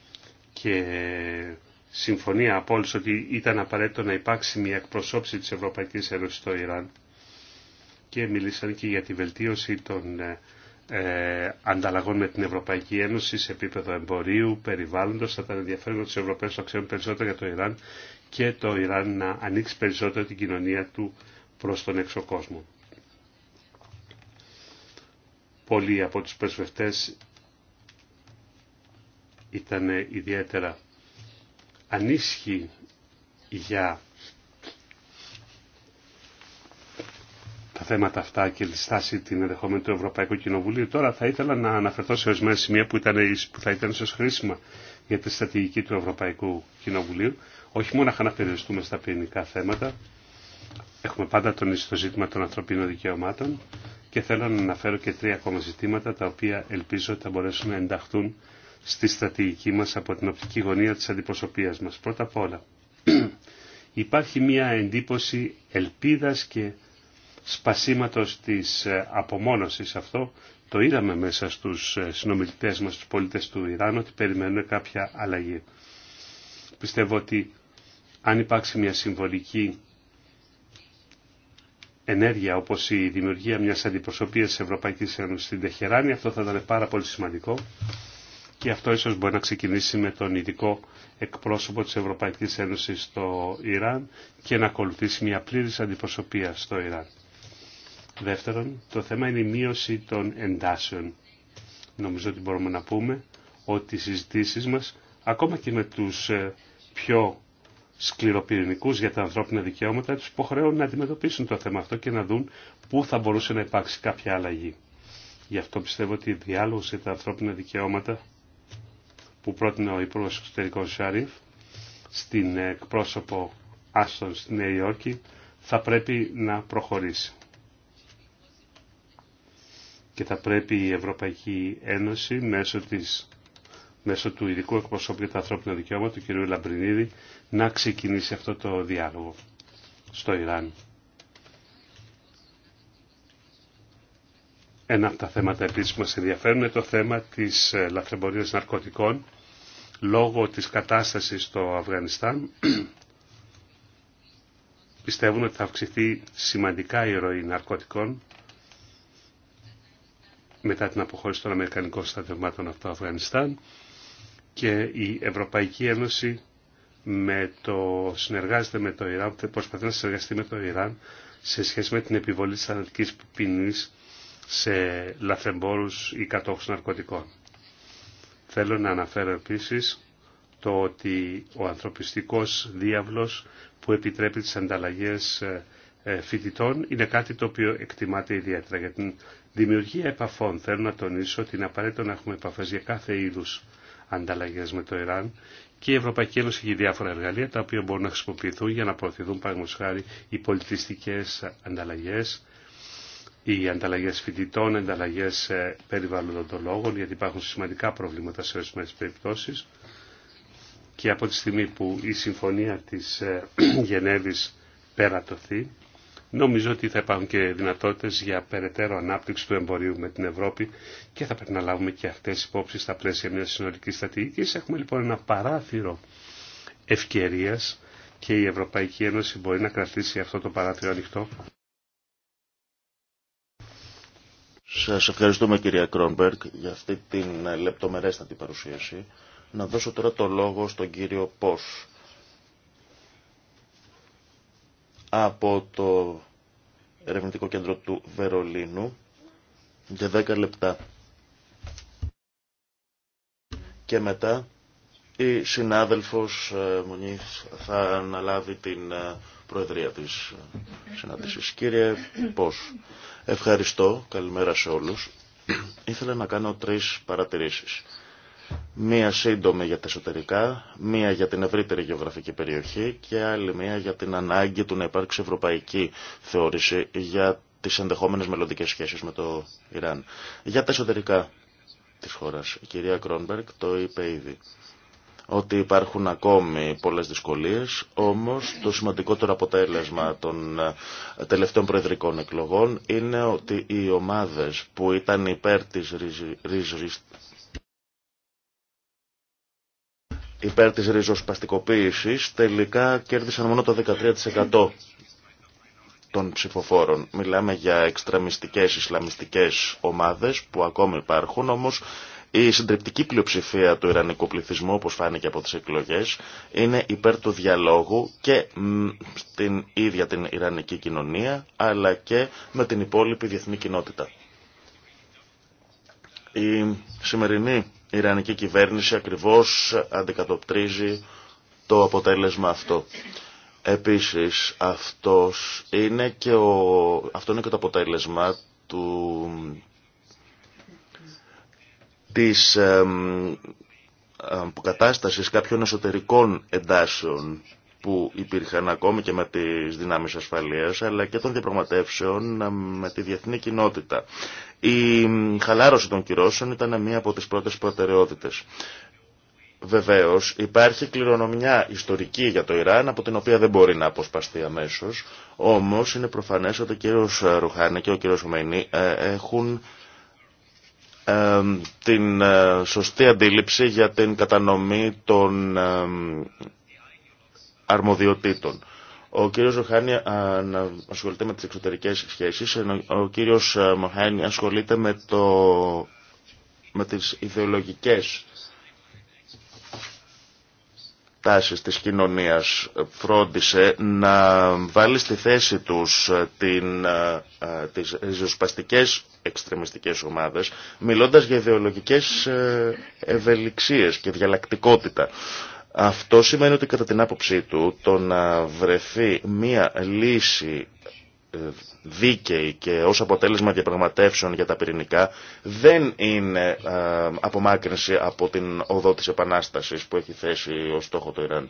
και συμφωνία από όλους ότι ήταν απαραίτητο να υπάρξει μια εκπροσώψη της Ευρωπαϊκής Ένωσης στο Ιράν και μιλήσαν και για τη βελτίωση των ε, ε, ανταλλαγών με την Ευρωπαϊκή Ένωση σε επίπεδο εμπορίου, περιβάλλοντος. Θα ήταν ενδιαφέρον οι Ευρωπαίους να ξέρουν περισσότερο για το Ιράν και το Ιράν να ανοίξει περισσότερο την κοινωνία του προς τον εξωκόσμο. Πολλοί από τους πρεσβευτές ήταν ιδιαίτερα ανίσχυ για τα θέματα αυτά και τη στάση την ενδεχόμενη του Ευρωπαϊκού Κοινοβουλίου. Τώρα θα ήθελα να αναφερθώ σε ορισμένα σημεία που, ήταν, που θα ήταν ίσως χρήσιμα για τη στρατηγική του Ευρωπαϊκού Κοινοβουλίου. Όχι μόνο να περιοριστούμε στα ποινικά θέματα, έχουμε πάντα τον το ζήτημα των ανθρωπίνων δικαιωμάτων και θέλω να αναφέρω και τρία ακόμα ζητήματα τα οποία ελπίζω θα μπορέσουν να ενταχθούν στη στρατηγική μας από την οπτική γωνία της αντιπροσωπείας μας. Πρώτα απ' όλα, υπάρχει μια εντύπωση ελπίδας και σπασίματος της ε, απομόνωσης αυτό. Το είδαμε μέσα στους ε, συνομιλητές μας, τους πολίτες του Ιράν, ότι περιμένουν κάποια αλλαγή. Πιστεύω ότι αν υπάρξει μια συμβολική ενέργεια όπως η δημιουργία μιας αντιπροσωπείας της Ευρωπαϊκής Ένωσης στην Τεχεράνη, αυτό θα ήταν πάρα πολύ σημαντικό και αυτό ίσως μπορεί να ξεκινήσει με τον ειδικό εκπρόσωπο της Ευρωπαϊκής Ένωσης στο Ιράν και να ακολουθήσει μια πλήρης αντιπροσωπεία στο Ιράν. Δεύτερον, το θέμα είναι η μείωση των εντάσεων. Νομίζω ότι μπορούμε να πούμε ότι οι συζητήσεις μας, ακόμα και με τους ε, πιο σκληροπυρηνικούς για τα ανθρώπινα δικαιώματα, τους υποχρεώνουν να αντιμετωπίσουν το θέμα αυτό και να δουν πού θα μπορούσε να υπάρξει κάποια αλλαγή. Γι' αυτό πιστεύω ότι η διάλογος για τα ανθρώπινα δικαιώματα που πρότεινε ο Υπουργός Εξωτερικών Σαρίφ στην εκπρόσωπο Άστον στη Νέα Υόρκη θα πρέπει να προχωρήσει. Και θα πρέπει η Ευρωπαϊκή Ένωση μέσω, της, μέσω του ειδικού εκπροσώπου για τα ανθρώπινα δικαιώματα του κ. Λαμπρινίδη να ξεκινήσει αυτό το διάλογο στο Ιράν. Ένα από τα θέματα επίσης που μας ενδιαφέρουν είναι το θέμα της ε, λαθρεμπορίας ναρκωτικών λόγω της κατάστασης στο Αφγανιστάν πιστεύουν ότι θα αυξηθεί σημαντικά η ροή ναρκωτικών μετά την αποχώρηση των Αμερικανικών στρατευμάτων από το Αφγανιστάν και η Ευρωπαϊκή Ένωση με το, συνεργάζεται με το Ιράν, προσπαθεί να συνεργαστεί με το Ιράν σε σχέση με την επιβολή της θανατικής ποινής σε λαθρεμπόρους ή κατόχους ναρκωτικών. Θέλω να αναφέρω επίσης το ότι ο ανθρωπιστικός διάβλος που επιτρέπει τις ανταλλαγές ε, ε, φοιτητών είναι κάτι το οποίο εκτιμάται ιδιαίτερα για την δημιουργία επαφών. Θέλω να τονίσω ότι είναι απαραίτητο να έχουμε επαφές για κάθε είδους ανταλλαγές με το Ιράν και η Ευρωπαϊκή Ένωση έχει διάφορα εργαλεία τα οποία μπορούν να χρησιμοποιηθούν για να προωθηθούν παραδείγματος οι πολιτιστικές ανταλλαγές οι ανταλλαγέ φοιτητών, ανταλλαγέ ε, περιβαλλοντολόγων, γιατί υπάρχουν σημαντικά προβλήματα σε τι περιπτώσει. Και από τη στιγμή που η συμφωνία της ε, Γενέβης πέρατωθεί, νομίζω ότι θα υπάρχουν και δυνατότητες για περαιτέρω ανάπτυξη του εμπορίου με την Ευρώπη και θα πρέπει να λάβουμε και αυτές υπόψεις στα πλαίσια μια συνολική στρατηγικής. Έχουμε λοιπόν ένα παράθυρο ευκαιρία και η Ευρωπαϊκή Ένωση μπορεί να κρατήσει αυτό το παράθυρο ανοιχτό Σας ευχαριστούμε κυρία Κρόνμπεργκ για αυτή την λεπτομερέστατη παρουσίαση. Να δώσω τώρα το λόγο στον κύριο Πώς από το Ερευνητικό Κέντρο του Βερολίνου για 10 λεπτά. Και μετά η συνάδελφος ε, Μουνίθ θα αναλάβει την ε, προεδρία της ε, συνάντησης. Κύριε Πώς, ευχαριστώ. Καλημέρα σε όλους. Ήθελα να κάνω τρεις παρατηρήσεις. Μία σύντομη για τα εσωτερικά, μία για την ευρύτερη γεωγραφική περιοχή και άλλη μία για την ανάγκη του να υπάρξει ευρωπαϊκή θεώρηση για τις ενδεχόμενες μελλοντικέ σχέσεις με το Ιράν. Για τα εσωτερικά της χώρας, η κυρία Κρόνμπεργκ το είπε ήδη ότι υπάρχουν ακόμη πολλές δυσκολίες, όμως το σημαντικότερο αποτέλεσμα των ε, τελευταίων προεδρικών εκλογών είναι ότι οι ομάδες που ήταν υπέρ της υπέρ ριζοσπαστικοποίησης τελικά κέρδισαν μόνο το 13% των ψηφοφόρων. Μιλάμε για εξτραμιστικές ισλαμιστικές ομάδες που ακόμη υπάρχουν, όμως η συντριπτική πλειοψηφία του Ιρανικού πληθυσμού, όπως φάνηκε από τις εκλογές, είναι υπέρ του διαλόγου και στην ίδια την Ιρανική κοινωνία, αλλά και με την υπόλοιπη διεθνή κοινότητα. Η σημερινή Ιρανική κυβέρνηση ακριβώς αντικατοπτρίζει το αποτέλεσμα αυτό. Επίσης, αυτός είναι και αυτό είναι και το αποτέλεσμα του της ε, αποκατάστασης κάποιων εσωτερικών εντάσεων που υπήρχαν ακόμη και με τις δυνάμεις ασφαλείας αλλά και των διαπραγματεύσεων με τη διεθνή κοινότητα. Η χαλάρωση των κυρώσεων ήταν μία από τις πρώτες προτεραιότητες. Βεβαίως υπάρχει κληρονομιά ιστορική για το Ιράν από την οποία δεν μπορεί να αποσπαστεί αμέσως όμως είναι προφανές ότι ο κύριος Ρουχάνη και ο κύριος Ουμενή έχουν την ε, σωστή αντίληψη για την κατανομή των αρμοδιοτήτων. Ο κύριος Ροχάνη ε, ασχολείται με τις εξωτερικές σχέσεις, ο κύριος ε, Μοχάνη ασχολείται με, το, με τις ιδεολογικές τάσεις της κοινωνίας φρόντισε να βάλει στη θέση τους ε, την, ε, ε, τις ριζοσπαστικές εξτρεμιστικές ομάδες μιλώντας για ιδεολογικές ευελιξίες και διαλλακτικότητα. Αυτό σημαίνει ότι κατά την άποψή του το να βρεθεί μία λύση ε, δίκαιη και ως αποτέλεσμα διαπραγματεύσεων για τα πυρηνικά δεν είναι ε, απομάκρυνση από την οδό της επανάστασης που έχει θέσει ως στόχο το Ιράν.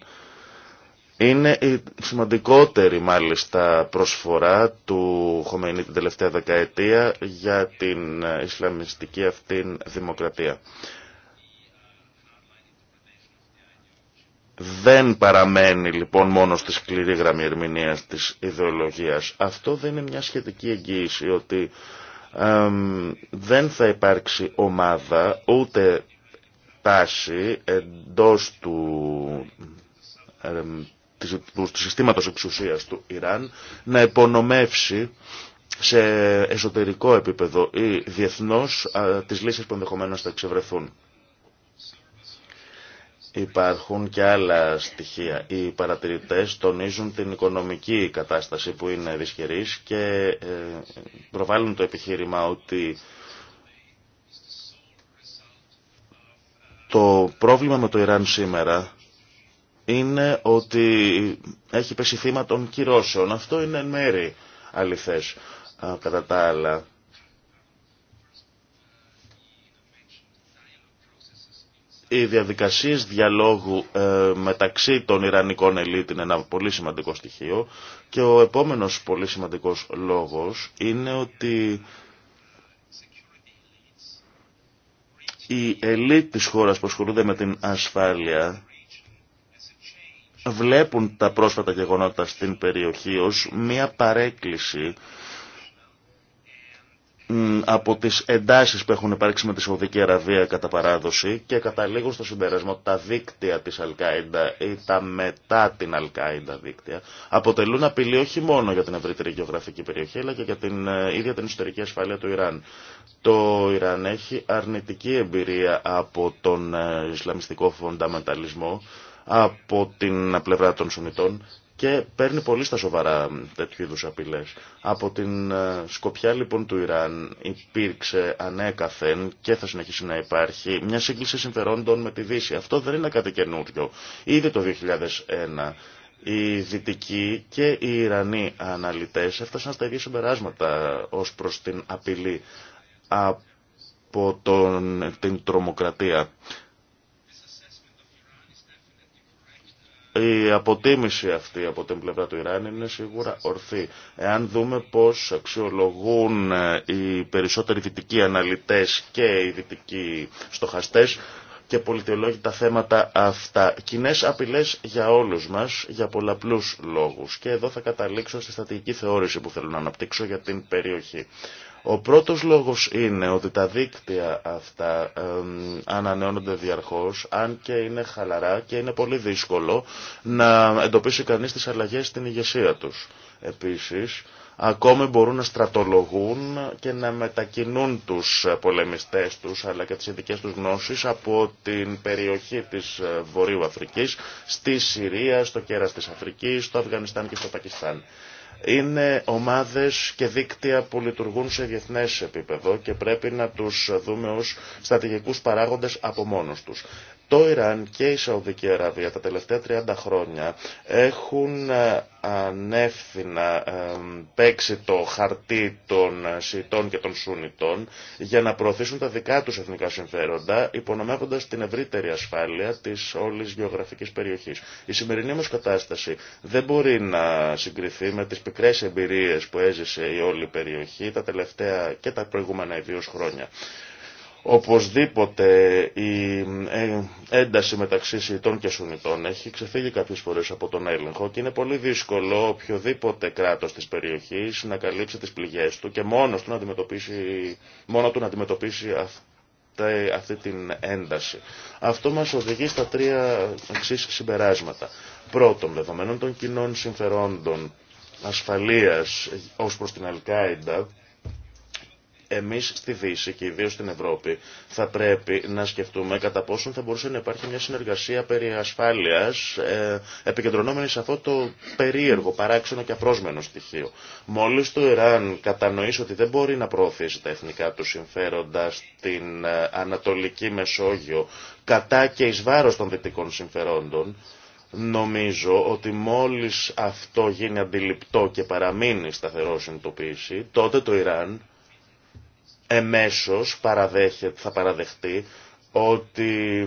Είναι η σημαντικότερη μάλιστα προσφορά του Χωμενή την τελευταία δεκαετία για την ε, Ισλαμιστική αυτήν δημοκρατία. Δεν παραμένει λοιπόν μόνο στη σκληρή γραμμή ερμηνεία της ιδεολογίας. Αυτό δεν είναι μια σχετική εγγύηση ότι δεν θα υπάρξει ομάδα ούτε τάση εντός του, ε, του, του συστήματος εξουσίας του Ιράν να υπονομεύσει σε εσωτερικό επίπεδο ή διεθνώς α, τις λύσεις που ενδεχομένω θα εξευρεθούν. Υπάρχουν και άλλα στοιχεία. Οι παρατηρητές τονίζουν την οικονομική κατάσταση που είναι δυσχερής και ε, προβάλλουν το επιχείρημα ότι το πρόβλημα με το Ιράν σήμερα είναι ότι έχει πέσει θύμα των κυρώσεων. Αυτό είναι μέρη αληθές κατά τα άλλα. Οι διαδικασίες διαλόγου ε, μεταξύ των Ιρανικών ελίτ είναι ένα πολύ σημαντικό στοιχείο και ο επόμενος πολύ σημαντικός λόγος είναι ότι οι ελίτ της χώρας που ασχολούνται με την ασφάλεια βλέπουν τα πρόσφατα γεγονότα στην περιοχή ως μια παρέκκληση από τις εντάσεις που έχουν υπάρξει με τη Σαουδική Αραβία κατά παράδοση και καταλήγω στο συμπέρασμα ότι τα δίκτυα της Αλκάιντα ή τα μετά την Αλκάιντα δίκτυα αποτελούν απειλή όχι μόνο για την ευρύτερη γεωγραφική περιοχή αλλά και για την ε, ίδια την ιστορική ασφάλεια του Ιράν. Το Ιράν έχει αρνητική εμπειρία από τον ε, Ισλαμιστικό Φονταμενταλισμό από την πλευρά των Σουνιτών και παίρνει πολύ στα σοβαρά τέτοιου είδους απειλές. Από την ε, σκοπιά λοιπόν του Ιράν υπήρξε ανέκαθεν και θα συνεχίσει να υπάρχει μια σύγκληση συμφερόντων με τη Δύση. Αυτό δεν είναι κάτι καινούριο. Ήδη το 2001 οι Δυτικοί και οι Ιρανοί αναλυτές έφτασαν στα ίδια συμπεράσματα ως προς την απειλή από τον, την τρομοκρατία η αποτίμηση αυτή από την πλευρά του Ιράν είναι σίγουρα ορθή. Εάν δούμε πώς αξιολογούν ε, οι περισσότεροι δυτικοί αναλυτές και οι δυτικοί στοχαστές και πολιτιολόγοι τα θέματα αυτά. Κοινέ απειλέ για όλους μας για πολλαπλούς λόγους. Και εδώ θα καταλήξω στη στατική θεώρηση που θέλω να αναπτύξω για την περιοχή. Ο πρώτος λόγος είναι ότι τα δίκτυα αυτά ανανεώνονται διαρχώς, αν και είναι χαλαρά και είναι πολύ δύσκολο να εντοπίσει κανείς τις αλλαγές στην ηγεσία τους. Επίσης, ακόμη μπορούν να στρατολογούν και να μετακινούν τους πολεμιστές τους αλλά και τις ειδικές τους γνώσεις από την περιοχή της ε, Βορείου Αφρικής στη Συρία, στο κέρας της Αφρικής, στο Αφγανιστάν και στο Πακιστάν είναι ομάδες και δίκτυα που λειτουργούν σε διεθνές επίπεδο και πρέπει να τους δούμε ως στρατηγικούς παράγοντες από μόνος τους. Το Ιράν και η Σαουδική Αραβία τα τελευταία 30 χρόνια έχουν ε, ανεύθυνα παίξει το χαρτί των Σιητών και των Σούνιτων για να προωθήσουν τα δικά τους εθνικά συμφέροντα υπονομεύοντας την ευρύτερη ασφάλεια της όλης γεωγραφικής περιοχής. Η σημερινή μας κατάσταση δεν μπορεί να συγκριθεί με τις πικρές εμπειρίες που έζησε η όλη περιοχή τα τελευταία και τα προηγούμενα ιδίως χρόνια. Οπωσδήποτε η ε, ένταση μεταξύ Σιητών και Σουνιτών έχει ξεφύγει κάποιες φορές από τον έλεγχο και είναι πολύ δύσκολο οποιοδήποτε κράτος της περιοχής να καλύψει τις πληγές του και μόνος του να αντιμετωπίσει, μόνο του να αντιμετωπίσει αυτή, την ένταση. Αυτό μας οδηγεί στα τρία εξή συμπεράσματα. Πρώτον, δεδομένων των κοινών συμφερόντων ασφαλείας ως προς την Αλκάιντα, εμείς στη Δύση και ιδίως στην Ευρώπη θα πρέπει να σκεφτούμε κατά πόσον θα μπορούσε να υπάρχει μια συνεργασία περί ασφάλειας ε, επικεντρωνόμενη σε αυτό το περίεργο, παράξενο και απρόσμενο στοιχείο. Μόλις το Ιράν κατανοήσει ότι δεν μπορεί να προωθήσει τα εθνικά του συμφέροντα στην ε, Ανατολική Μεσόγειο κατά και εις βάρος των δυτικών συμφερόντων, Νομίζω ότι μόλις αυτό γίνει αντιληπτό και παραμείνει σταθερό συνειδητοποίηση, τότε το Ιράν εμέσως θα παραδεχτεί ότι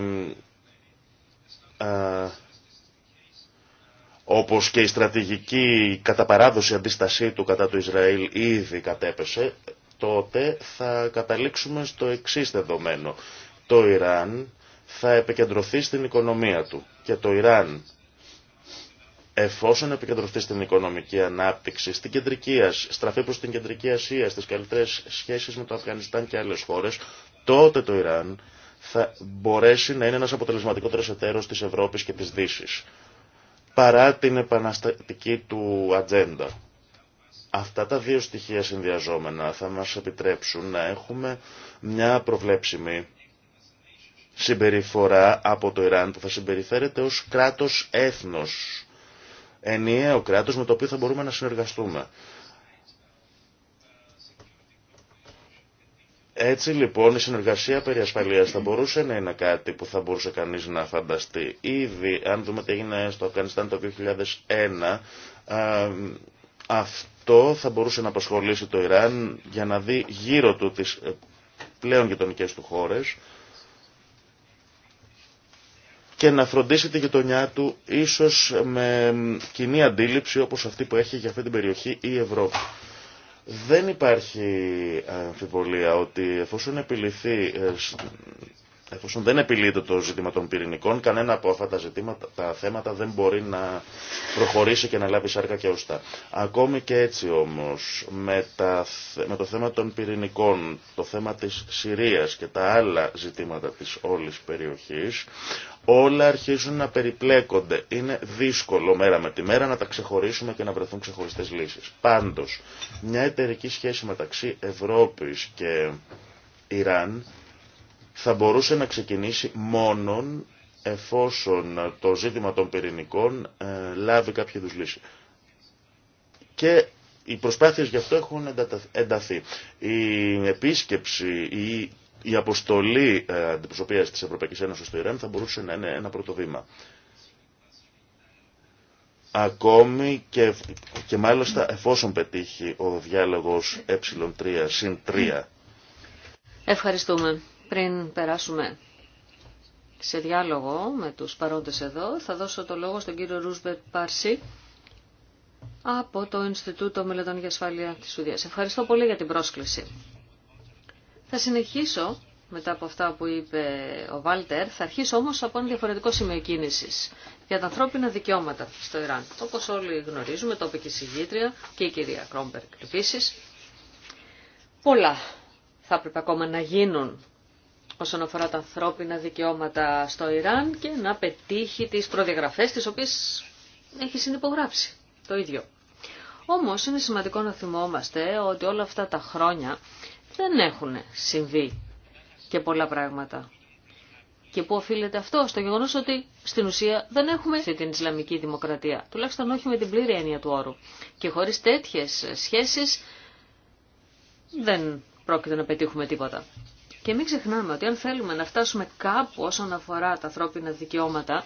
ε, όπως και η στρατηγική κατά παράδοση αντίστασή του κατά του Ισραήλ ήδη κατέπεσε, τότε θα καταλήξουμε στο εξής δεδομένο. Το Ιράν θα επικεντρωθεί στην οικονομία του και το Ιράν Εφόσον επικεντρωθεί στην οικονομική ανάπτυξη, στην κεντρική Ασία, στραφεί προς την κεντρική Ασία, στις καλύτερες σχέσεις με το Αφγανιστάν και άλλες χώρες, τότε το Ιράν θα μπορέσει να είναι ένας αποτελεσματικότερος εταίρος της Ευρώπης και της Δύσης. Παρά την επαναστατική του ατζέντα. Αυτά τα δύο στοιχεία συνδυαζόμενα θα μας επιτρέψουν να έχουμε μια προβλέψιμη συμπεριφορά από το Ιράν που θα συμπεριφέρεται ως κράτος έθνος ενιαίο κράτος με το οποίο θα μπορούμε να συνεργαστούμε. Έτσι λοιπόν η συνεργασία περί ασφαλείας θα μπορούσε να είναι κάτι που θα μπορούσε κανείς να φανταστεί. Ήδη, αν δούμε τι έγινε στο Αφγανιστάν το 2001, αυτό θα μπορούσε να απασχολήσει το Ιράν για να δει γύρω του τις ε, πλέον γειτονικέ του χώρες και να φροντίσει τη γειτονιά του ίσως με κοινή αντίληψη όπως αυτή που έχει για αυτή την περιοχή η Ευρώπη. Δεν υπάρχει αμφιβολία ότι εφόσον επιληθεί ε, Εφόσον δεν επιλύεται το ζήτημα των πυρηνικών, κανένα από αυτά τα, ζητήματα, τα θέματα δεν μπορεί να προχωρήσει και να λάβει σάρκα και ουστά. Ακόμη και έτσι όμως, με, με το θέμα των πυρηνικών, το θέμα της Συρίας και τα άλλα ζητήματα της όλης περιοχής, όλα αρχίζουν να περιπλέκονται. Είναι δύσκολο μέρα με τη μέρα να τα ξεχωρίσουμε και να βρεθούν ξεχωριστές λύσεις. Πάντως, μια εταιρική σχέση μεταξύ Ευρώπης και Ιράν θα μπορούσε να ξεκινήσει μόνον εφόσον το ζήτημα των πυρηνικών ε, λάβει κάποια είδους λύση. Και οι προσπάθειες γι' αυτό έχουν ενταθεί. Η επίσκεψη ή η αποστολή ε, αντιπροσωπείας της Ευρωπαϊκής Ένωσης στο Ιράν θα μπορούσε να είναι ένα πρώτο βήμα. Ακόμη και, και μάλιστα εφόσον πετύχει ο διάλογος ε3 συν 3. Ευχαριστούμε. Πριν περάσουμε σε διάλογο με τους παρόντες εδώ, θα δώσω το λόγο στον κύριο Ρούσβερ Πάρση από το Ινστιτούτο Μελετών για Ασφάλεια της Σουδίας. Ευχαριστώ πολύ για την πρόσκληση. Θα συνεχίσω μετά από αυτά που είπε ο Βάλτερ, θα αρχίσω όμως από ένα διαφορετικό σημείο κίνησης για τα ανθρώπινα δικαιώματα στο Ιράν. Όπως όλοι γνωρίζουμε, το είπε και η συγγήτρια και η κυρία Κρόμπερκ επίση. Πολλά θα έπρεπε ακόμα να γίνουν όσον αφορά τα ανθρώπινα δικαιώματα στο Ιράν και να πετύχει τις προδιαγραφές τις οποίες έχει συνυπογράψει το ίδιο. Όμως είναι σημαντικό να θυμόμαστε ότι όλα αυτά τα χρόνια δεν έχουν συμβεί και πολλά πράγματα. Και πού οφείλεται αυτό, στο γεγονό ότι στην ουσία δεν έχουμε την Ισλαμική δημοκρατία. Τουλάχιστον όχι με την πλήρη έννοια του όρου. Και χωρί τέτοιε σχέσει δεν πρόκειται να πετύχουμε τίποτα. Και μην ξεχνάμε ότι αν θέλουμε να φτάσουμε κάπου όσον αφορά τα ανθρώπινα δικαιώματα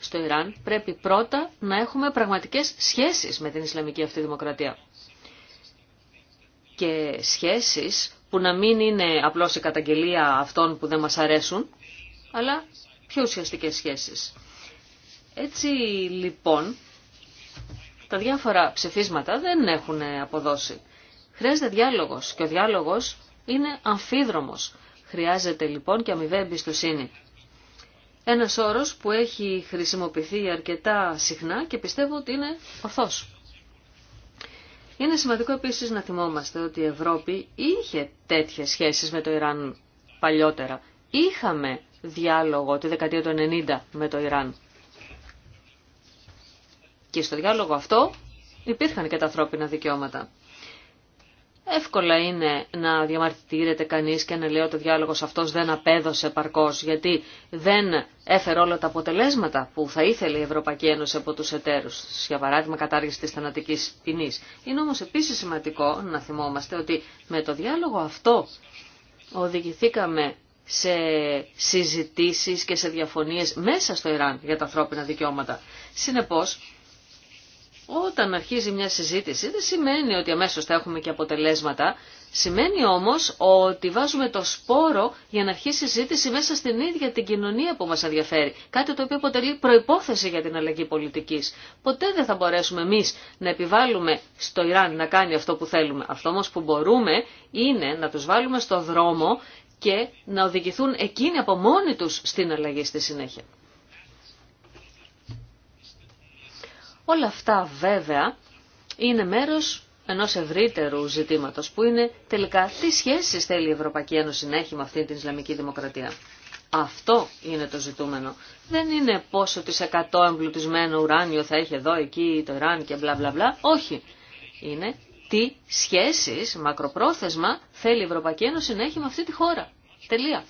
στο Ιράν, πρέπει πρώτα να έχουμε πραγματικέ σχέσει με την Ισλαμική αυτή δημοκρατία. Και σχέσει που να μην είναι απλώς η καταγγελία αυτών που δεν μας αρέσουν, αλλά πιο ουσιαστικές σχέσεις. Έτσι λοιπόν, τα διάφορα ψηφίσματα δεν έχουν αποδώσει. Χρειάζεται διάλογος και ο διάλογος είναι αμφίδρομος. Χρειάζεται λοιπόν και αμοιβαία εμπιστοσύνη. Ένας όρος που έχει χρησιμοποιηθεί αρκετά συχνά και πιστεύω ότι είναι ορθός. Είναι σημαντικό επίσης να θυμόμαστε ότι η Ευρώπη είχε τέτοιες σχέσεις με το Ιράν παλιότερα. Είχαμε διάλογο τη δεκαετία του 90 με το Ιράν. Και στο διάλογο αυτό υπήρχαν και τα ανθρώπινα δικαιώματα. Εύκολα είναι να διαμαρτυρείται κανείς και να λέει ότι ο διάλογος αυτός δεν απέδωσε παρκώς, γιατί δεν έφερε όλα τα αποτελέσματα που θα ήθελε η Ευρωπαϊκή Ένωση από τους εταίρους, για παράδειγμα κατάργηση της θανατικής ποινής. Είναι όμως επίσης σημαντικό να θυμόμαστε ότι με το διάλογο αυτό οδηγηθήκαμε σε συζητήσεις και σε διαφωνίες μέσα στο Ιράν για τα ανθρώπινα δικαιώματα. Συνεπώς, όταν αρχίζει μια συζήτηση δεν σημαίνει ότι αμέσως θα έχουμε και αποτελέσματα, σημαίνει όμως ότι βάζουμε το σπόρο για να αρχίσει η συζήτηση μέσα στην ίδια την κοινωνία που μας ενδιαφέρει, κάτι το οποίο αποτελεί προϋπόθεση για την αλλαγή πολιτικής. Ποτέ δεν θα μπορέσουμε εμείς να επιβάλλουμε στο Ιράν να κάνει αυτό που θέλουμε. Αυτό όμως που μπορούμε είναι να τους βάλουμε στο δρόμο και να οδηγηθούν εκείνοι από μόνοι τους στην αλλαγή στη συνέχεια. Όλα αυτά βέβαια είναι μέρος ενός ευρύτερου ζητήματος που είναι τελικά τι σχέσεις θέλει η Ευρωπαϊκή Ένωση να έχει με αυτή την Ισλαμική Δημοκρατία. Αυτό είναι το ζητούμενο. Δεν είναι πόσο τις 100 εμπλουτισμένο ουράνιο θα έχει εδώ, εκεί, το Ιράν και μπλα μπλα μπλα. Όχι. Είναι τι σχέσεις μακροπρόθεσμα θέλει η Ευρωπαϊκή Ένωση να έχει με αυτή τη χώρα. Τελεία.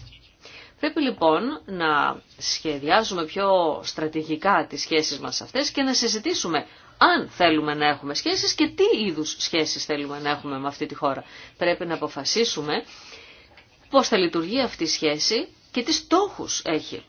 Πρέπει λοιπόν να σχεδιάζουμε πιο στρατηγικά τις σχέσεις μας αυτές και να συζητήσουμε αν θέλουμε να έχουμε σχέσεις και τι είδους σχέσεις θέλουμε να έχουμε με αυτή τη χώρα. Πρέπει να αποφασίσουμε πώς θα λειτουργεί αυτή η σχέση και τι στόχους έχει.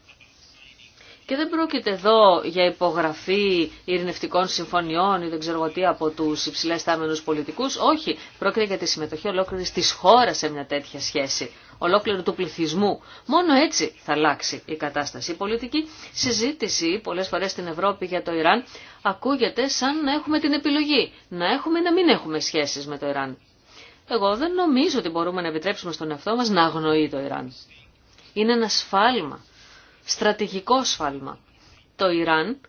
Και δεν πρόκειται εδώ για υπογραφή ειρηνευτικών συμφωνιών ή δεν ξέρω τι από του υψηλέ τάμενου πολιτικού. Όχι, πρόκειται για τη συμμετοχή ολόκληρη τη χώρα σε μια τέτοια σχέση. Ολόκληρο του πληθυσμού. Μόνο έτσι θα αλλάξει η κατάσταση. Η πολιτική συζήτηση πολλές φορές στην Ευρώπη για το Ιράν ακούγεται σαν να έχουμε την επιλογή. Να έχουμε ή να μην έχουμε σχέσεις με το Ιράν. Εγώ δεν νομίζω ότι μπορούμε να επιτρέψουμε στον εαυτό μας να αγνοεί το Ιράν. Είναι ένα σφάλμα, στρατηγικό σφάλμα. Το Ιράν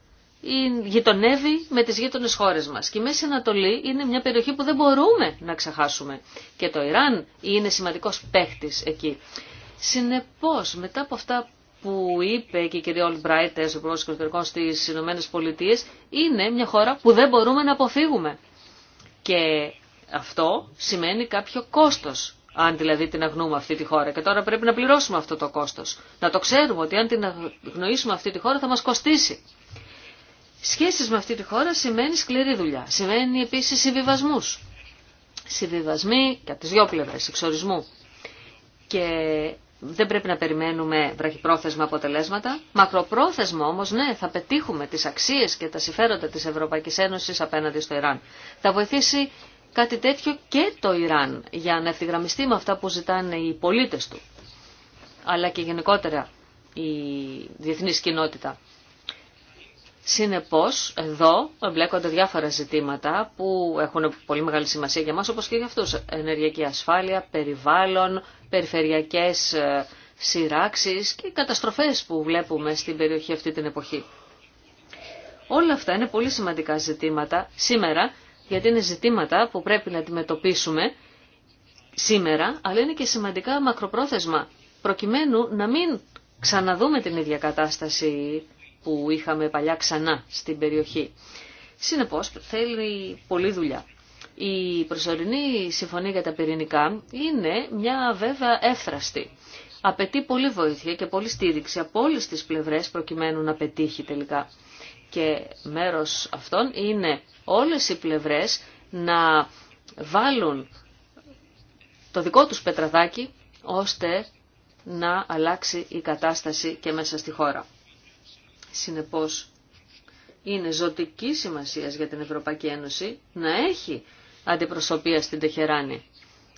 γειτονεύει με τις γείτονες χώρες μας. Και η Μέση Ανατολή είναι μια περιοχή που δεν μπορούμε να ξεχάσουμε. Και το Ιράν είναι σημαντικός παίχτης εκεί. Συνεπώς, μετά από αυτά που είπε και η κυρία Ολμπράιτ, ο πρόεδρος των εξωτερικών στις Ηνωμένες Πολιτείες, είναι μια χώρα που δεν μπορούμε να αποφύγουμε. Και αυτό σημαίνει κάποιο κόστος, αν δηλαδή την αγνούμε αυτή τη χώρα. Και τώρα πρέπει να πληρώσουμε αυτό το κόστος. Να το ξέρουμε ότι αν την αγνοήσουμε αυτή τη χώρα θα μας κοστίσει. Σχέσεις με αυτή τη χώρα σημαίνει σκληρή δουλειά. Σημαίνει επίσης συμβιβασμούς. Συμβιβασμοί από τις δυο πλευρές εξορισμού. Και δεν πρέπει να περιμένουμε βραχυπρόθεσμα αποτελέσματα. Μακροπρόθεσμα όμως, ναι, θα πετύχουμε τις αξίες και τα συμφέροντα της Ευρωπαϊκής Ένωσης απέναντι στο Ιράν. Θα βοηθήσει κάτι τέτοιο και το Ιράν για να ευθυγραμμιστεί με αυτά που ζητάνε οι πολίτες του. Αλλά και γενικότερα η διεθνή κοινότητα. Συνεπώς, εδώ εμπλέκονται διάφορα ζητήματα που έχουν πολύ μεγάλη σημασία για μας, όπως και για αυτούς. Ενεργειακή ασφάλεια, περιβάλλον, περιφερειακές ε, σειράξεις και καταστροφές που βλέπουμε στην περιοχή αυτή την εποχή. Όλα αυτά είναι πολύ σημαντικά ζητήματα σήμερα, γιατί είναι ζητήματα που πρέπει να αντιμετωπίσουμε σήμερα, αλλά είναι και σημαντικά μακροπρόθεσμα, προκειμένου να μην ξαναδούμε την ίδια κατάσταση που είχαμε παλιά ξανά στην περιοχή. Συνεπώς θέλει πολλή δουλειά. Η προσωρινή συμφωνία για τα πυρηνικά είναι μια βέβαια εύθραστη. Απαιτεί πολλή βοήθεια και πολλή στήριξη από όλες τις πλευρές προκειμένου να πετύχει τελικά. Και μέρος αυτών είναι όλες οι πλευρές να βάλουν το δικό τους πετραδάκι ώστε να αλλάξει η κατάσταση και μέσα στη χώρα. Συνεπώς, είναι ζωτική σημασία για την Ευρωπαϊκή Ένωση να έχει αντιπροσωπεία στην Τεχεράνη,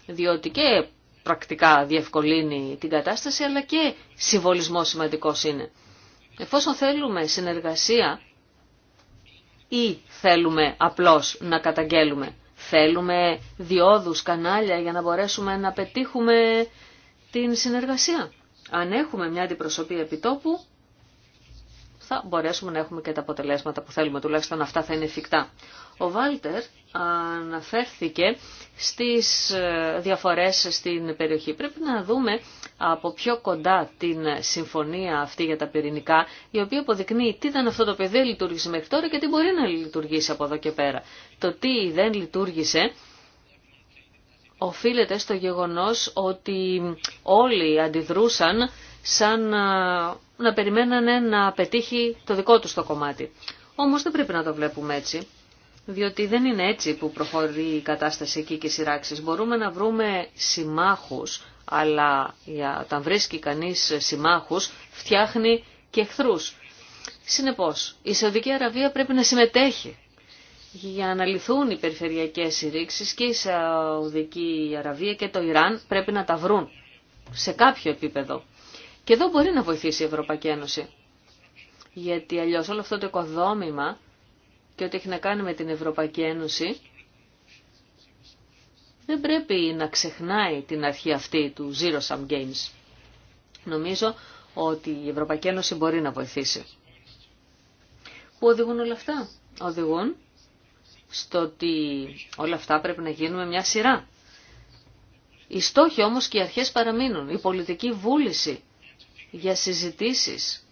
διότι και πρακτικά διευκολύνει την κατάσταση, αλλά και συμβολισμό σημαντικός είναι. Εφόσον θέλουμε συνεργασία ή θέλουμε απλώς να καταγγέλουμε, θέλουμε διόδους, κανάλια για να μπορέσουμε να πετύχουμε την συνεργασία. Αν έχουμε μια αντιπροσωπεία επιτόπου, θα μπορέσουμε να έχουμε και τα αποτελέσματα που θέλουμε, τουλάχιστον αυτά θα είναι εφικτά. Ο Βάλτερ αναφέρθηκε στις ε, διαφορές στην περιοχή. Πρέπει να δούμε από πιο κοντά την συμφωνία αυτή για τα πυρηνικά, η οποία αποδεικνύει τι ήταν αυτό το οποίο δεν λειτουργήσε μέχρι τώρα και τι μπορεί να λειτουργήσει από εδώ και πέρα. Το τι δεν λειτουργήσε οφείλεται στο γεγονός ότι όλοι αντιδρούσαν σαν να, περιμένανε να πετύχει το δικό τους το κομμάτι. Όμως δεν πρέπει να το βλέπουμε έτσι, διότι δεν είναι έτσι που προχωρεί η κατάσταση εκεί και οι σειράξεις. Μπορούμε να βρούμε συμμάχους, αλλά για, όταν βρίσκει κανείς συμμάχους φτιάχνει και εχθρούς. Συνεπώς, η Σαουδική Αραβία πρέπει να συμμετέχει για να λυθούν οι περιφερειακές συρρήξεις και η Σαουδική Αραβία και το Ιράν πρέπει να τα βρουν σε κάποιο επίπεδο. Και εδώ μπορεί να βοηθήσει η Ευρωπαϊκή Ένωση. Γιατί αλλιώ όλο αυτό το οικοδόμημα και ό,τι έχει να κάνει με την Ευρωπαϊκή Ένωση δεν πρέπει να ξεχνάει την αρχή αυτή του Zero Sum Games. Νομίζω ότι η Ευρωπαϊκή Ένωση μπορεί να βοηθήσει. Πού οδηγούν όλα αυτά. Οδηγούν στο ότι όλα αυτά πρέπει να γίνουν με μια σειρά. Οι στόχοι όμως και οι αρχές παραμείνουν. Η πολιτική βούληση για συζητήσεις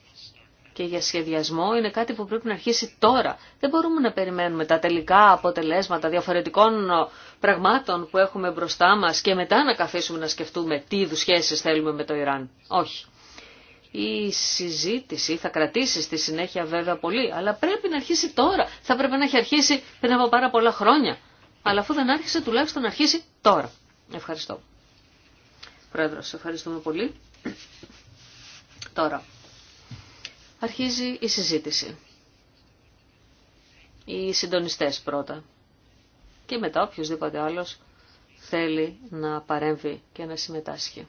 και για σχεδιασμό είναι κάτι που πρέπει να αρχίσει τώρα. Δεν μπορούμε να περιμένουμε τα τελικά αποτελέσματα διαφορετικών πραγμάτων που έχουμε μπροστά μας και μετά να καθίσουμε να σκεφτούμε τι είδους σχέσεις θέλουμε με το Ιράν. Όχι. Η συζήτηση θα κρατήσει στη συνέχεια βέβαια πολύ, αλλά πρέπει να αρχίσει τώρα. Θα πρέπει να έχει αρχίσει πριν από πάρα πολλά χρόνια. Αλλά αφού δεν άρχισε, τουλάχιστον να αρχίσει τώρα. Ευχαριστώ. Πρόεδρος, ευχαριστούμε πολύ. Τώρα, αρχίζει η συζήτηση. Οι συντονιστές πρώτα και μετά οποιοδήποτε άλλος θέλει να παρέμβει και να συμμετάσχει.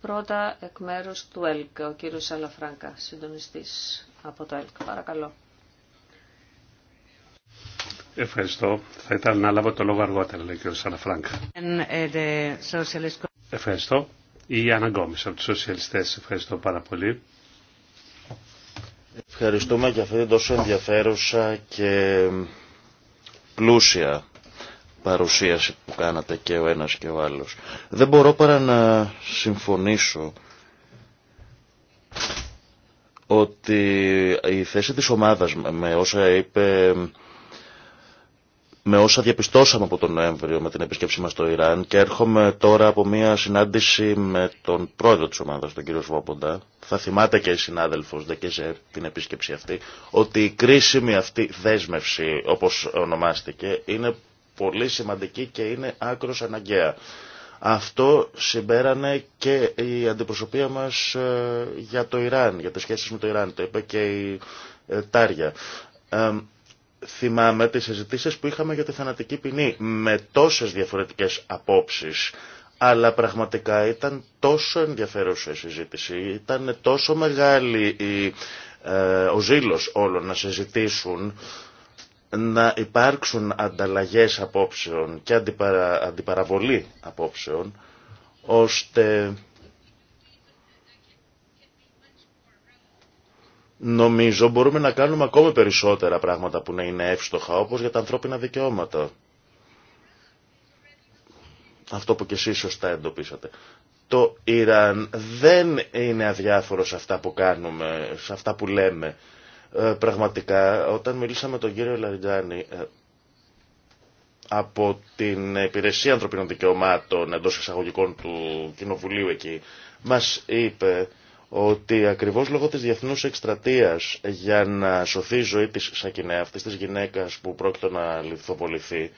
Πρώτα εκ μέρους του ΕΛΚ, ο κύριος Αλαφράγκα, συντονιστής από το ΕΛΚ. Παρακαλώ. Ευχαριστώ. Θα ήθελα να λάβω το λόγο αργότερα, λέει ο κύριος Αλαφράγκα. Uh, Ευχαριστώ η Άννα Γκόμης από τους σοσιαλιστές. Ευχαριστώ πάρα πολύ. Ευχαριστούμε για αυτή την τόσο ενδιαφέρουσα και πλούσια παρουσίαση που κάνατε και ο ένας και ο άλλος. Δεν μπορώ παρά να συμφωνήσω ότι η θέση της ομάδας με όσα είπε με όσα διαπιστώσαμε από τον Νοέμβριο με την επίσκεψή μας στο Ιράν και έρχομαι τώρα από μια συνάντηση με τον πρόεδρο της ομάδας, τον κύριο Σβόποντα. Θα θυμάται και η συνάδελφος Δεκεζέρ την επίσκεψη αυτή, ότι η κρίσιμη αυτή δέσμευση, όπως ονομάστηκε, είναι πολύ σημαντική και είναι άκρος αναγκαία. Αυτό συμπέρανε και η αντιπροσωπεία μας ε, για το Ιράν, για τις σχέσεις με το Ιράν, το είπε και η ε, Τάρια. Ε, θυμάμαι τις συζητήσεις που είχαμε για τη θανατική ποινή με τόσες διαφορετικές απόψεις αλλά πραγματικά ήταν τόσο ενδιαφέρουσα η συζήτηση, ήταν τόσο μεγάλη ε, ο ζήλος όλων να συζητήσουν, να υπάρξουν ανταλλαγές απόψεων και αντιπαρα, αντιπαραβολή απόψεων, ώστε Νομίζω μπορούμε να κάνουμε ακόμα περισσότερα πράγματα που να είναι εύστοχα, όπως για τα ανθρώπινα δικαιώματα. Αυτό που και εσείς σωστά εντοπίσατε. Το Ιράν δεν είναι αδιάφορο σε αυτά που κάνουμε, σε αυτά που λέμε. Ε, πραγματικά, όταν μιλήσαμε με τον κύριο Λαριτζάνη, ε, από την Υπηρεσία Ανθρωπίνων Δικαιωμάτων εντό εισαγωγικών του Κοινοβουλίου εκεί, μας είπε ότι ακριβώς λόγω της διεθνούς εκστρατείας για να σωθεί η ζωή της Σακινέα, αυτής της γυναίκας που πρόκειται να λιθοβοληθεί,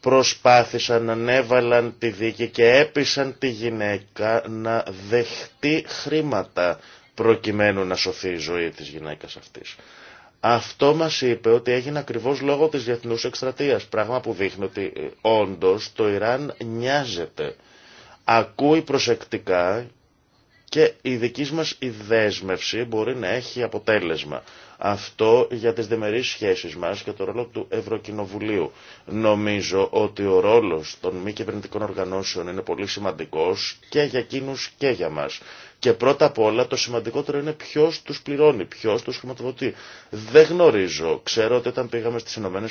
προσπάθησαν, να ανέβαλαν τη δίκη και έπεισαν τη γυναίκα να δεχτεί χρήματα προκειμένου να σωθεί η ζωή της γυναίκας αυτής. Αυτό μας είπε ότι έγινε ακριβώς λόγω της διεθνούς εκστρατείας, πράγμα που δείχνει ότι ε, όντως το Ιράν νοιάζεται. Ακούει προσεκτικά και η δική μας η δέσμευση μπορεί να έχει αποτέλεσμα. Αυτό για τις διμερείς σχέσεις μας και το ρόλο του Ευρωκοινοβουλίου. Νομίζω ότι ο ρόλος των μη κυβερνητικών οργανώσεων είναι πολύ σημαντικός και για εκείνους και για μας. Και πρώτα απ' όλα το σημαντικότερο είναι ποιο του πληρώνει, ποιο του χρηματοδοτεί. Δεν γνωρίζω. Ξέρω ότι όταν πήγαμε στι Ηνωμένε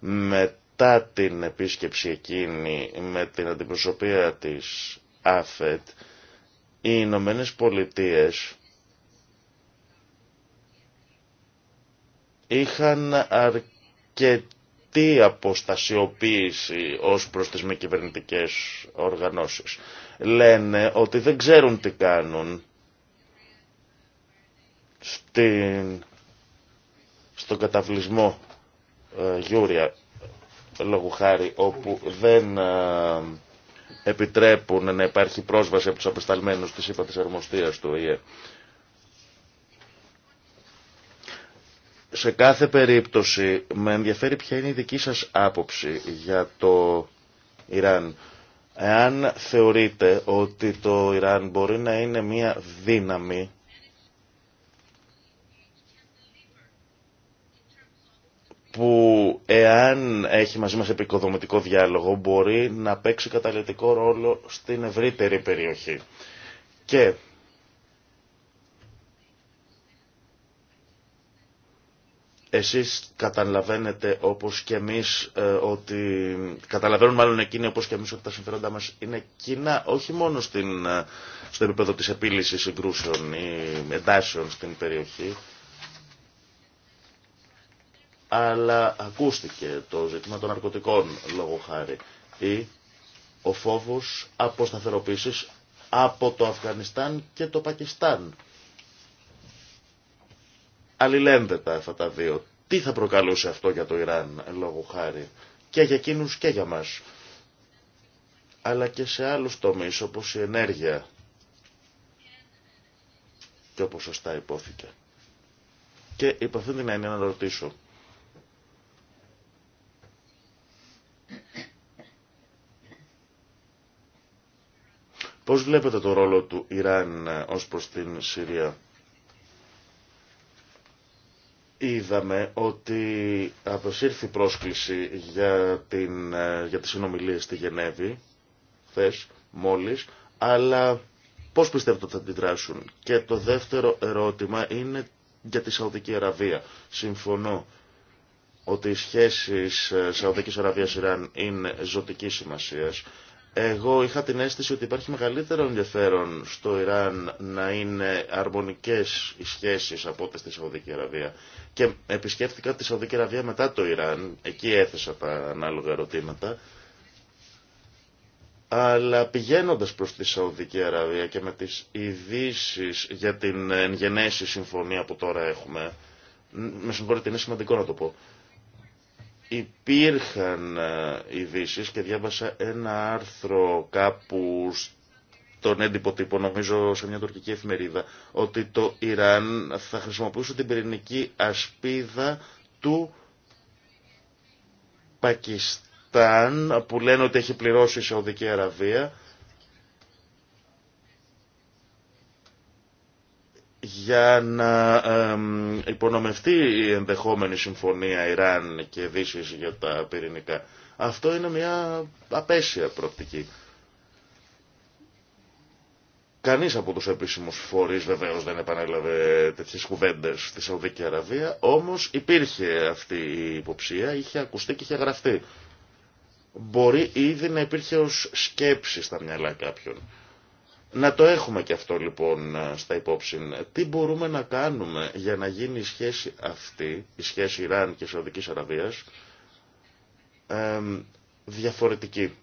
μετά την επίσκεψη εκείνη με την αντιπροσωπεία τη ΑΦΕΤ, οι Ηνωμένε Πολιτείε είχαν αρκετή αποστασιοποίηση ως προς τις μη κυβερνητικέ οργανώσεις. Λένε ότι δεν ξέρουν τι κάνουν στον καταβλισμό ε, Γιούρια, λόγου χάρη, όπου δεν... Ε, επιτρέπουν να υπάρχει πρόσβαση από τους απεσταλμένους της ΥΠΑ της του ΟΗΕ. Σε κάθε περίπτωση με ενδιαφέρει ποια είναι η δική σας άποψη για το Ιράν. Εάν θεωρείτε ότι το Ιράν μπορεί να είναι μια δύναμη που εάν έχει μαζί μας επικοδομητικό διάλογο μπορεί να παίξει καταλητικό ρόλο στην ευρύτερη περιοχή. Και εσείς καταλαβαίνετε όπως και εμείς ε, ότι καταλαβαίνουν μάλλον εκείνοι όπως και εμείς ότι τα συμφέροντά μας είναι κοινά όχι μόνο στην, ε, στο επίπεδο της επίλυσης συγκρούσεων ή εντάσεων στην περιοχή αλλά ακούστηκε το ζήτημα των ναρκωτικών λόγω χάρη ή ο φόβος αποσταθεροποίησης από το Αφγανιστάν και το Πακιστάν. Αλληλένδετα αυτά τα δύο. Τι θα προκαλούσε αυτό για το Ιράν λόγω χάρη και για εκείνους και για μας. Αλλά και σε άλλους τομείς όπως η ενέργεια και όπως σωστά υπόθηκε. Και υπό αυτήν την έννοια να ρωτήσω Πώς βλέπετε το ρόλο του Ιράν ε, ως προς την Συρία. Είδαμε ότι αποσύρθη πρόσκληση για, την, ε, για τις συνομιλίες στη Γενέβη, θες μόλις, αλλά πώς πιστεύετε ότι θα αντιδράσουν. Και το δεύτερο ερώτημα είναι για τη Σαουδική Αραβία. Συμφωνώ ότι οι σχέσεις ε, Σαουδικής Αραβίας-Ιράν είναι ζωτικής σημασίας εγώ είχα την αίσθηση ότι υπάρχει μεγαλύτερο ενδιαφέρον στο Ιράν να είναι αρμονικές οι σχέσεις από ό,τι στη Σαουδική Αραβία. Και επισκέφτηκα τη Σαουδική Αραβία μετά το Ιράν, εκεί έθεσα τα ανάλογα ερωτήματα. Αλλά πηγαίνοντας προς τη Σαουδική Αραβία και με τις ειδήσει για την γενέση συμφωνία που τώρα έχουμε, με συγχωρείτε είναι σημαντικό να το πω, υπήρχαν ε, ειδήσει και διάβασα ένα άρθρο κάπου τον έντυπο τύπο, νομίζω σε μια τουρκική εφημερίδα, ότι το Ιράν θα χρησιμοποιούσε την πυρηνική ασπίδα του Πακιστάν, που λένε ότι έχει πληρώσει η Σαουδική Αραβία, για να υπονομευτεί η ενδεχόμενη συμφωνία Ιράν και Δύσης για τα πυρηνικά. Αυτό είναι μια απέσια προοπτική. Κανείς από τους επίσημους φορείς βεβαίως δεν επανέλαβε τέτοιες κουβέντες στη Σαουδική Αραβία, όμως υπήρχε αυτή η υποψία, είχε ακουστεί και είχε γραφτεί. Μπορεί ήδη να υπήρχε ως σκέψη στα μυαλά κάποιων. Να το έχουμε και αυτό λοιπόν στα υπόψη. Τι μπορούμε να κάνουμε για να γίνει η σχέση αυτή, η σχέση Ιράν και Σαουδικής Αραβίας, διαφορετική.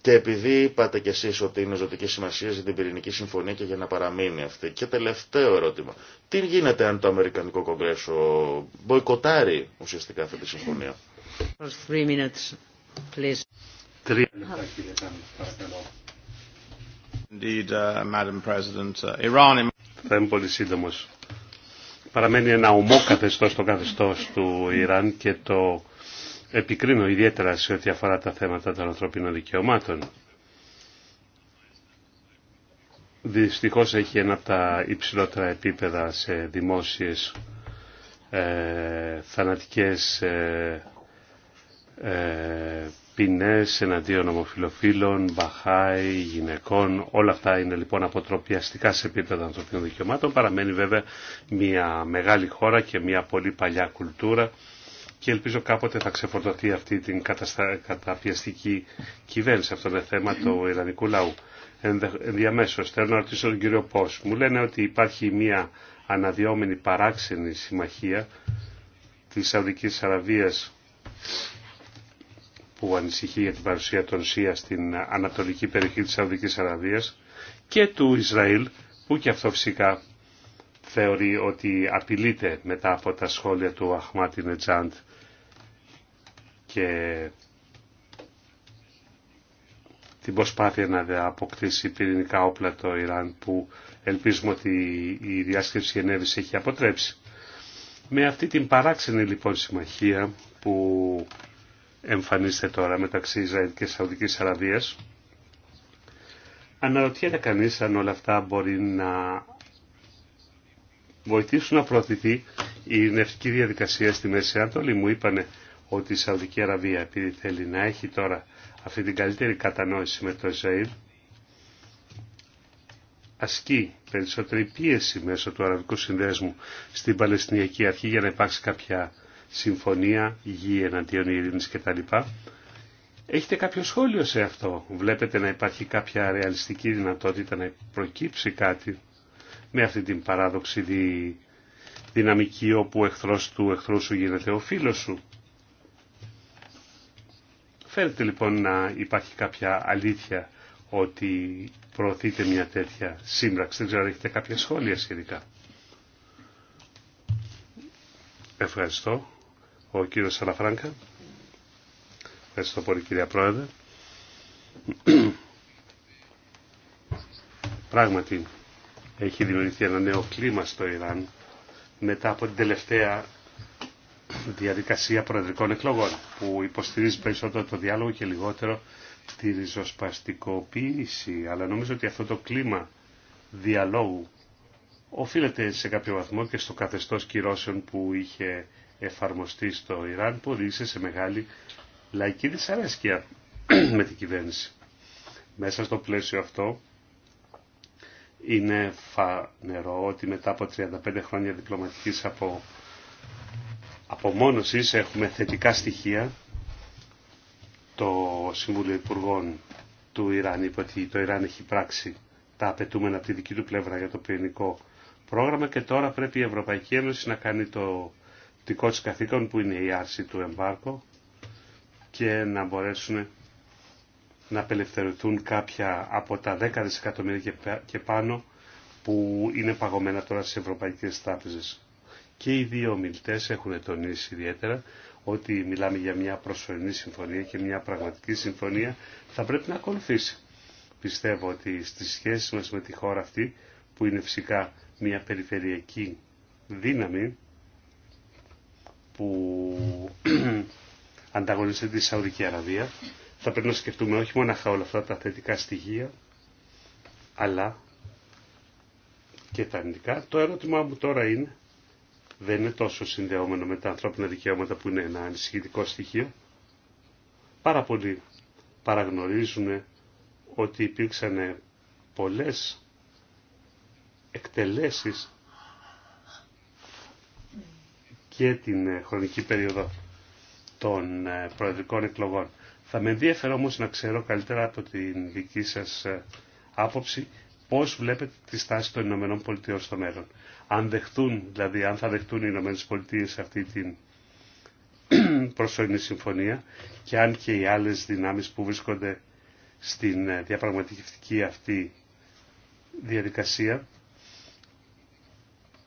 Και επειδή είπατε κι εσείς ότι είναι ζωτική σημασία για την πυρηνική συμφωνία και για να παραμείνει αυτή. Και τελευταίο ερώτημα. Τι γίνεται αν το Αμερικανικό Κογκρέσο μποϊκοτάρει ουσιαστικά αυτή τη συμφωνία. Τρία λεπτά κύριε παρακαλώ. Uh, uh, Θα είμαι πολύ σύντομο. Παραμένει ένα ομό καθεστώ το καθεστώ του Ιράν και το επικρίνω ιδιαίτερα σε ό,τι αφορά τα θέματα των ανθρωπίνων δικαιωμάτων. Δυστυχώ έχει ένα από τα υψηλότερα επίπεδα σε δημόσιε ε, θανατικές ε, ε ποινές εναντίον ομοφιλοφίλων, μπαχάι, γυναικών. Όλα αυτά είναι λοιπόν αποτροπιαστικά σε επίπεδο ανθρωπίνων δικαιωμάτων. Παραμένει βέβαια μια μεγάλη χώρα και μια πολύ παλιά κουλτούρα και ελπίζω κάποτε θα ξεφορτωθεί αυτή την καταστα... καταπιαστική κυβέρνηση. Αυτό το θέμα του Ιρανικού λαού. Ενδιαμέσω θέλω να ρωτήσω τον κύριο Πώς. Μου λένε ότι υπάρχει μια αναδυόμενη παράξενη συμμαχία της Σαουδικής Αραβίας που ανησυχεί για την παρουσία των ΣΥΑ στην ανατολική περιοχή της Σαουδικής Αραβίας και του Ισραήλ που και αυτό φυσικά θεωρεί ότι απειλείται μετά από τα σχόλια του Αχμάτι Νετζάντ και την προσπάθεια να αποκτήσει πυρηνικά όπλα το Ιράν που ελπίζουμε ότι η διάσκεψη Γενέβης έχει αποτρέψει. Με αυτή την παράξενη λοιπόν συμμαχία που εμφανίζεται τώρα μεταξύ Ισραήλ και Σαουδικής Αραβίας. Αναρωτιέται κανείς αν όλα αυτά μπορεί να βοηθήσουν να προωθηθεί η νευτική διαδικασία στη Μέση Ανατολή. Μου είπανε ότι η Σαουδική Αραβία επειδή θέλει να έχει τώρα αυτή την καλύτερη κατανόηση με το Ισραήλ ασκεί περισσότερη πίεση μέσω του Αραβικού Συνδέσμου στην Παλαιστινιακή Αρχή για να υπάρξει κάποια συμφωνία γη εναντίον ειρήνης κτλ. Έχετε κάποιο σχόλιο σε αυτό. Βλέπετε να υπάρχει κάποια ρεαλιστική δυνατότητα να προκύψει κάτι με αυτή την παράδοξη δι... δυναμική όπου ο εχθρός του εχθρού σου γίνεται ο φίλος σου. Φαίνεται λοιπόν να υπάρχει κάποια αλήθεια ότι προωθείται μια τέτοια σύμπραξη. Δεν ξέρω αν έχετε κάποια σχόλια σχετικά. Ευχαριστώ. Ο κύριος Σαλαφράγκα. Ευχαριστώ πολύ κυρία Πρόεδρε. Πράγματι έχει δημιουργηθεί ένα νέο κλίμα στο Ιράν μετά από την τελευταία διαδικασία προεδρικών εκλογών που υποστηρίζει περισσότερο το διάλογο και λιγότερο τη ριζοσπαστικοποίηση. Αλλά νομίζω ότι αυτό το κλίμα διαλόγου οφείλεται σε κάποιο βαθμό και στο καθεστώς κυρώσεων που είχε εφαρμοστεί στο Ιράν που οδήγησε σε μεγάλη λαϊκή δυσαρέσκεια με την κυβέρνηση. Μέσα στο πλαίσιο αυτό είναι φανερό ότι μετά από 35 χρόνια διπλωματικής απο... απομόνωσης έχουμε θετικά στοιχεία. Το Συμβούλιο Υπουργών του Ιράν είπε ότι το Ιράν έχει πράξει τα απαιτούμενα από τη δική του πλευρά για το πυρηνικό πρόγραμμα και τώρα πρέπει η Ευρωπαϊκή Ένωση να κάνει το δικό της καθήκον που είναι η άρση του εμπάρκου και να μπορέσουν να απελευθερωθούν κάποια από τα 10 δισεκατομμύρια και πάνω που είναι παγωμένα τώρα στις ευρωπαϊκές τράπεζες. Και οι δύο ομιλητές έχουν τονίσει ιδιαίτερα ότι μιλάμε για μια προσωρινή συμφωνία και μια πραγματική συμφωνία θα πρέπει να ακολουθήσει. Πιστεύω ότι στις σχέσεις μας με τη χώρα αυτή, που είναι φυσικά μια περιφερειακή δύναμη, που ανταγωνίζεται τη Σαουδική Αραβία. Θα πρέπει να σκεφτούμε όχι μόνο όλα αυτά τα θετικά στοιχεία, αλλά και τα αρνητικά. Το ερώτημά μου τώρα είναι, δεν είναι τόσο συνδεόμενο με τα ανθρώπινα δικαιώματα που είναι ένα ανησυχητικό στοιχείο. Πάρα πολλοί παραγνωρίζουν ότι υπήρξαν πολλές εκτελέσεις και την ε, χρονική περίοδο των ε, προεδρικών εκλογών. Θα με ενδιαφέρει όμως να ξέρω καλύτερα από την δική σας ε, άποψη πώς βλέπετε τη στάση των Ηνωμένων Πολιτειών στο μέλλον. Αν δεχτούν, δηλαδή αν θα δεχτούν οι Ηνωμένες Πολιτείες αυτή την προσωρινή συμφωνία και αν και οι άλλες δυνάμεις που βρίσκονται στην διαπραγματευτική αυτή διαδικασία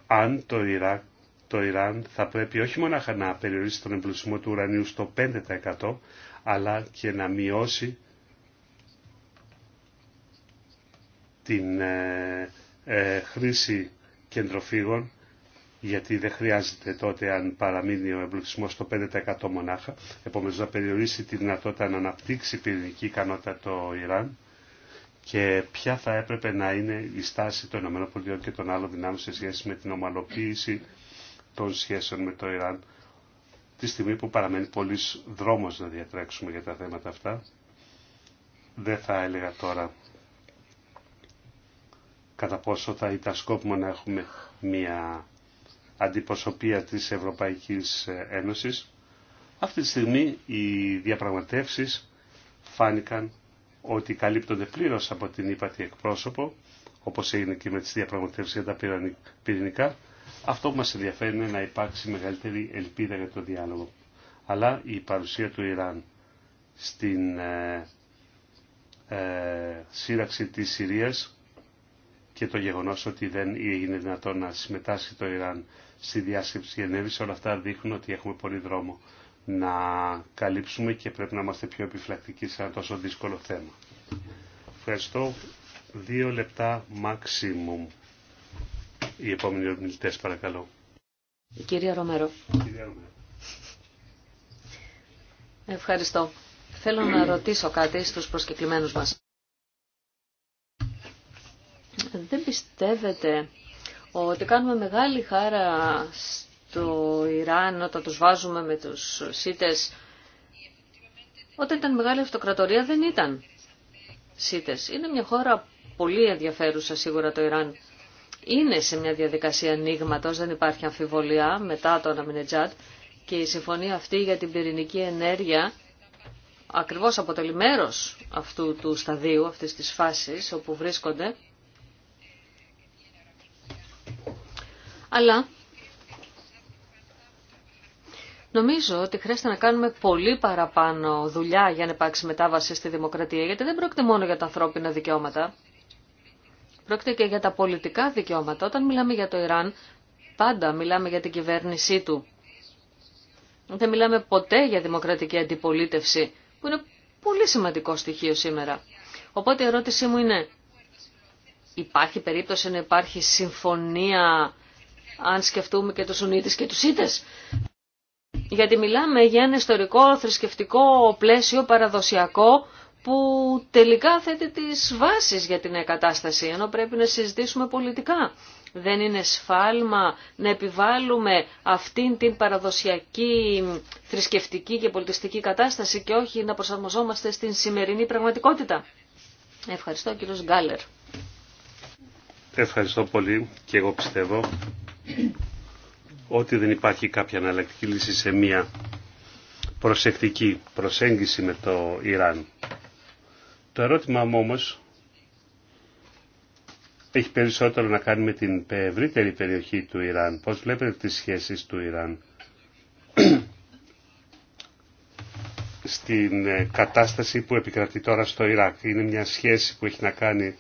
αν το Ιράκ το Ιράν θα πρέπει όχι μόνο να περιορίσει τον εμπλουτισμό του ουρανίου στο 5% αλλά και να μειώσει την ε, ε, χρήση κεντροφύγων γιατί δεν χρειάζεται τότε αν παραμείνει ο εμπλουτισμό στο 5% μονάχα. Επομένως να περιορίσει τη δυνατότητα να αναπτύξει πυρηνική ικανότητα το Ιράν και ποια θα έπρεπε να είναι η στάση των ΗΠΑ και των άλλων δυνάμεων σε σχέση με την ομαλοποίηση των σχέσεων με το Ιράν τη στιγμή που παραμένει πολύς δρόμος να διατρέξουμε για τα θέματα αυτά. Δεν θα έλεγα τώρα κατά πόσο θα ήταν σκόπιμο να έχουμε μια αντιπροσωπεία της Ευρωπαϊκής Ένωσης. Αυτή τη στιγμή οι διαπραγματεύσεις φάνηκαν ότι καλύπτονται πλήρως από την ύπατη εκπρόσωπο, όπως έγινε και με τις διαπραγματεύσεις για τα πυρηνικά, αυτό που μας ενδιαφέρει είναι να υπάρξει μεγαλύτερη ελπίδα για το διάλογο. Αλλά η παρουσία του Ιράν στην ε, ε, σύραξη της Συρίας και το γεγονός ότι δεν έγινε δυνατόν να συμμετάσχει το Ιράν στη διάσκεψη Γενέβης, όλα αυτά δείχνουν ότι έχουμε πολύ δρόμο να καλύψουμε και πρέπει να είμαστε πιο επιφυλακτικοί σε ένα τόσο δύσκολο θέμα. Ευχαριστώ. Δύο λεπτά maximum. Οι επόμενοι ομιλητέ, παρακαλώ. Η κυρία Ρομέρο. Ευχαριστώ. Θέλω να ρωτήσω κάτι στους προσκεκλημένους μας. Δεν πιστεύετε ότι κάνουμε μεγάλη χάρα στο Ιράν όταν τους βάζουμε με τους ΣΥΤΕΣ. Όταν ήταν μεγάλη αυτοκρατορία δεν ήταν ΣΥΤΕΣ. Είναι μια χώρα πολύ ενδιαφέρουσα σίγουρα το Ιράν είναι σε μια διαδικασία ανοίγματο, δεν υπάρχει αμφιβολία μετά το Αναμινετζάτ και η συμφωνία αυτή για την πυρηνική ενέργεια ακριβώς αποτελεί μέρος αυτού του σταδίου, αυτής της φάσης όπου βρίσκονται. Αλλά Νομίζω ότι χρειάζεται να κάνουμε πολύ παραπάνω δουλειά για να υπάρξει μετάβαση στη δημοκρατία, γιατί δεν πρόκειται μόνο για τα ανθρώπινα δικαιώματα. Πρόκειται και για τα πολιτικά δικαιώματα. Όταν μιλάμε για το Ιράν, πάντα μιλάμε για την κυβέρνησή του. Δεν μιλάμε ποτέ για δημοκρατική αντιπολίτευση, που είναι πολύ σημαντικό στοιχείο σήμερα. Οπότε η ερώτησή μου είναι, υπάρχει περίπτωση να υπάρχει συμφωνία, αν σκεφτούμε και τους Σουνίτες και τους Σίτες. Γιατί μιλάμε για ένα ιστορικό, θρησκευτικό πλαίσιο, παραδοσιακό, που τελικά θέτει τις βάσεις για την εκατάσταση, ενώ πρέπει να συζητήσουμε πολιτικά. Δεν είναι σφάλμα να επιβάλλουμε αυτήν την παραδοσιακή θρησκευτική και πολιτιστική κατάσταση και όχι να προσαρμοζόμαστε στην σημερινή πραγματικότητα. Ευχαριστώ κύριος Γκάλερ. Ευχαριστώ πολύ και εγώ πιστεύω ότι δεν υπάρχει κάποια αναλλακτική λύση σε μία προσεκτική προσέγγιση με το Ιράν. Το ερώτημά μου όμως έχει περισσότερο να κάνει με την ευρύτερη περιοχή του Ιράν. Πώς βλέπετε τις σχέσεις του Ιράν στην ε, κατάσταση που επικρατεί τώρα στο Ιράκ. Είναι μια σχέση που έχει να κάνει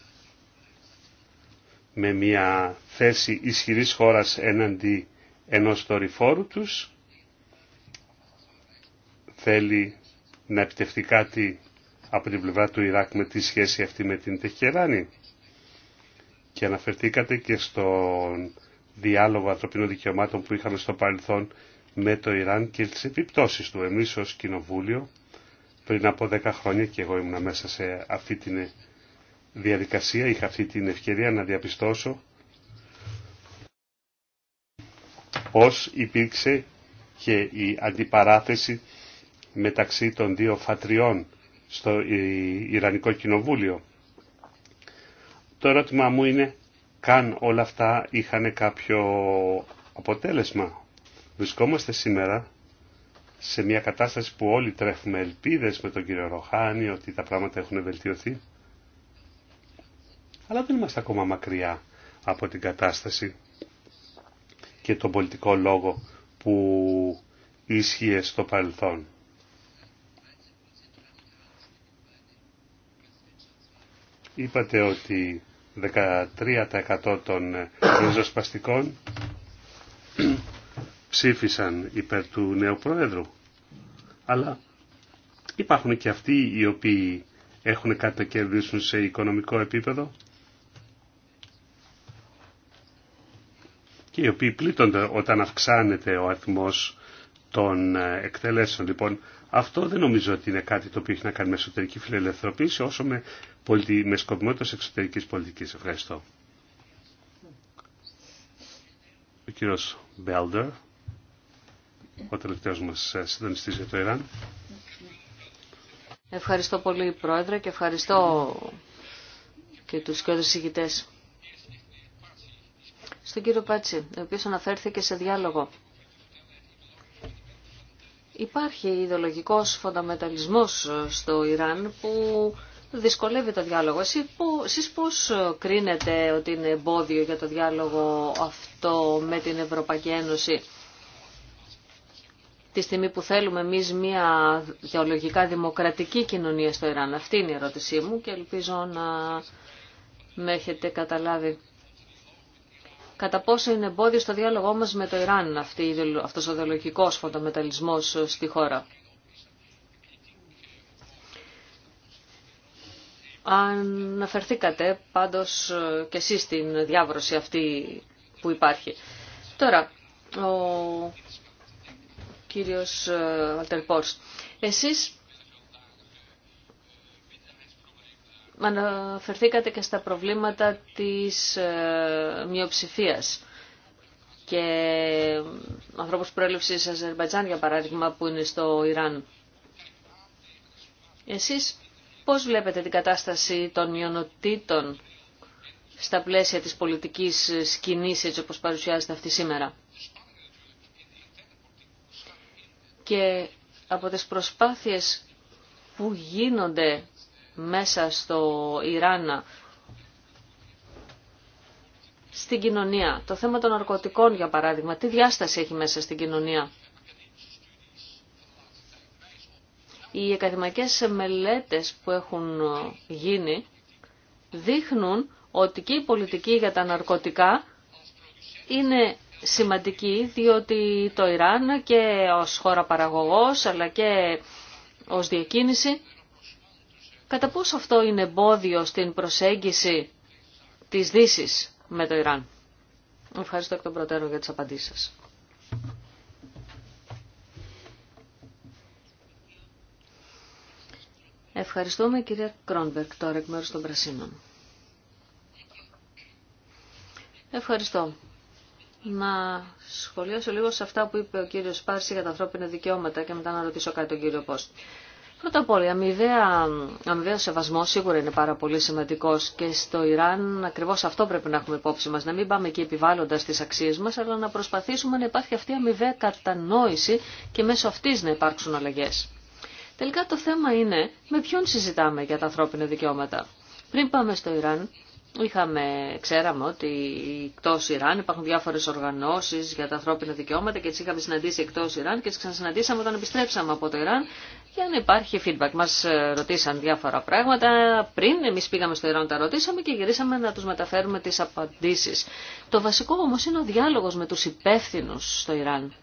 με μια θέση ισχυρής χώρας έναντι ενός δορυφόρου τους. Θέλει να επιτευχθεί κάτι από την πλευρά του Ιράκ με τη σχέση αυτή με την Τεχεράνη. Και αναφερθήκατε και στον διάλογο ανθρωπίνων δικαιωμάτων που είχαμε στο παρελθόν με το Ιράν και τις επιπτώσεις του. Εμείς ως Κοινοβούλιο πριν από 10 χρόνια και εγώ ήμουν μέσα σε αυτή την διαδικασία, είχα αυτή την ευκαιρία να διαπιστώσω πώς υπήρξε και η αντιπαράθεση μεταξύ των δύο φατριών στο Ιρανικό Κοινοβούλιο. Το ερώτημά μου είναι, καν όλα αυτά είχαν κάποιο αποτέλεσμα. Βρισκόμαστε σήμερα σε μια κατάσταση που όλοι τρέχουμε ελπίδες με τον κύριο Ροχάνη ότι τα πράγματα έχουν βελτιωθεί. Αλλά δεν είμαστε ακόμα μακριά από την κατάσταση και τον πολιτικό λόγο που ίσχυε στο παρελθόν. Είπατε ότι 13% των ριζοσπαστικών ψήφισαν υπέρ του νέου Πρόεδρου. Αλλά υπάρχουν και αυτοί οι οποίοι έχουν κάτι να κερδίσουν σε οικονομικό επίπεδο και οι οποίοι πλήττονται όταν αυξάνεται ο αριθμός των ε, εκτελέσεων. Λοιπόν, αυτό δεν νομίζω ότι είναι κάτι το οποίο έχει να κάνει με εσωτερική φιλελευθερωποίηση όσο με, με σκοπιμότητα εξωτερικής πολιτικής. Ευχαριστώ. Ο κύριο Μπέλντερ, ο τελευταίο μα ε, συντονιστή για το Ιράν. Ευχαριστώ πολύ Πρόεδρε και ευχαριστώ και του κύριου ηγητές. Στον κύριο Πάτσι, ο οποίο αναφέρθηκε σε διάλογο Υπάρχει ιδεολογικός φονταμεταλισμός στο Ιράν που δυσκολεύει το διάλογο. Εσείς πώς κρίνετε ότι είναι εμπόδιο για το διάλογο αυτό με την Ευρωπαϊκή Ένωση τη στιγμή που θέλουμε εμεί μια διαλογικά δημοκρατική κοινωνία στο Ιράν. Αυτή είναι η ερώτησή μου και ελπίζω να με έχετε καταλάβει κατά πόσο είναι εμπόδιο στο διάλογό μας με το Ιράν αυτή, αυτός ο ιδεολογικός φωτομεταλλισμός ε, στη χώρα. Αναφερθήκατε πάντως ε, και εσείς στην διάβρωση αυτή που υπάρχει. Τώρα, ο κύριος Αλτερπόρς, εσείς αναφερθήκατε και στα προβλήματα της ε, μειοψηφίας και ανθρώπους προέλευσης Αζερμπατζάν για παράδειγμα που είναι στο Ιράν. Εσείς πώς βλέπετε την κατάσταση των μειονοτήτων στα πλαίσια της πολιτικής σκηνής έτσι όπως παρουσιάζεται αυτή σήμερα. Και από τις προσπάθειες που γίνονται μέσα στο Ιράν στην κοινωνία. Το θέμα των ναρκωτικών, για παράδειγμα, τι διάσταση έχει μέσα στην κοινωνία. Οι ακαδημαϊκές μελέτες που έχουν γίνει δείχνουν ότι και η πολιτική για τα ναρκωτικά είναι σημαντική διότι το Ιράν και ως χώρα παραγωγός αλλά και ως διακίνηση Κατά πόσο αυτό είναι εμπόδιο στην προσέγγιση της δύση με το Ιράν. Ευχαριστώ εκ των προτέρων για τις απαντήσεις σας. Ευχαριστούμε κυρία Κρόνμπερκ τώρα εκ μέρους των Πρασίνων. Ευχαριστώ. Να σχολιάσω λίγο σε αυτά που είπε ο κύριος Πάρση για τα ανθρώπινα δικαιώματα και μετά να ρωτήσω κάτι τον κύριο Πόστ. Πρώτα απ' όλα, αμοιβαία σεβασμό σίγουρα είναι πάρα πολύ σημαντικό και στο Ιράν ακριβώ αυτό πρέπει να έχουμε υπόψη μα. Να μην πάμε εκεί επιβάλλοντα τι αξίε μα, αλλά να προσπαθήσουμε να υπάρχει αυτή η αμοιβαία κατανόηση και μέσω αυτή να υπάρξουν αλλαγέ. Τελικά το θέμα είναι με ποιον συζητάμε για τα ανθρώπινα δικαιώματα. Πριν πάμε στο Ιράν, Είχαμε, ξέραμε ότι εκτό Ιράν υπάρχουν διάφορε οργανώσει για τα ανθρώπινα δικαιώματα και τι είχαμε συναντήσει εκτό Ιράν και τι ξανασυναντήσαμε όταν επιστρέψαμε από το Ιράν ...και αν υπάρχει feedback. Μας ε, ρωτήσαν διάφορα πράγματα πριν, εμεί πήγαμε στο Ιράν, τα ρωτήσαμε και γυρίσαμε να τους μεταφέρουμε τις απαντήσεις. Το βασικό όμως είναι ο διάλογος με τους υπεύθυνου στο Ιράν.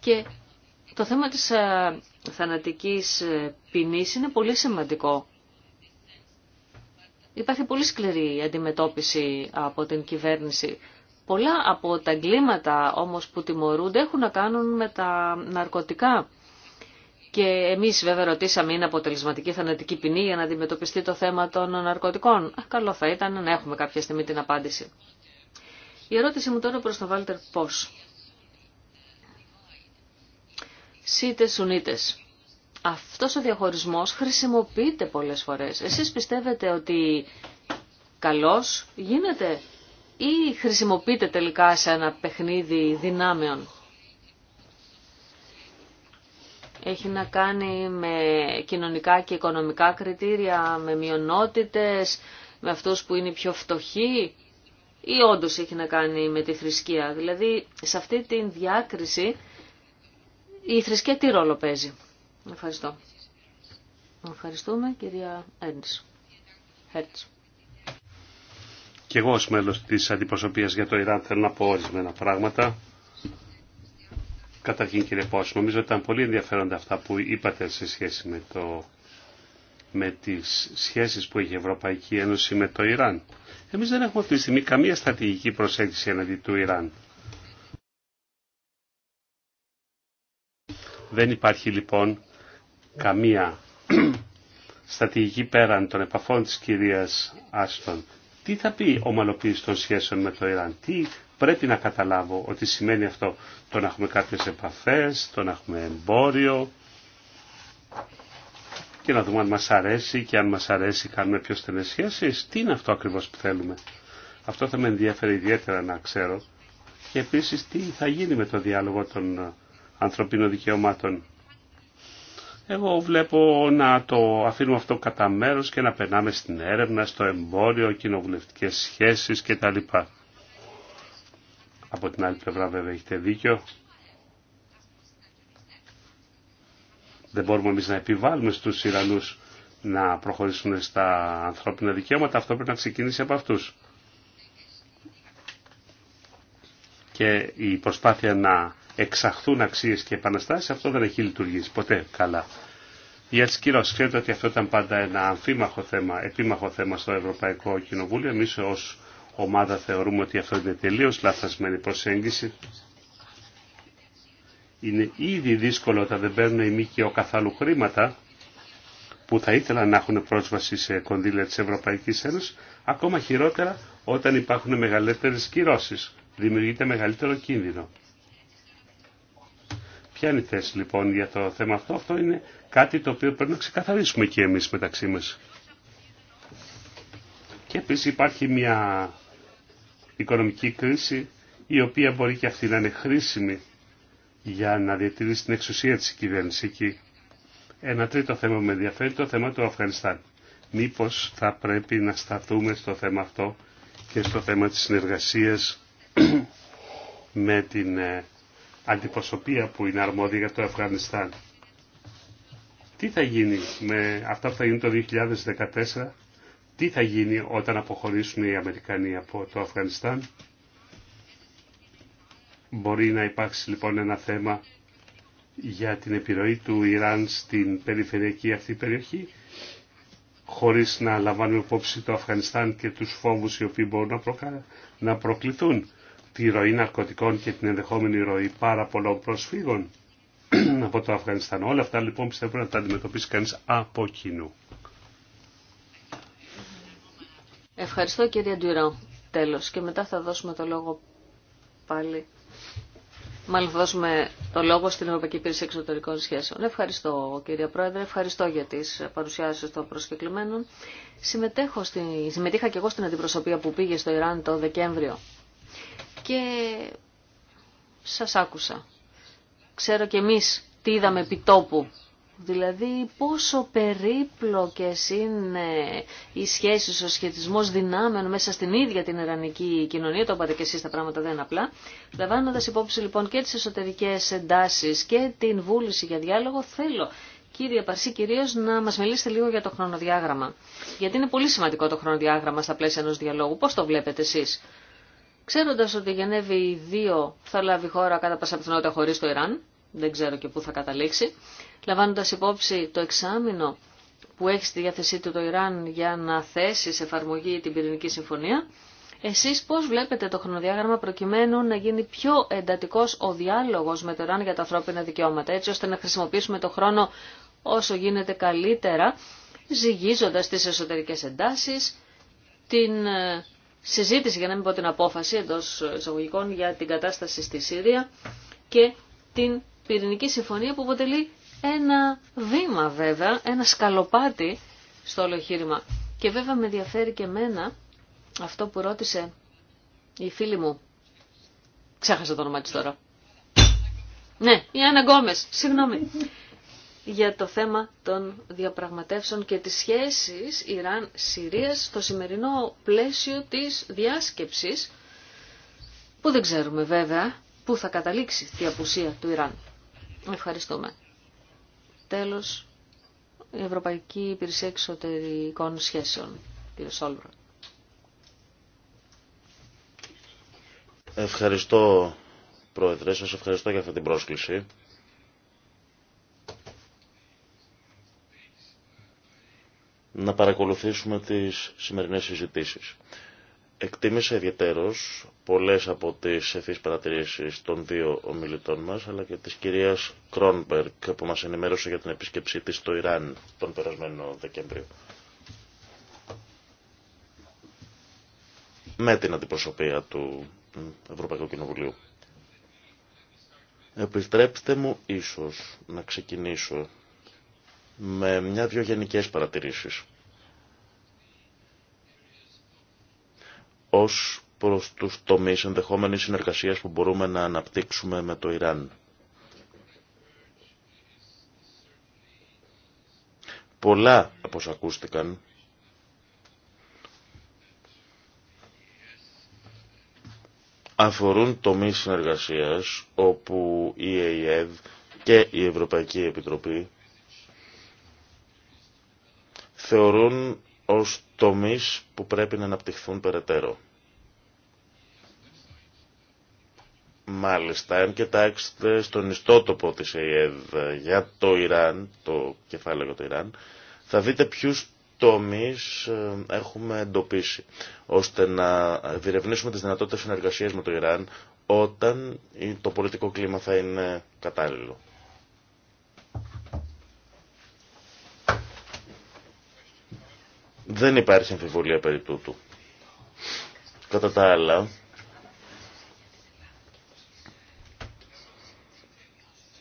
Και το θέμα της ε, θανατικής ε, ποινή είναι πολύ σημαντικό. Υπάρχει πολύ σκληρή αντιμετώπιση από την κυβέρνηση. Πολλά από τα εγκλήματα όμως που τιμωρούνται έχουν να κάνουν με τα ναρκωτικά. Και εμείς βέβαια ρωτήσαμε είναι αποτελεσματική θανατική ποινή για να αντιμετωπιστεί το θέμα των ναρκωτικών. καλό θα ήταν να έχουμε κάποια στιγμή την απάντηση. Η ερώτηση μου τώρα προς τον Βάλτερ πώς. Σίτες, Σουνίτες. Αυτός ο διαχωρισμός χρησιμοποιείται πολλές φορές. Εσείς πιστεύετε ότι καλός γίνεται ή χρησιμοποιείται τελικά σε ένα παιχνίδι δυνάμεων έχει να κάνει με κοινωνικά και οικονομικά κριτήρια, με μειονότητες, με αυτούς που είναι πιο φτωχοί ή όντω έχει να κάνει με τη θρησκεία. Δηλαδή σε αυτή την διάκριση η θρησκεία τι ρόλο παίζει. Ευχαριστώ. Ευχαριστούμε κυρία Έντς. Χέρτς. Και εγώ ως μέλος της αντιπροσωπείας για το Ιράν θέλω να πω ορισμένα πράγματα. Καταρχήν κύριε Πώς, νομίζω ότι ήταν πολύ ενδιαφέροντα αυτά που είπατε σε σχέση με, το, με τις σχέσεις που έχει η Ευρωπαϊκή Ένωση με το Ιράν. Εμείς δεν έχουμε αυτή τη στιγμή καμία στρατηγική προσέγγιση εναντί του Ιράν. Δεν υπάρχει λοιπόν καμία στρατηγική πέραν των επαφών της κυρίας Άστον. Τι θα πει ομαλοποίηση των σχέσεων με το Ιράν, τι πρέπει να καταλάβω ότι σημαίνει αυτό το να έχουμε κάποιες επαφές, το να έχουμε εμπόριο και να δούμε αν μας αρέσει και αν μας αρέσει κάνουμε πιο στενές σχέσεις. Τι είναι αυτό ακριβώς που θέλουμε. Αυτό θα με ενδιαφέρει ιδιαίτερα να ξέρω. Και επίσης τι θα γίνει με το διάλογο των ανθρωπίνων δικαιωμάτων. Εγώ βλέπω να το αφήνουμε αυτό κατά μέρος και να περνάμε στην έρευνα, στο εμπόριο, κοινοβουλευτικές σχέσεις κτλ. Από την άλλη πλευρά βέβαια έχετε δίκιο. Δεν μπορούμε εμείς να επιβάλλουμε στους Ιρανούς να προχωρήσουν στα ανθρώπινα δικαιώματα. Αυτό πρέπει να ξεκινήσει από αυτούς. Και η προσπάθεια να εξαχθούν αξίες και επαναστάσεις, αυτό δεν έχει λειτουργήσει ποτέ καλά. Για τι κυρώσει, ξέρετε ότι αυτό ήταν πάντα ένα αμφίμαχο θέμα, επίμαχο θέμα στο Ευρωπαϊκό Κοινοβούλιο. Εμείς ως ομάδα θεωρούμε ότι αυτό είναι τελείως λαθασμένη προσέγγιση. Είναι ήδη δύσκολο όταν δεν παίρνουν οι ο καθάλου χρήματα που θα ήθελαν να έχουν πρόσβαση σε κονδύλια της Ευρωπαϊκής Ένωσης, ακόμα χειρότερα όταν υπάρχουν μεγαλύτερες κυρώσεις. Δημιουργείται μεγαλύτερο κίνδυνο. Ποια είναι η θέση λοιπόν για το θέμα αυτό. Αυτό είναι κάτι το οποίο πρέπει να ξεκαθαρίσουμε και εμείς μεταξύ μας. Και επίση υπάρχει μια οικονομική κρίση η οποία μπορεί και αυτή να είναι χρήσιμη για να διατηρήσει την εξουσία της κυβέρνησης εκεί. Ένα τρίτο θέμα με ενδιαφέρει το θέμα του Αφγανιστάν. Μήπως θα πρέπει να σταθούμε στο θέμα αυτό και στο θέμα της συνεργασίας με την ε, αντιπροσωπεία που είναι αρμόδια για το Αφγανιστάν. Τι θα γίνει με αυτά που θα γίνει το 2014 τι θα γίνει όταν αποχωρήσουν οι Αμερικανοί από το Αφγανιστάν. Μπορεί να υπάρξει λοιπόν ένα θέμα για την επιρροή του Ιράν στην περιφερειακή αυτή περιοχή χωρίς να λαμβάνουμε υπόψη το Αφγανιστάν και τους φόβους οι οποίοι μπορούν να προκληθούν τη ροή ναρκωτικών και την ενδεχόμενη ροή πάρα πολλών προσφύγων από το Αφγανιστάν. Όλα αυτά λοιπόν πιστεύω να τα αντιμετωπίσει κανείς από κοινού. Ευχαριστώ κύριε Ντουρό. Τέλος. Και μετά θα δώσουμε το λόγο πάλι. Μάλλον δώσουμε το λόγο στην Ευρωπαϊκή Υπηρεσία Εξωτερικών Σχέσεων. Ευχαριστώ κύριε Πρόεδρε, ευχαριστώ για τις παρουσιάσεις των προσκεκλημένων. Συμμετέχω στη... Συμμετείχα και εγώ στην αντιπροσωπεία που πήγε στο Ιράν το Δεκέμβριο και σας άκουσα. Ξέρω και εμείς τι είδαμε επί τόπου Δηλαδή πόσο περίπλοκες είναι οι σχέσεις, ο σχετισμός δυνάμεων μέσα στην ίδια την ιρανική κοινωνία, το είπατε και εσείς τα πράγματα δεν είναι απλά. Λαμβάνοντας υπόψη λοιπόν και τις εσωτερικές εντάσεις και την βούληση για διάλογο, θέλω κύριε Παρσί κυρίω να μας μιλήσετε λίγο για το χρονοδιάγραμμα. Γιατί είναι πολύ σημαντικό το χρονοδιάγραμμα στα πλαίσια ενός διαλόγου. Πώς το βλέπετε εσείς. Ξέροντας ότι η Γενέβη 2 θα λάβει χώρα κατά πάσα πιθανότητα χωρίς το Ιράν, δεν ξέρω και πού θα καταλήξει λαμβάνοντας υπόψη το εξάμεινο που έχει στη διάθεσή του το Ιράν για να θέσει σε εφαρμογή την πυρηνική συμφωνία, εσείς πώς βλέπετε το χρονοδιάγραμμα προκειμένου να γίνει πιο εντατικός ο διάλογος με το Ιράν για τα ανθρώπινα δικαιώματα, έτσι ώστε να χρησιμοποιήσουμε το χρόνο όσο γίνεται καλύτερα, ζυγίζοντας τις εσωτερικές εντάσεις, την ε, συζήτηση, για να μην πω την απόφαση εντό εισαγωγικών, για την κατάσταση στη Σύρια και την πυρηνική συμφωνία που αποτελεί ένα βήμα βέβαια, ένα σκαλοπάτι στο όλο Και βέβαια με ενδιαφέρει και εμένα αυτό που ρώτησε η φίλη μου. Ξέχασα το όνομά της τώρα. Ναι, η Άννα Γκόμες, συγγνώμη. Για το θέμα των διαπραγματεύσεων και τις σχέσεις Ιράν-Συρίας στο σημερινό πλαίσιο της διάσκεψης, που δεν ξέρουμε βέβαια πού θα καταλήξει η απουσία του Ιράν. Ευχαριστούμε. Τέλος, η Ευρωπαϊκή Υπηρεσία Εξωτερικών Σχέσεων, κύριε Ευχαριστώ, Πρόεδρε. Σας ευχαριστώ για αυτή την πρόσκληση. να παρακολουθήσουμε τις σημερινές συζητήσεις. Εκτίμησε ιδιαίτερως πολλές από τις ευθύς παρατηρήσεις των δύο ομιλητών μας, αλλά και της κυρίας Κρόνπερκ που μας ενημέρωσε για την επίσκεψή της στο Ιράν τον περασμένο Δεκέμβριο. Με την αντιπροσωπεία του Ευρωπαϊκού Κοινοβουλίου. Επιτρέψτε μου ίσως να ξεκινήσω με μια-δυο γενικές παρατηρήσεις. ως προς τους τομείς ενδεχόμενης συνεργασίας που μπορούμε να αναπτύξουμε με το Ιράν. Πολλά από ακούστηκαν αφορούν τομείς συνεργασίας όπου η ΕΕΔ και η Ευρωπαϊκή Επιτροπή θεωρούν ως τομείς που πρέπει να αναπτυχθούν περαιτέρω. Μάλιστα, αν κοιτάξετε στον ιστότοπο της ΕΕΔ για το Ιράν, το κεφάλαιο για το Ιράν, θα δείτε ποιους τομείς ε, έχουμε εντοπίσει, ώστε να διερευνήσουμε τις δυνατότητες συνεργασίας με το Ιράν όταν το πολιτικό κλίμα θα είναι κατάλληλο. Δεν υπάρχει αμφιβολία περί τούτου. Κατά τα άλλα,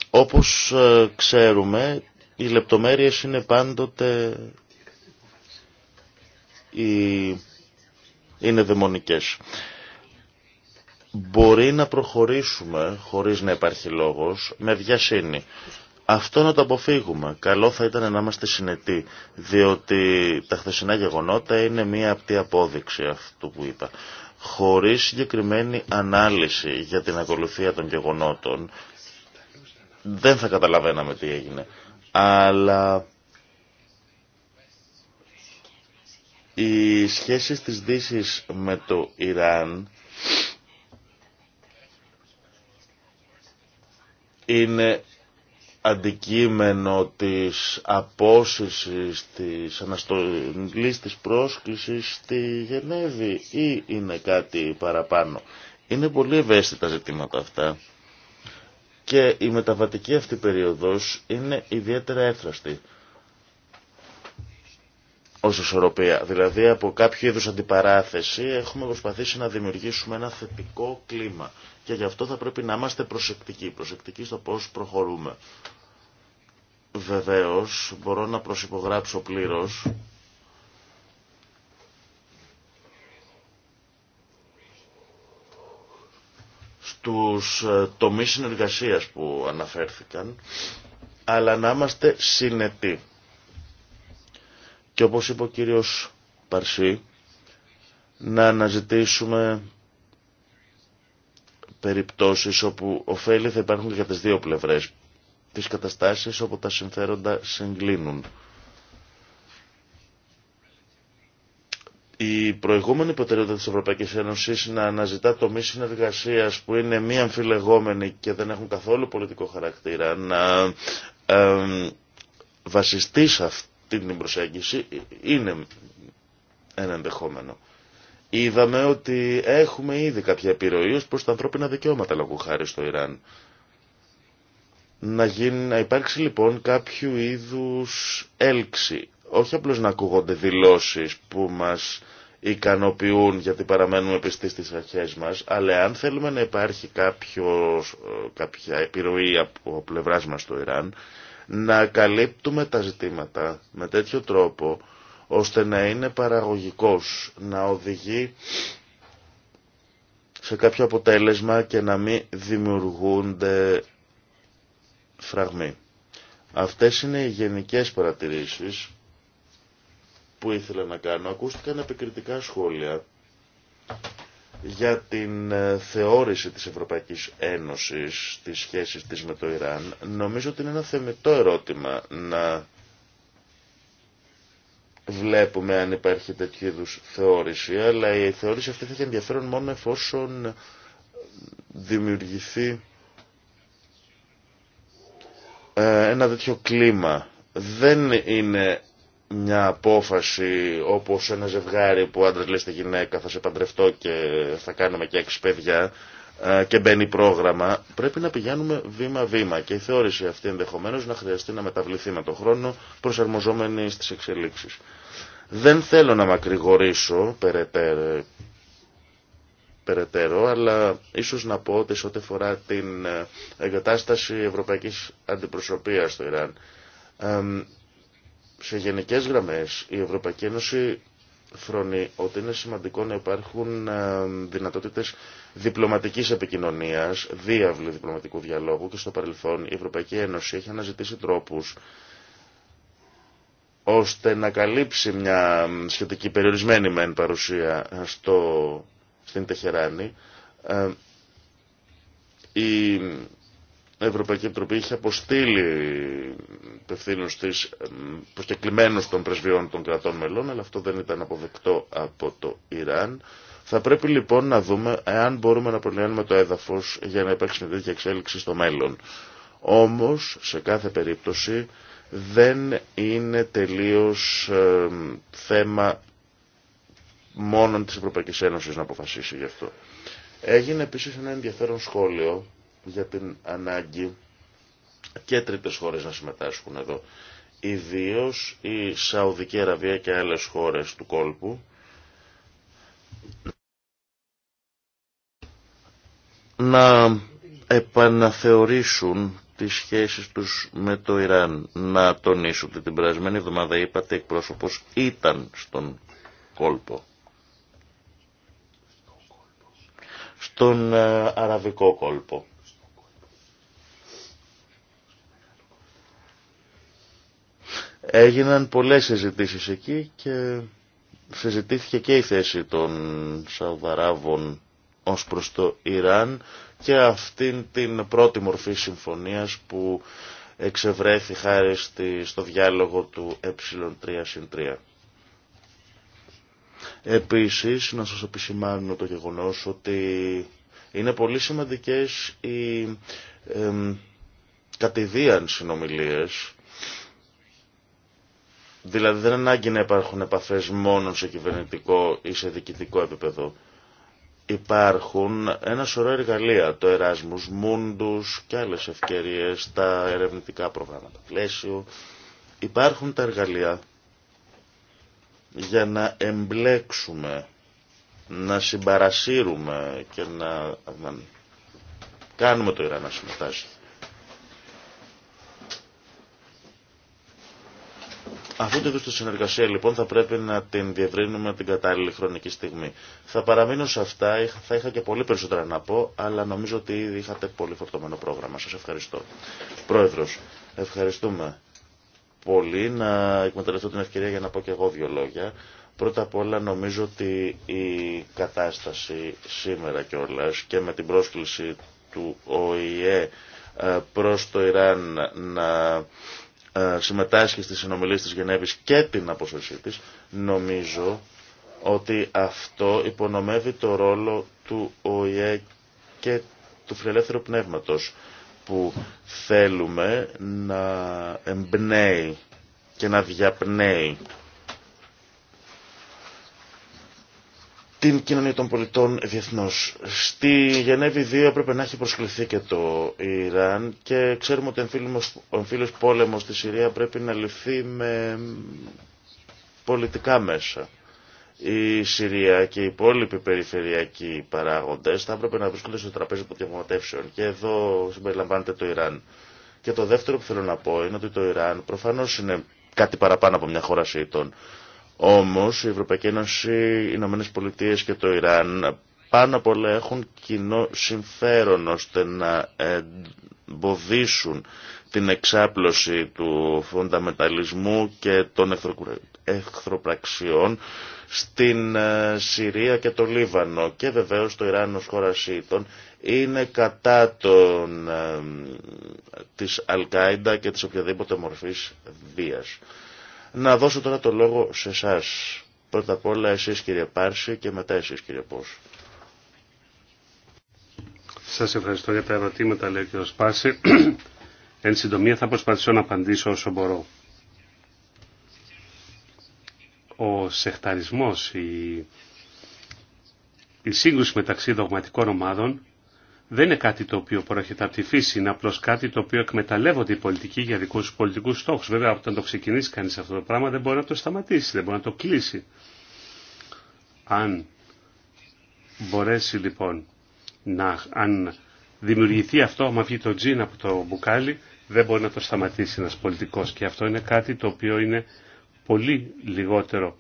όπως ε, ξέρουμε, οι λεπτομέρειες είναι πάντοτε είναι δαιμονικές. Μπορεί να προχωρήσουμε, χωρίς να υπάρχει λόγος, με βιασύνη. Αυτό να το αποφύγουμε. Καλό θα ήταν να είμαστε συνετοί, διότι τα χθεσινά γεγονότα είναι μία απτή απόδειξη αυτού που είπα. Χωρίς συγκεκριμένη ανάλυση για την ακολουθία των γεγονότων, δεν θα καταλαβαίναμε τι έγινε. Αλλά οι σχέσεις της Δύσης με το Ιράν είναι αντικείμενο της απόσυσης, της αναστολής, της πρόσκλησης στη Γενέβη ή είναι κάτι παραπάνω. Είναι πολύ ευαίσθητα ζητήματα αυτά και η μεταβατική αυτή περίοδος είναι ιδιαίτερα έφραστη ως ισορροπία. Δηλαδή από κάποιο είδους αντιπαράθεση έχουμε προσπαθήσει να δημιουργήσουμε ένα θετικό κλίμα και γι' αυτό θα πρέπει να είμαστε προσεκτικοί, προσεκτικοί στο πώς προχωρούμε. Βεβαίως μπορώ να προσυπογράψω πλήρως στους ε, τομείς συνεργασίας που αναφέρθηκαν, αλλά να είμαστε συνετοί. Και όπως είπε ο κύριος Παρσί, να αναζητήσουμε περιπτώσεις όπου ωφέλη θα υπάρχουν για τις δύο πλευρές, τις καταστάσεις όπου τα συμφέροντα συγκλίνουν. Η προηγούμενη προτεραιότητα της Ευρωπαϊκής Ένωσης να αναζητά τομείς συνεργασίας που είναι μη αμφιλεγόμενοι και δεν έχουν καθόλου πολιτικό χαρακτήρα, να βασιστεί σε αυτή την προσέγγιση είναι ένα ενδεχόμενο. Είδαμε ότι έχουμε ήδη κάποια επιρροή ως προς τα ανθρώπινα δικαιώματα λόγω χάρη στο Ιράν. Να, υπάρξει λοιπόν κάποιο είδους έλξη. Όχι απλώς να ακούγονται δηλώσεις που μας ικανοποιούν γιατί παραμένουμε πιστοί στις αρχές μας, αλλά αν θέλουμε να υπάρχει κάποιος, ε, κάποια επιρροή από πλευράς μας στο Ιράν, να καλύπτουμε τα ζητήματα με τέτοιο τρόπο ώστε να είναι παραγωγικός, να οδηγεί σε κάποιο αποτέλεσμα και να μην δημιουργούνται φραγμοί. Αυτές είναι οι γενικές παρατηρήσεις που ήθελα να κάνω. Ακούστηκαν επικριτικά σχόλια για την ε, θεώρηση της Ευρωπαϊκής Ένωσης, της σχέσης της με το Ιράν. Νομίζω ότι είναι ένα θεμητό ερώτημα να βλέπουμε αν υπάρχει τέτοιου είδου θεώρηση, αλλά η θεώρηση αυτή θα έχει ενδιαφέρον μόνο εφόσον δημιουργηθεί ε, ένα τέτοιο κλίμα. Δεν είναι μια απόφαση όπως ένα ζευγάρι που άντρας λέει στη γυναίκα θα σε παντρευτώ και θα κάνουμε και έξι παιδιά ε, και μπαίνει πρόγραμμα. Πρέπει να πηγαίνουμε βήμα-βήμα και η θεώρηση αυτή ενδεχομένως να χρειαστεί να μεταβληθεί με τον χρόνο προσαρμοζόμενη στις εξελίξεις. Δεν θέλω να μακρηγορήσω περαιτέρω, περαιτέρω αλλά ίσως να πω ότι σε ό,τι φορά την ε, εγκατάσταση ευρωπαϊκής αντιπροσωπείας στο Ιράν, σε γενικές γραμμές η Ευρωπαϊκή Ένωση φρονεί ότι είναι σημαντικό να υπάρχουν δυνατότητες διπλωματικής επικοινωνίας, διάβλη διπλωματικού διαλόγου και στο παρελθόν η Ευρωπαϊκή Ένωση έχει αναζητήσει τρόπους ώστε να καλύψει μια σχετική περιορισμένη μεν παρουσία στο, στην Τεχεράνη. Ε, η Ευρωπαϊκή Επιτροπή είχε αποστείλει υπευθύνους της ε, προσκεκλημένους των πρεσβειών των κρατών μελών, αλλά αυτό δεν ήταν αποδεκτό από το Ιράν. Θα πρέπει λοιπόν να δούμε εάν μπορούμε να προλυάνουμε το έδαφος για να υπάρξει μια τέτοια εξέλιξη στο μέλλον. Όμως, σε κάθε περίπτωση, δεν είναι τελείως ε, θέμα μόνο της Ευρωπαϊκής Ένωσης να αποφασίσει γι' αυτό. Έγινε επίσης ένα ενδιαφέρον σχόλιο για την ανάγκη και τρίτες χώρες να συμμετάσχουν εδώ. ιδίω η Σαουδική Αραβία και άλλες χώρες του κόλπου να επαναθεωρήσουν τις σχέσεις τους με το Ιράν. Να τονίσω ότι την περασμένη εβδομάδα είπατε εκπρόσωπος ήταν στον κόλπο. Στον ε, αραβικό κόλπο. Έγιναν πολλές συζητήσεις εκεί και συζητήθηκε και η θέση των Σαουδαράβων ως προς το Ιράν και αυτήν την πρώτη μορφή συμφωνίας που εξευρέθη χάρη στο διάλογο του ε3-3. Επίσης, να σας επισημάνω το γεγονός ότι είναι πολύ σημαντικές οι ε, κατηδίαν συνομιλίες. Δηλαδή δεν ανάγκη να υπάρχουν επαφές μόνο σε κυβερνητικό ή σε διοικητικό επίπεδο. Υπάρχουν ένα σωρό εργαλεία, το Erasmus Mundus και άλλες ευκαιρίες, τα ερευνητικά προγράμματα πλαίσιο. Υπάρχουν τα εργαλεία για να εμπλέξουμε, να συμπαρασύρουμε και να κάνουμε το Ιράν να συμμετάσχει. αφού τη συνεργασία λοιπόν θα πρέπει να την διευρύνουμε την κατάλληλη χρονική στιγμή. Θα παραμείνω σε αυτά, θα είχα και πολύ περισσότερα να πω, αλλά νομίζω ότι ήδη είχατε πολύ φορτωμένο πρόγραμμα. Σας ευχαριστώ. Πρόεδρος, ευχαριστούμε πολύ. Να εκμεταλλευτώ την ευκαιρία για να πω και εγώ δύο λόγια. Πρώτα απ' όλα νομίζω ότι η κατάσταση σήμερα κιόλα και με την πρόσκληση του ΟΗΕ ε, προς το Ιράν να ε, συμμετάσχει στις συνομιλίες της Γενέβης και την αποστολή της, νομίζω ότι αυτό υπονομεύει το ρόλο του ΟΗΕ και του φιλελεύθερου πνεύματος που θέλουμε να εμπνέει και να διαπνέει την κοινωνία των πολιτών διεθνώ. Στη Γενέβη 2 έπρεπε να έχει προσκληθεί και το Ιράν και ξέρουμε ότι ο εμφύλιος πόλεμος στη Συρία πρέπει να ληφθεί με πολιτικά μέσα. Η Συρία και οι υπόλοιποι περιφερειακοί παράγοντες θα έπρεπε να βρίσκονται στο τραπέζι των διαπραγματεύσεων και εδώ συμπεριλαμβάνεται το Ιράν. Και το δεύτερο που θέλω να πω είναι ότι το Ιράν προφανώς είναι κάτι παραπάνω από μια χώρα Σιητών. Όμως η Ευρωπαϊκή Ένωση, οι Ηνωμένε Πολιτείε και το Ιράν πάνω απ' όλα έχουν κοινό συμφέρον ώστε να εμποδίσουν την εξάπλωση του φονταμεταλισμού και των εχθροπραξιών στην ε, Συρία και το Λίβανο και βεβαίως το Ιράν ως χώρα Σύτων είναι κατά τον, ε, της Αλκάιντα και της οποιαδήποτε μορφής βίας. Να δώσω τώρα το λόγο σε εσά. Πρώτα απ' όλα εσείς κύριε Πάρση και μετά εσείς κύριε Πώς. Σας ευχαριστώ για τα ερωτήματα λέει ο κύριο Πάρση. Εν συντομία θα προσπαθήσω να απαντήσω όσο μπορώ. Ο σεχταρισμός, η, η σύγκρουση μεταξύ δογματικών ομάδων δεν είναι κάτι το οποίο προέρχεται από τη φύση, είναι απλώ κάτι το οποίο εκμεταλλεύονται οι πολιτικοί για δικού του πολιτικού στόχου. Βέβαια, όταν το ξεκινήσει κανεί αυτό το πράγμα, δεν μπορεί να το σταματήσει, δεν μπορεί να το κλείσει. Αν μπορέσει λοιπόν να. Αν δημιουργηθεί αυτό, άμα βγει το τζιν από το μπουκάλι, δεν μπορεί να το σταματήσει ένα πολιτικό. Και αυτό είναι κάτι το οποίο είναι πολύ λιγότερο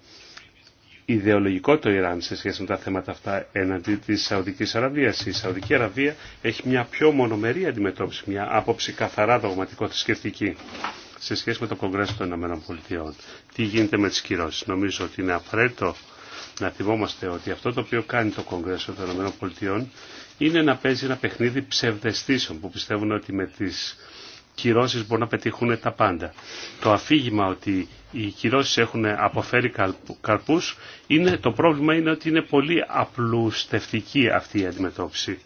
ιδεολογικό το Ιράν σε σχέση με τα θέματα αυτά έναντι τη Σαουδική Αραβία. Η Σαουδική Αραβία έχει μια πιο μονομερή αντιμετώπιση, μια άποψη καθαρά δογματικό θρησκευτική σε σχέση με το Κογκρέσο των Ηνωμένων Πολιτειών. Τι γίνεται με τι κυρώσει. Νομίζω ότι είναι απαραίτητο να θυμόμαστε ότι αυτό το οποίο κάνει το Κογκρέσο των Ηνωμένων Πολιτειών είναι να παίζει ένα παιχνίδι ψευδεστήσεων που πιστεύουν ότι με τι κυρώσει μπορούν να πετύχουν τα πάντα. Το αφήγημα ότι οι κυρώσει έχουν αποφέρει καρπούς, είναι, το πρόβλημα είναι ότι είναι πολύ απλουστευτική αυτή η αντιμετώπιση.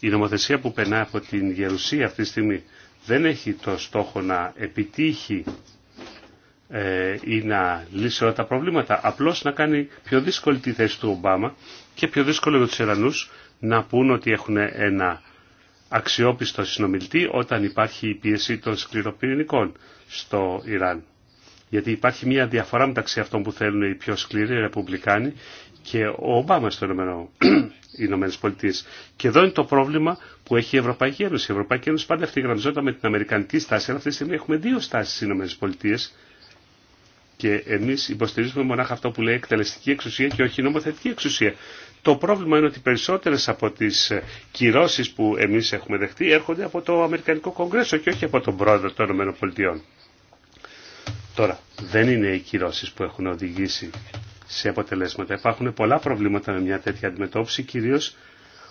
Η νομοθεσία που περνά από την Γερουσία αυτή τη στιγμή δεν έχει το στόχο να επιτύχει ε, ή να λύσει όλα τα προβλήματα, απλώς να κάνει πιο δύσκολη τη θέση του Ομπάμα και πιο δύσκολο για τους Ιρανούς να πούν ότι έχουν ένα αξιόπιστο συνομιλητή όταν υπάρχει η πίεση των σκληροπυρηνικών στο Ιράν. Γιατί υπάρχει μια διαφορά μεταξύ αυτών που θέλουν οι πιο σκληροί οι Ρεπουμπλικάνοι και ο Ομπάμα στο Ηνωμένο, Ηνωμένες Και εδώ είναι το πρόβλημα που έχει η Ευρωπαϊκή Ένωση. Η Ευρωπαϊκή Ένωση πάντα αυτή γραμμιζόταν με την Αμερικανική στάση, αλλά αυτή τη στιγμή έχουμε δύο στάσεις στις Ηνωμένες Πολιτείες και εμείς υποστηρίζουμε μονάχα αυτό που λέει εκτελεστική εξουσία και όχι νομοθετική εξουσία. Το πρόβλημα είναι ότι περισσότερε από τι ε, κυρώσει που εμεί έχουμε δεχτεί έρχονται από το Αμερικανικό Κογκρέσο και όχι από τον πρόεδρο των ΗΠΑ. Τώρα, δεν είναι οι κυρώσει που έχουν οδηγήσει σε αποτελέσματα. Υπάρχουν πολλά προβλήματα με μια τέτοια αντιμετώπιση, κυρίω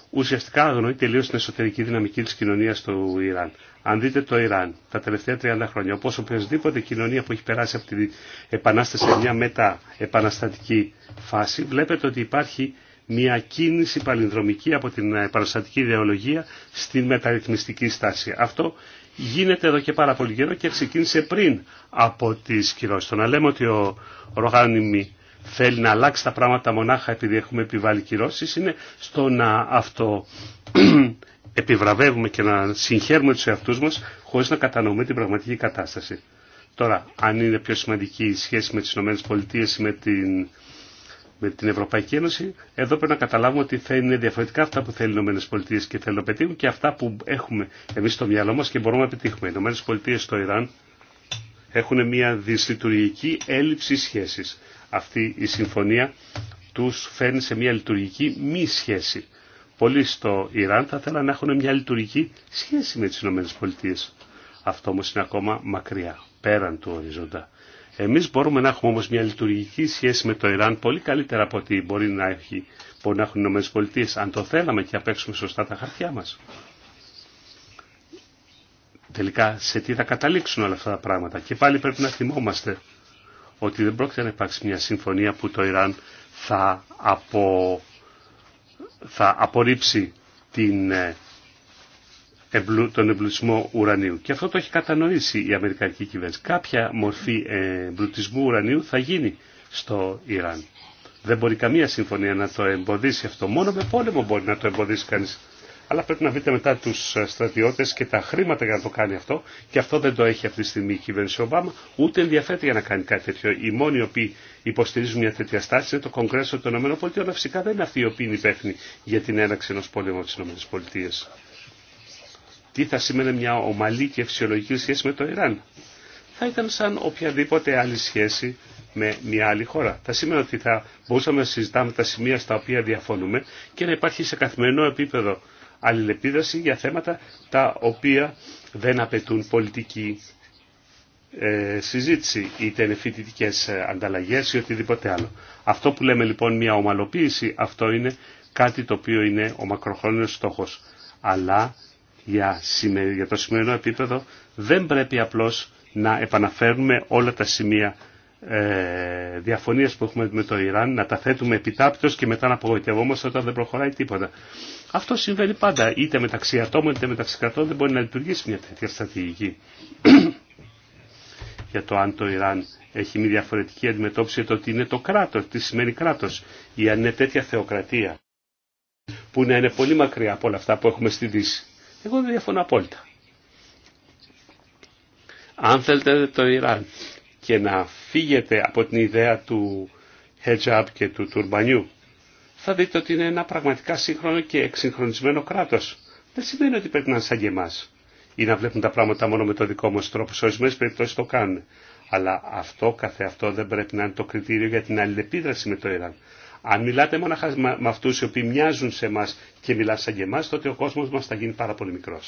ουσιαστικά αγνοεί τελείω την εσωτερική δυναμική τη κοινωνία του Ιράν. Αν δείτε το Ιράν τα τελευταία 30 χρόνια, όπω οποιασδήποτε κοινωνία που έχει περάσει από την επανάσταση σε μια μετα-επαναστατική φάση, βλέπετε ότι υπάρχει μια κίνηση παλινδρομική από την επαναστατική ιδεολογία στην μεταρρυθμιστική στάση. Αυτό γίνεται εδώ και πάρα πολύ καιρό και ξεκίνησε πριν από τις κυρώσεις. Το να λέμε ότι ο Ρογάνιμι θέλει να αλλάξει τα πράγματα μονάχα επειδή έχουμε επιβάλει κυρώσεις είναι στο να αυτό επιβραβεύουμε και να συγχαίρουμε τους εαυτούς μας χωρίς να κατανοούμε την πραγματική κατάσταση. Τώρα, αν είναι πιο σημαντική η σχέση με τις ΗΠΑ ή με την με την Ευρωπαϊκή Ένωση, εδώ πρέπει να καταλάβουμε ότι θα είναι διαφορετικά αυτά που θέλουν οι ΗΠΑ και θέλουν να πετύχουν και αυτά που έχουμε εμεί στο μυαλό μα και μπορούμε να πετύχουμε. Οι ΗΠΑ στο Ιράν έχουν μια δυσλειτουργική έλλειψη σχέση. Αυτή η συμφωνία του φέρνει σε μια λειτουργική μη σχέση. Πολλοί στο Ιράν θα θέλαν να έχουν μια λειτουργική σχέση με τι ΗΠΑ. Αυτό όμω είναι ακόμα μακριά, πέραν του οριζόντα. Εμείς μπορούμε να έχουμε όμως μια λειτουργική σχέση με το Ιράν πολύ καλύτερα από ό,τι μπορεί να, έχει, να έχουν οι ΗΠΑ, αν το θέλαμε και απέξουμε σωστά τα χαρτιά μας. Τελικά σε τι θα καταλήξουν όλα αυτά τα πράγματα. Και πάλι πρέπει να θυμόμαστε ότι δεν πρόκειται να υπάρξει μια συμφωνία που το Ιράν θα, θα απορρίψει την ε, τον εμπλουτισμό ουρανίου. Και αυτό το έχει κατανοήσει η Αμερικανική κυβέρνηση. Κάποια μορφή εμπλουτισμού ουρανίου θα γίνει στο Ιράν. Δεν μπορεί καμία συμφωνία να το εμποδίσει αυτό. Μόνο με πόλεμο μπορεί να το εμποδίσει κανείς. Αλλά πρέπει να βρείτε μετά του στρατιώτε και τα χρήματα για να το κάνει αυτό. Και αυτό δεν το έχει αυτή τη στιγμή η κυβέρνηση Ομπάμα, ούτε ενδιαφέρεται για να κάνει κάτι τέτοιο. Οι μόνοι οι οποίοι υποστηρίζουν μια τέτοια στάση είναι το Κογκρέσο των ΗΠΑ, αλλά φυσικά δεν είναι αυτοί οι οποίοι είναι υπεύθυνοι για την έναξη ενό πολέμου από ΗΠΑ τι θα σημαίνει μια ομαλή και φυσιολογική σχέση με το Ιράν. Θα ήταν σαν οποιαδήποτε άλλη σχέση με μια άλλη χώρα. Θα σημαίνει ότι θα μπορούσαμε να συζητάμε τα σημεία στα οποία διαφωνούμε και να υπάρχει σε καθημερινό επίπεδο αλληλεπίδραση για θέματα τα οποία δεν απαιτούν πολιτική ε, συζήτηση, είτε είναι φοιτητικέ ε, ανταλλαγέ ή οτιδήποτε άλλο. Αυτό που λέμε λοιπόν μια ομαλοποίηση, αυτό είναι κάτι το οποίο είναι ο μακροχρόνιος στόχος. Αλλά για, για το σημερινό επίπεδο δεν πρέπει απλώς να επαναφέρουμε όλα τα σημεία ε, που έχουμε με το Ιράν, να τα θέτουμε επιτάπτως και μετά να απογοητευόμαστε όταν δεν προχωράει τίποτα. Αυτό συμβαίνει πάντα, είτε μεταξύ ατόμων είτε μεταξύ κρατών δεν μπορεί να λειτουργήσει μια τέτοια στρατηγική. για το αν το Ιράν έχει μια διαφορετική αντιμετώπιση το ότι είναι το κράτος, τι σημαίνει κράτος, ή αν είναι τέτοια θεοκρατία που να είναι πολύ μακριά από όλα αυτά που έχουμε στη Δύση. Εγώ δεν διαφωνώ απόλυτα. Αν θέλετε το Ιράν και να φύγετε από την ιδέα του hijab και του τουρμπανιού, θα δείτε ότι είναι ένα πραγματικά σύγχρονο και εξυγχρονισμένο κράτος. Δεν σημαίνει ότι πρέπει να είναι σαν και εμάς ή να βλέπουν τα πράγματα μόνο με το δικό μας τρόπο. Σε ορισμένες περιπτώσεις το κάνουν. Αλλά αυτό καθε αυτό δεν πρέπει να είναι το κριτήριο για την αλληλεπίδραση με το Ιράν. Αν μιλάτε μόνο με αυτού οι οποίοι μοιάζουν σε εμά και μιλά σαν και εμά, τότε ο κόσμο μα θα γίνει πάρα πολύ μικρό.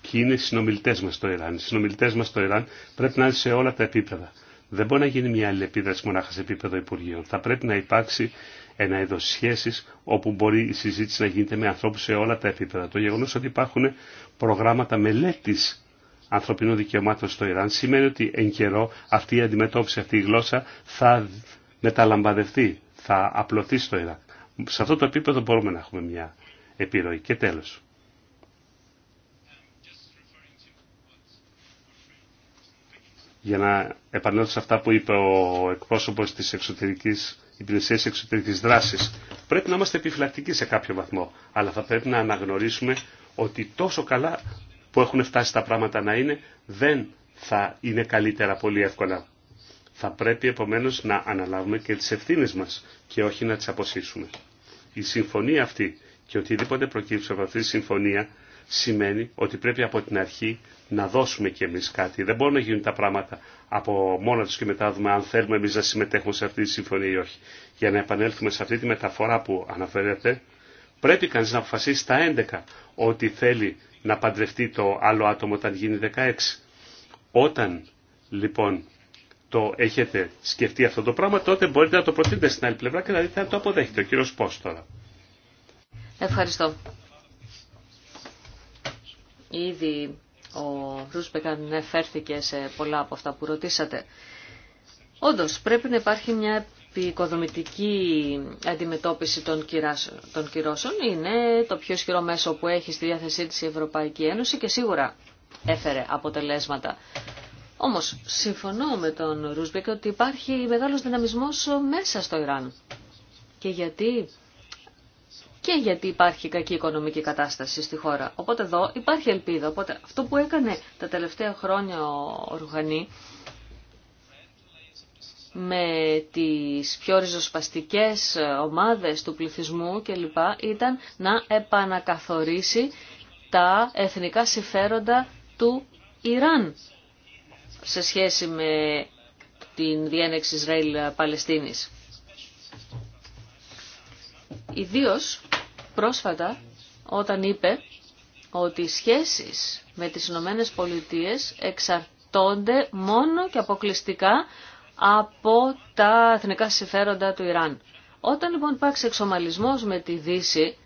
Και είναι οι συνομιλητέ μα στο Ιράν. Οι συνομιλητέ μα στο Ιράν πρέπει να είναι σε όλα τα επίπεδα. Δεν μπορεί να γίνει μια αλληλεπίδραση μονάχα σε επίπεδο Υπουργείων. Θα πρέπει να υπάρξει ένα είδο σχέσει όπου μπορεί η συζήτηση να γίνεται με ανθρώπου σε όλα τα επίπεδα. Το γεγονό ότι υπάρχουν προγράμματα μελέτη ανθρωπίνων δικαιωμάτων στο Ιράν σημαίνει ότι εν καιρό αυτή η αντιμετώπιση, αυτή η γλώσσα θα μεταλαμπαδευτεί θα απλωθεί στο Ιράκ. Σε αυτό το επίπεδο μπορούμε να έχουμε μια επιρροή. Και τέλος. Για να επανέλθω σε αυτά που είπε ο εκπρόσωπος της εξωτερικής υπηρεσίας εξωτερικής δράσης. Πρέπει να είμαστε επιφυλακτικοί σε κάποιο βαθμό, αλλά θα πρέπει να αναγνωρίσουμε ότι τόσο καλά που έχουν φτάσει τα πράγματα να είναι, δεν θα είναι καλύτερα πολύ εύκολα. Θα πρέπει επομένως να αναλάβουμε και τις ευθύνες μας και όχι να τις αποσύσουμε. Η συμφωνία αυτή και οτιδήποτε προκύψει από αυτή τη συμφωνία σημαίνει ότι πρέπει από την αρχή να δώσουμε κι εμείς κάτι. Δεν μπορούν να γίνουν τα πράγματα από μόνα τους και μετά δούμε αν θέλουμε εμείς να συμμετέχουμε σε αυτή τη συμφωνία ή όχι. Για να επανέλθουμε σε αυτή τη μεταφορά που αναφέρεται, πρέπει κανείς να αποφασίσει στα 11 ότι θέλει να παντρευτεί το άλλο άτομο όταν γίνει 16. Όταν λοιπόν το έχετε σκεφτεί αυτό το πράγμα, τότε μπορείτε να το προτείνετε στην άλλη πλευρά και να δείτε αν το αποδέχετε. ο κύριο Πώς τώρα. Ευχαριστώ. Ήδη ο Ρούσπεκαν εφέρθηκε σε πολλά από αυτά που ρωτήσατε. Όντω πρέπει να υπάρχει μια επικοδομητική αντιμετώπιση των, των κυρώσεων. Είναι το πιο ισχυρό μέσο που έχει στη διάθεσή της η Ευρωπαϊκή Ένωση και σίγουρα έφερε αποτελέσματα. Όμως, συμφωνώ με τον Ρουσμπεκ ότι υπάρχει μεγάλος δυναμισμός μέσα στο Ιράν. Και γιατί και γιατί υπάρχει κακή οικονομική κατάσταση στη χώρα. Οπότε εδώ υπάρχει ελπίδα. Οπότε αυτό που έκανε τα τελευταία χρόνια ο Ρουχανή με τις πιο ριζοσπαστικές ομάδες του πληθυσμού κλπ. ήταν να επανακαθορίσει τα εθνικά συμφέροντα του Ιράν σε σχέση με την διένεξη Ισραήλ-Παλαιστίνης. Ιδίω πρόσφατα όταν είπε ότι οι σχέσεις με τις Ηνωμένε Πολιτείες εξαρτώνται μόνο και αποκλειστικά από τα εθνικά συμφέροντα του Ιράν. Όταν λοιπόν υπάρξει εξομαλισμός με τη Δύση,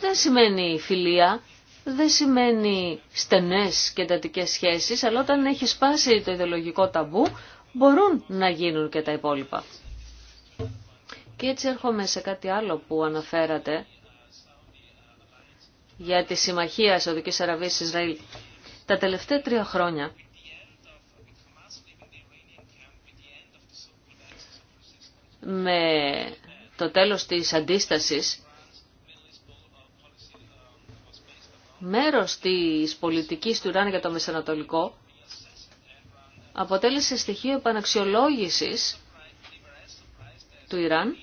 δεν σημαίνει φιλία, δεν σημαίνει στενές και εντατικέ σχέσεις, αλλά όταν έχει σπάσει το ιδεολογικό ταμπού, μπορούν να γίνουν και τα υπόλοιπα. Και έτσι έρχομαι σε κάτι άλλο που αναφέρατε για τη συμμαχία Σαουδικής Αραβία Ισραήλ. Τα τελευταία τρία χρόνια με το τέλος της αντίστασης μέρος της πολιτικής του Ιράν για το Μεσανατολικό αποτέλεσε στοιχείο επαναξιολόγησης του Ιράν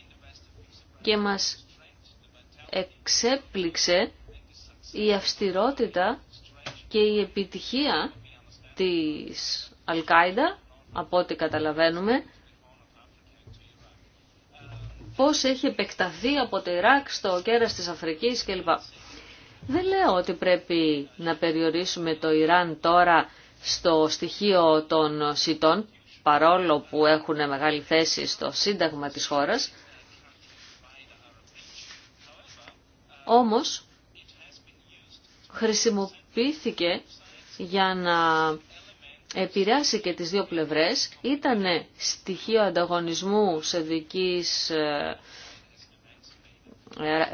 και μας εξέπληξε η αυστηρότητα και η επιτυχία της Αλκάιντα, από ό,τι καταλαβαίνουμε, πώς έχει επεκταθεί από το Ιράκ στο κέρας της Αφρικής κλπ. Δεν λέω ότι πρέπει να περιορίσουμε το Ιράν τώρα στο στοιχείο των σιτών, παρόλο που έχουν μεγάλη θέση στο σύνταγμα της χώρας. Όμως, χρησιμοποιήθηκε για να επηρεάσει και τις δύο πλευρές. Ήτανε στοιχείο ανταγωνισμού σε δικής ε,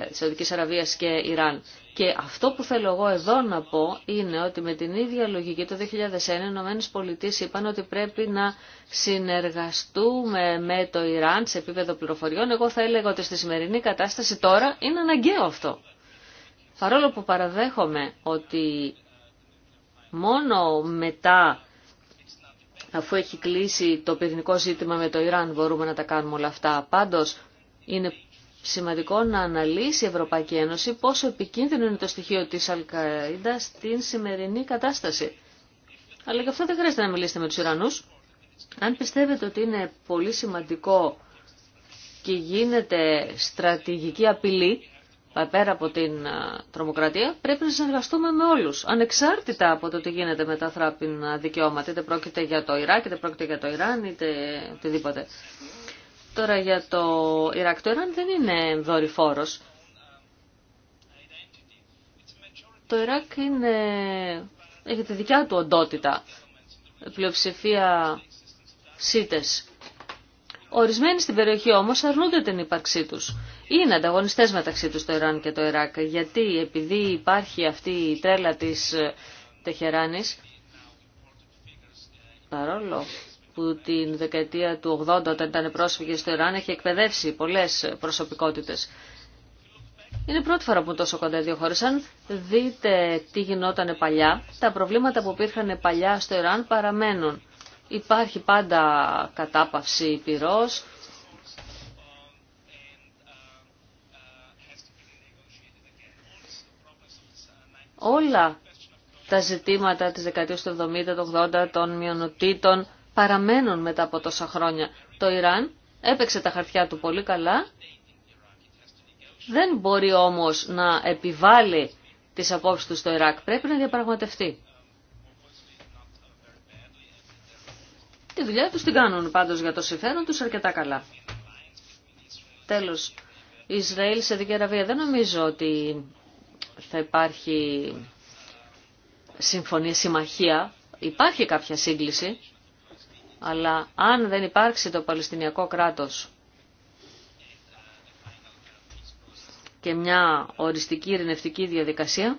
Σαουδικής Αραβίας και Ιράν. Και αυτό που θέλω εγώ εδώ να πω είναι ότι με την ίδια λογική το 2001 οι Ηνωμένες είπαν ότι πρέπει να συνεργαστούμε με το Ιράν σε επίπεδο πληροφοριών. Εγώ θα έλεγα ότι στη σημερινή κατάσταση τώρα είναι αναγκαίο αυτό. Παρόλο που παραδέχομαι ότι μόνο μετά αφού έχει κλείσει το πυρηνικό ζήτημα με το Ιράν μπορούμε να τα κάνουμε όλα αυτά. Πάντως είναι σημαντικό να αναλύσει η Ευρωπαϊκή Ένωση πόσο επικίνδυνο είναι το στοιχείο της Αλκαΐντα στην σημερινή κατάσταση. Αλλά γι' αυτό δεν χρειάζεται να μιλήσετε με τους Ιρανούς. Αν πιστεύετε ότι είναι πολύ σημαντικό και γίνεται στρατηγική απειλή πέρα από την τρομοκρατία, πρέπει να συνεργαστούμε με όλου ανεξάρτητα από το τι γίνεται με τα θράπινα δικαιώματα, είτε πρόκειται για το Ιράκ, είτε πρόκειται για το Ιράν, είτε οτιδήποτε. Τώρα για το Ιράκ. Το Ιράν δεν είναι δορυφόρος. Το Ιράκ είναι... έχει τη δικιά του οντότητα. Πλειοψηφία σίτες. Ορισμένοι στην περιοχή όμως αρνούνται την ύπαρξή τους. Είναι ανταγωνιστές μεταξύ τους το Ιράν και το Ιράκ. Γιατί επειδή υπάρχει αυτή η τρέλα της Τεχεράνης, παρόλο που την δεκαετία του 80 όταν ήταν πρόσφυγε στο Ιράν έχει εκπαιδεύσει πολλές προσωπικότητες. Είναι πρώτη φορά που τόσο κοντά δύο δείτε τι γινόταν παλιά, τα προβλήματα που υπήρχαν παλιά στο Ιράν παραμένουν. Υπάρχει πάντα κατάπαυση πυρός, όλα τα ζητήματα της δεκαετίας του 70, του 80, των μειονοτήτων παραμένουν μετά από τόσα χρόνια. Το Ιράν έπαιξε τα χαρτιά του πολύ καλά, δεν μπορεί όμως να επιβάλλει τις απόψεις του στο Ιράκ, πρέπει να διαπραγματευτεί. Τη δουλειά τους την κάνουν πάντως για το συμφέρον τους αρκετά καλά. Τέλος, Ισραήλ σε Δική δεν νομίζω ότι θα υπάρχει συμφωνία, συμμαχία. Υπάρχει κάποια σύγκληση αλλά αν δεν υπάρξει το Παλαιστινιακό κράτος και μια οριστική ειρηνευτική διαδικασία,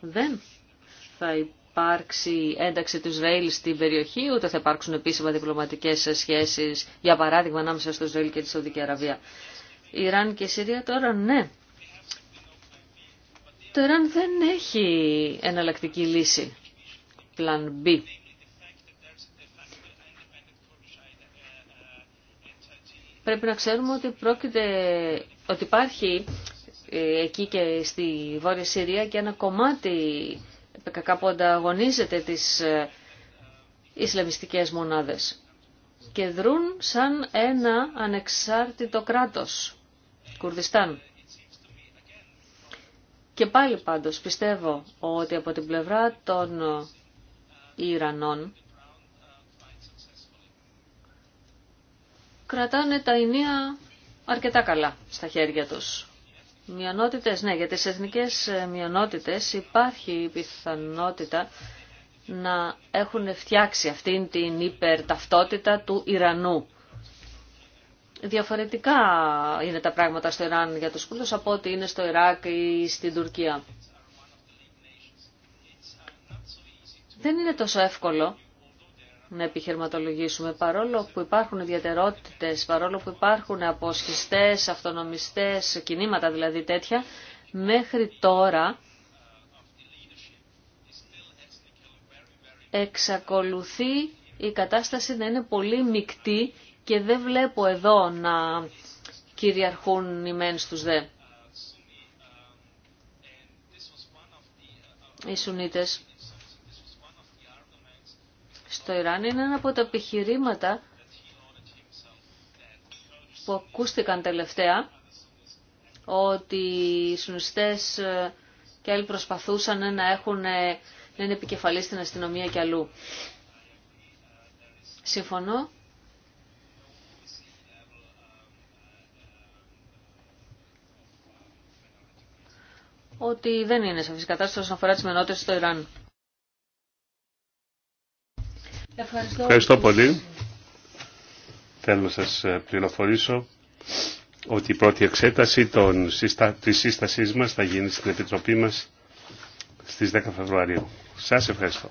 δεν θα υπάρξει ένταξη του Ισραήλ στην περιοχή, ούτε θα υπάρξουν επίσημα διπλωματικές σχέσεις, για παράδειγμα, ανάμεσα στο Ισραήλ και τη Σαουδική Αραβία. Ιράν και Συρία τώρα, ναι. Το Ιράν δεν έχει εναλλακτική λύση. Plan B. πρέπει να ξέρουμε ότι, πρόκειται, ότι υπάρχει ε, εκεί και στη Βόρεια Συρία και ένα κομμάτι κάπου που ανταγωνίζεται τις ε, Ισλαμιστικές μονάδες και δρούν σαν ένα ανεξάρτητο κράτος, Κουρδιστάν. Και πάλι πάντως πιστεύω ότι από την πλευρά των Ιρανών κρατάνε τα ενία αρκετά καλά στα χέρια τους. Μειονότητες, ναι, για τις εθνικές ε, μειονότητες υπάρχει η πιθανότητα να έχουν φτιάξει αυτήν την υπερταυτότητα του Ιρανού. Διαφορετικά είναι τα πράγματα στο Ιράν για τους Κούρδους από ό,τι είναι στο Ιράκ ή στην Τουρκία. Δεν είναι τόσο εύκολο να επιχειρηματολογήσουμε. Παρόλο που υπάρχουν ιδιαιτερότητες, παρόλο που υπάρχουν αποσχιστές, αυτονομιστές, κινήματα δηλαδή τέτοια, μέχρι τώρα εξακολουθεί η κατάσταση να είναι πολύ μεικτή και δεν βλέπω εδώ να κυριαρχούν οι μεν στους δε. Οι Σουνίτες στο Ιράν είναι ένα από τα επιχειρήματα που ακούστηκαν τελευταία ότι οι συνοστές ε, και άλλοι προσπαθούσαν να, έχουν, ε, να είναι επικεφαλής στην αστυνομία και αλλού. Συμφωνώ. ότι δεν είναι σαφής κατάσταση όσον αφορά τις μενότητες στο Ιράν. Ευχαριστώ, πολύ. Θέλω να σας ε, πληροφορήσω ότι η πρώτη εξέταση των, της σύστασής μας θα γίνει στην Επιτροπή μας στις 10 Φεβρουαρίου. Σας ευχαριστώ.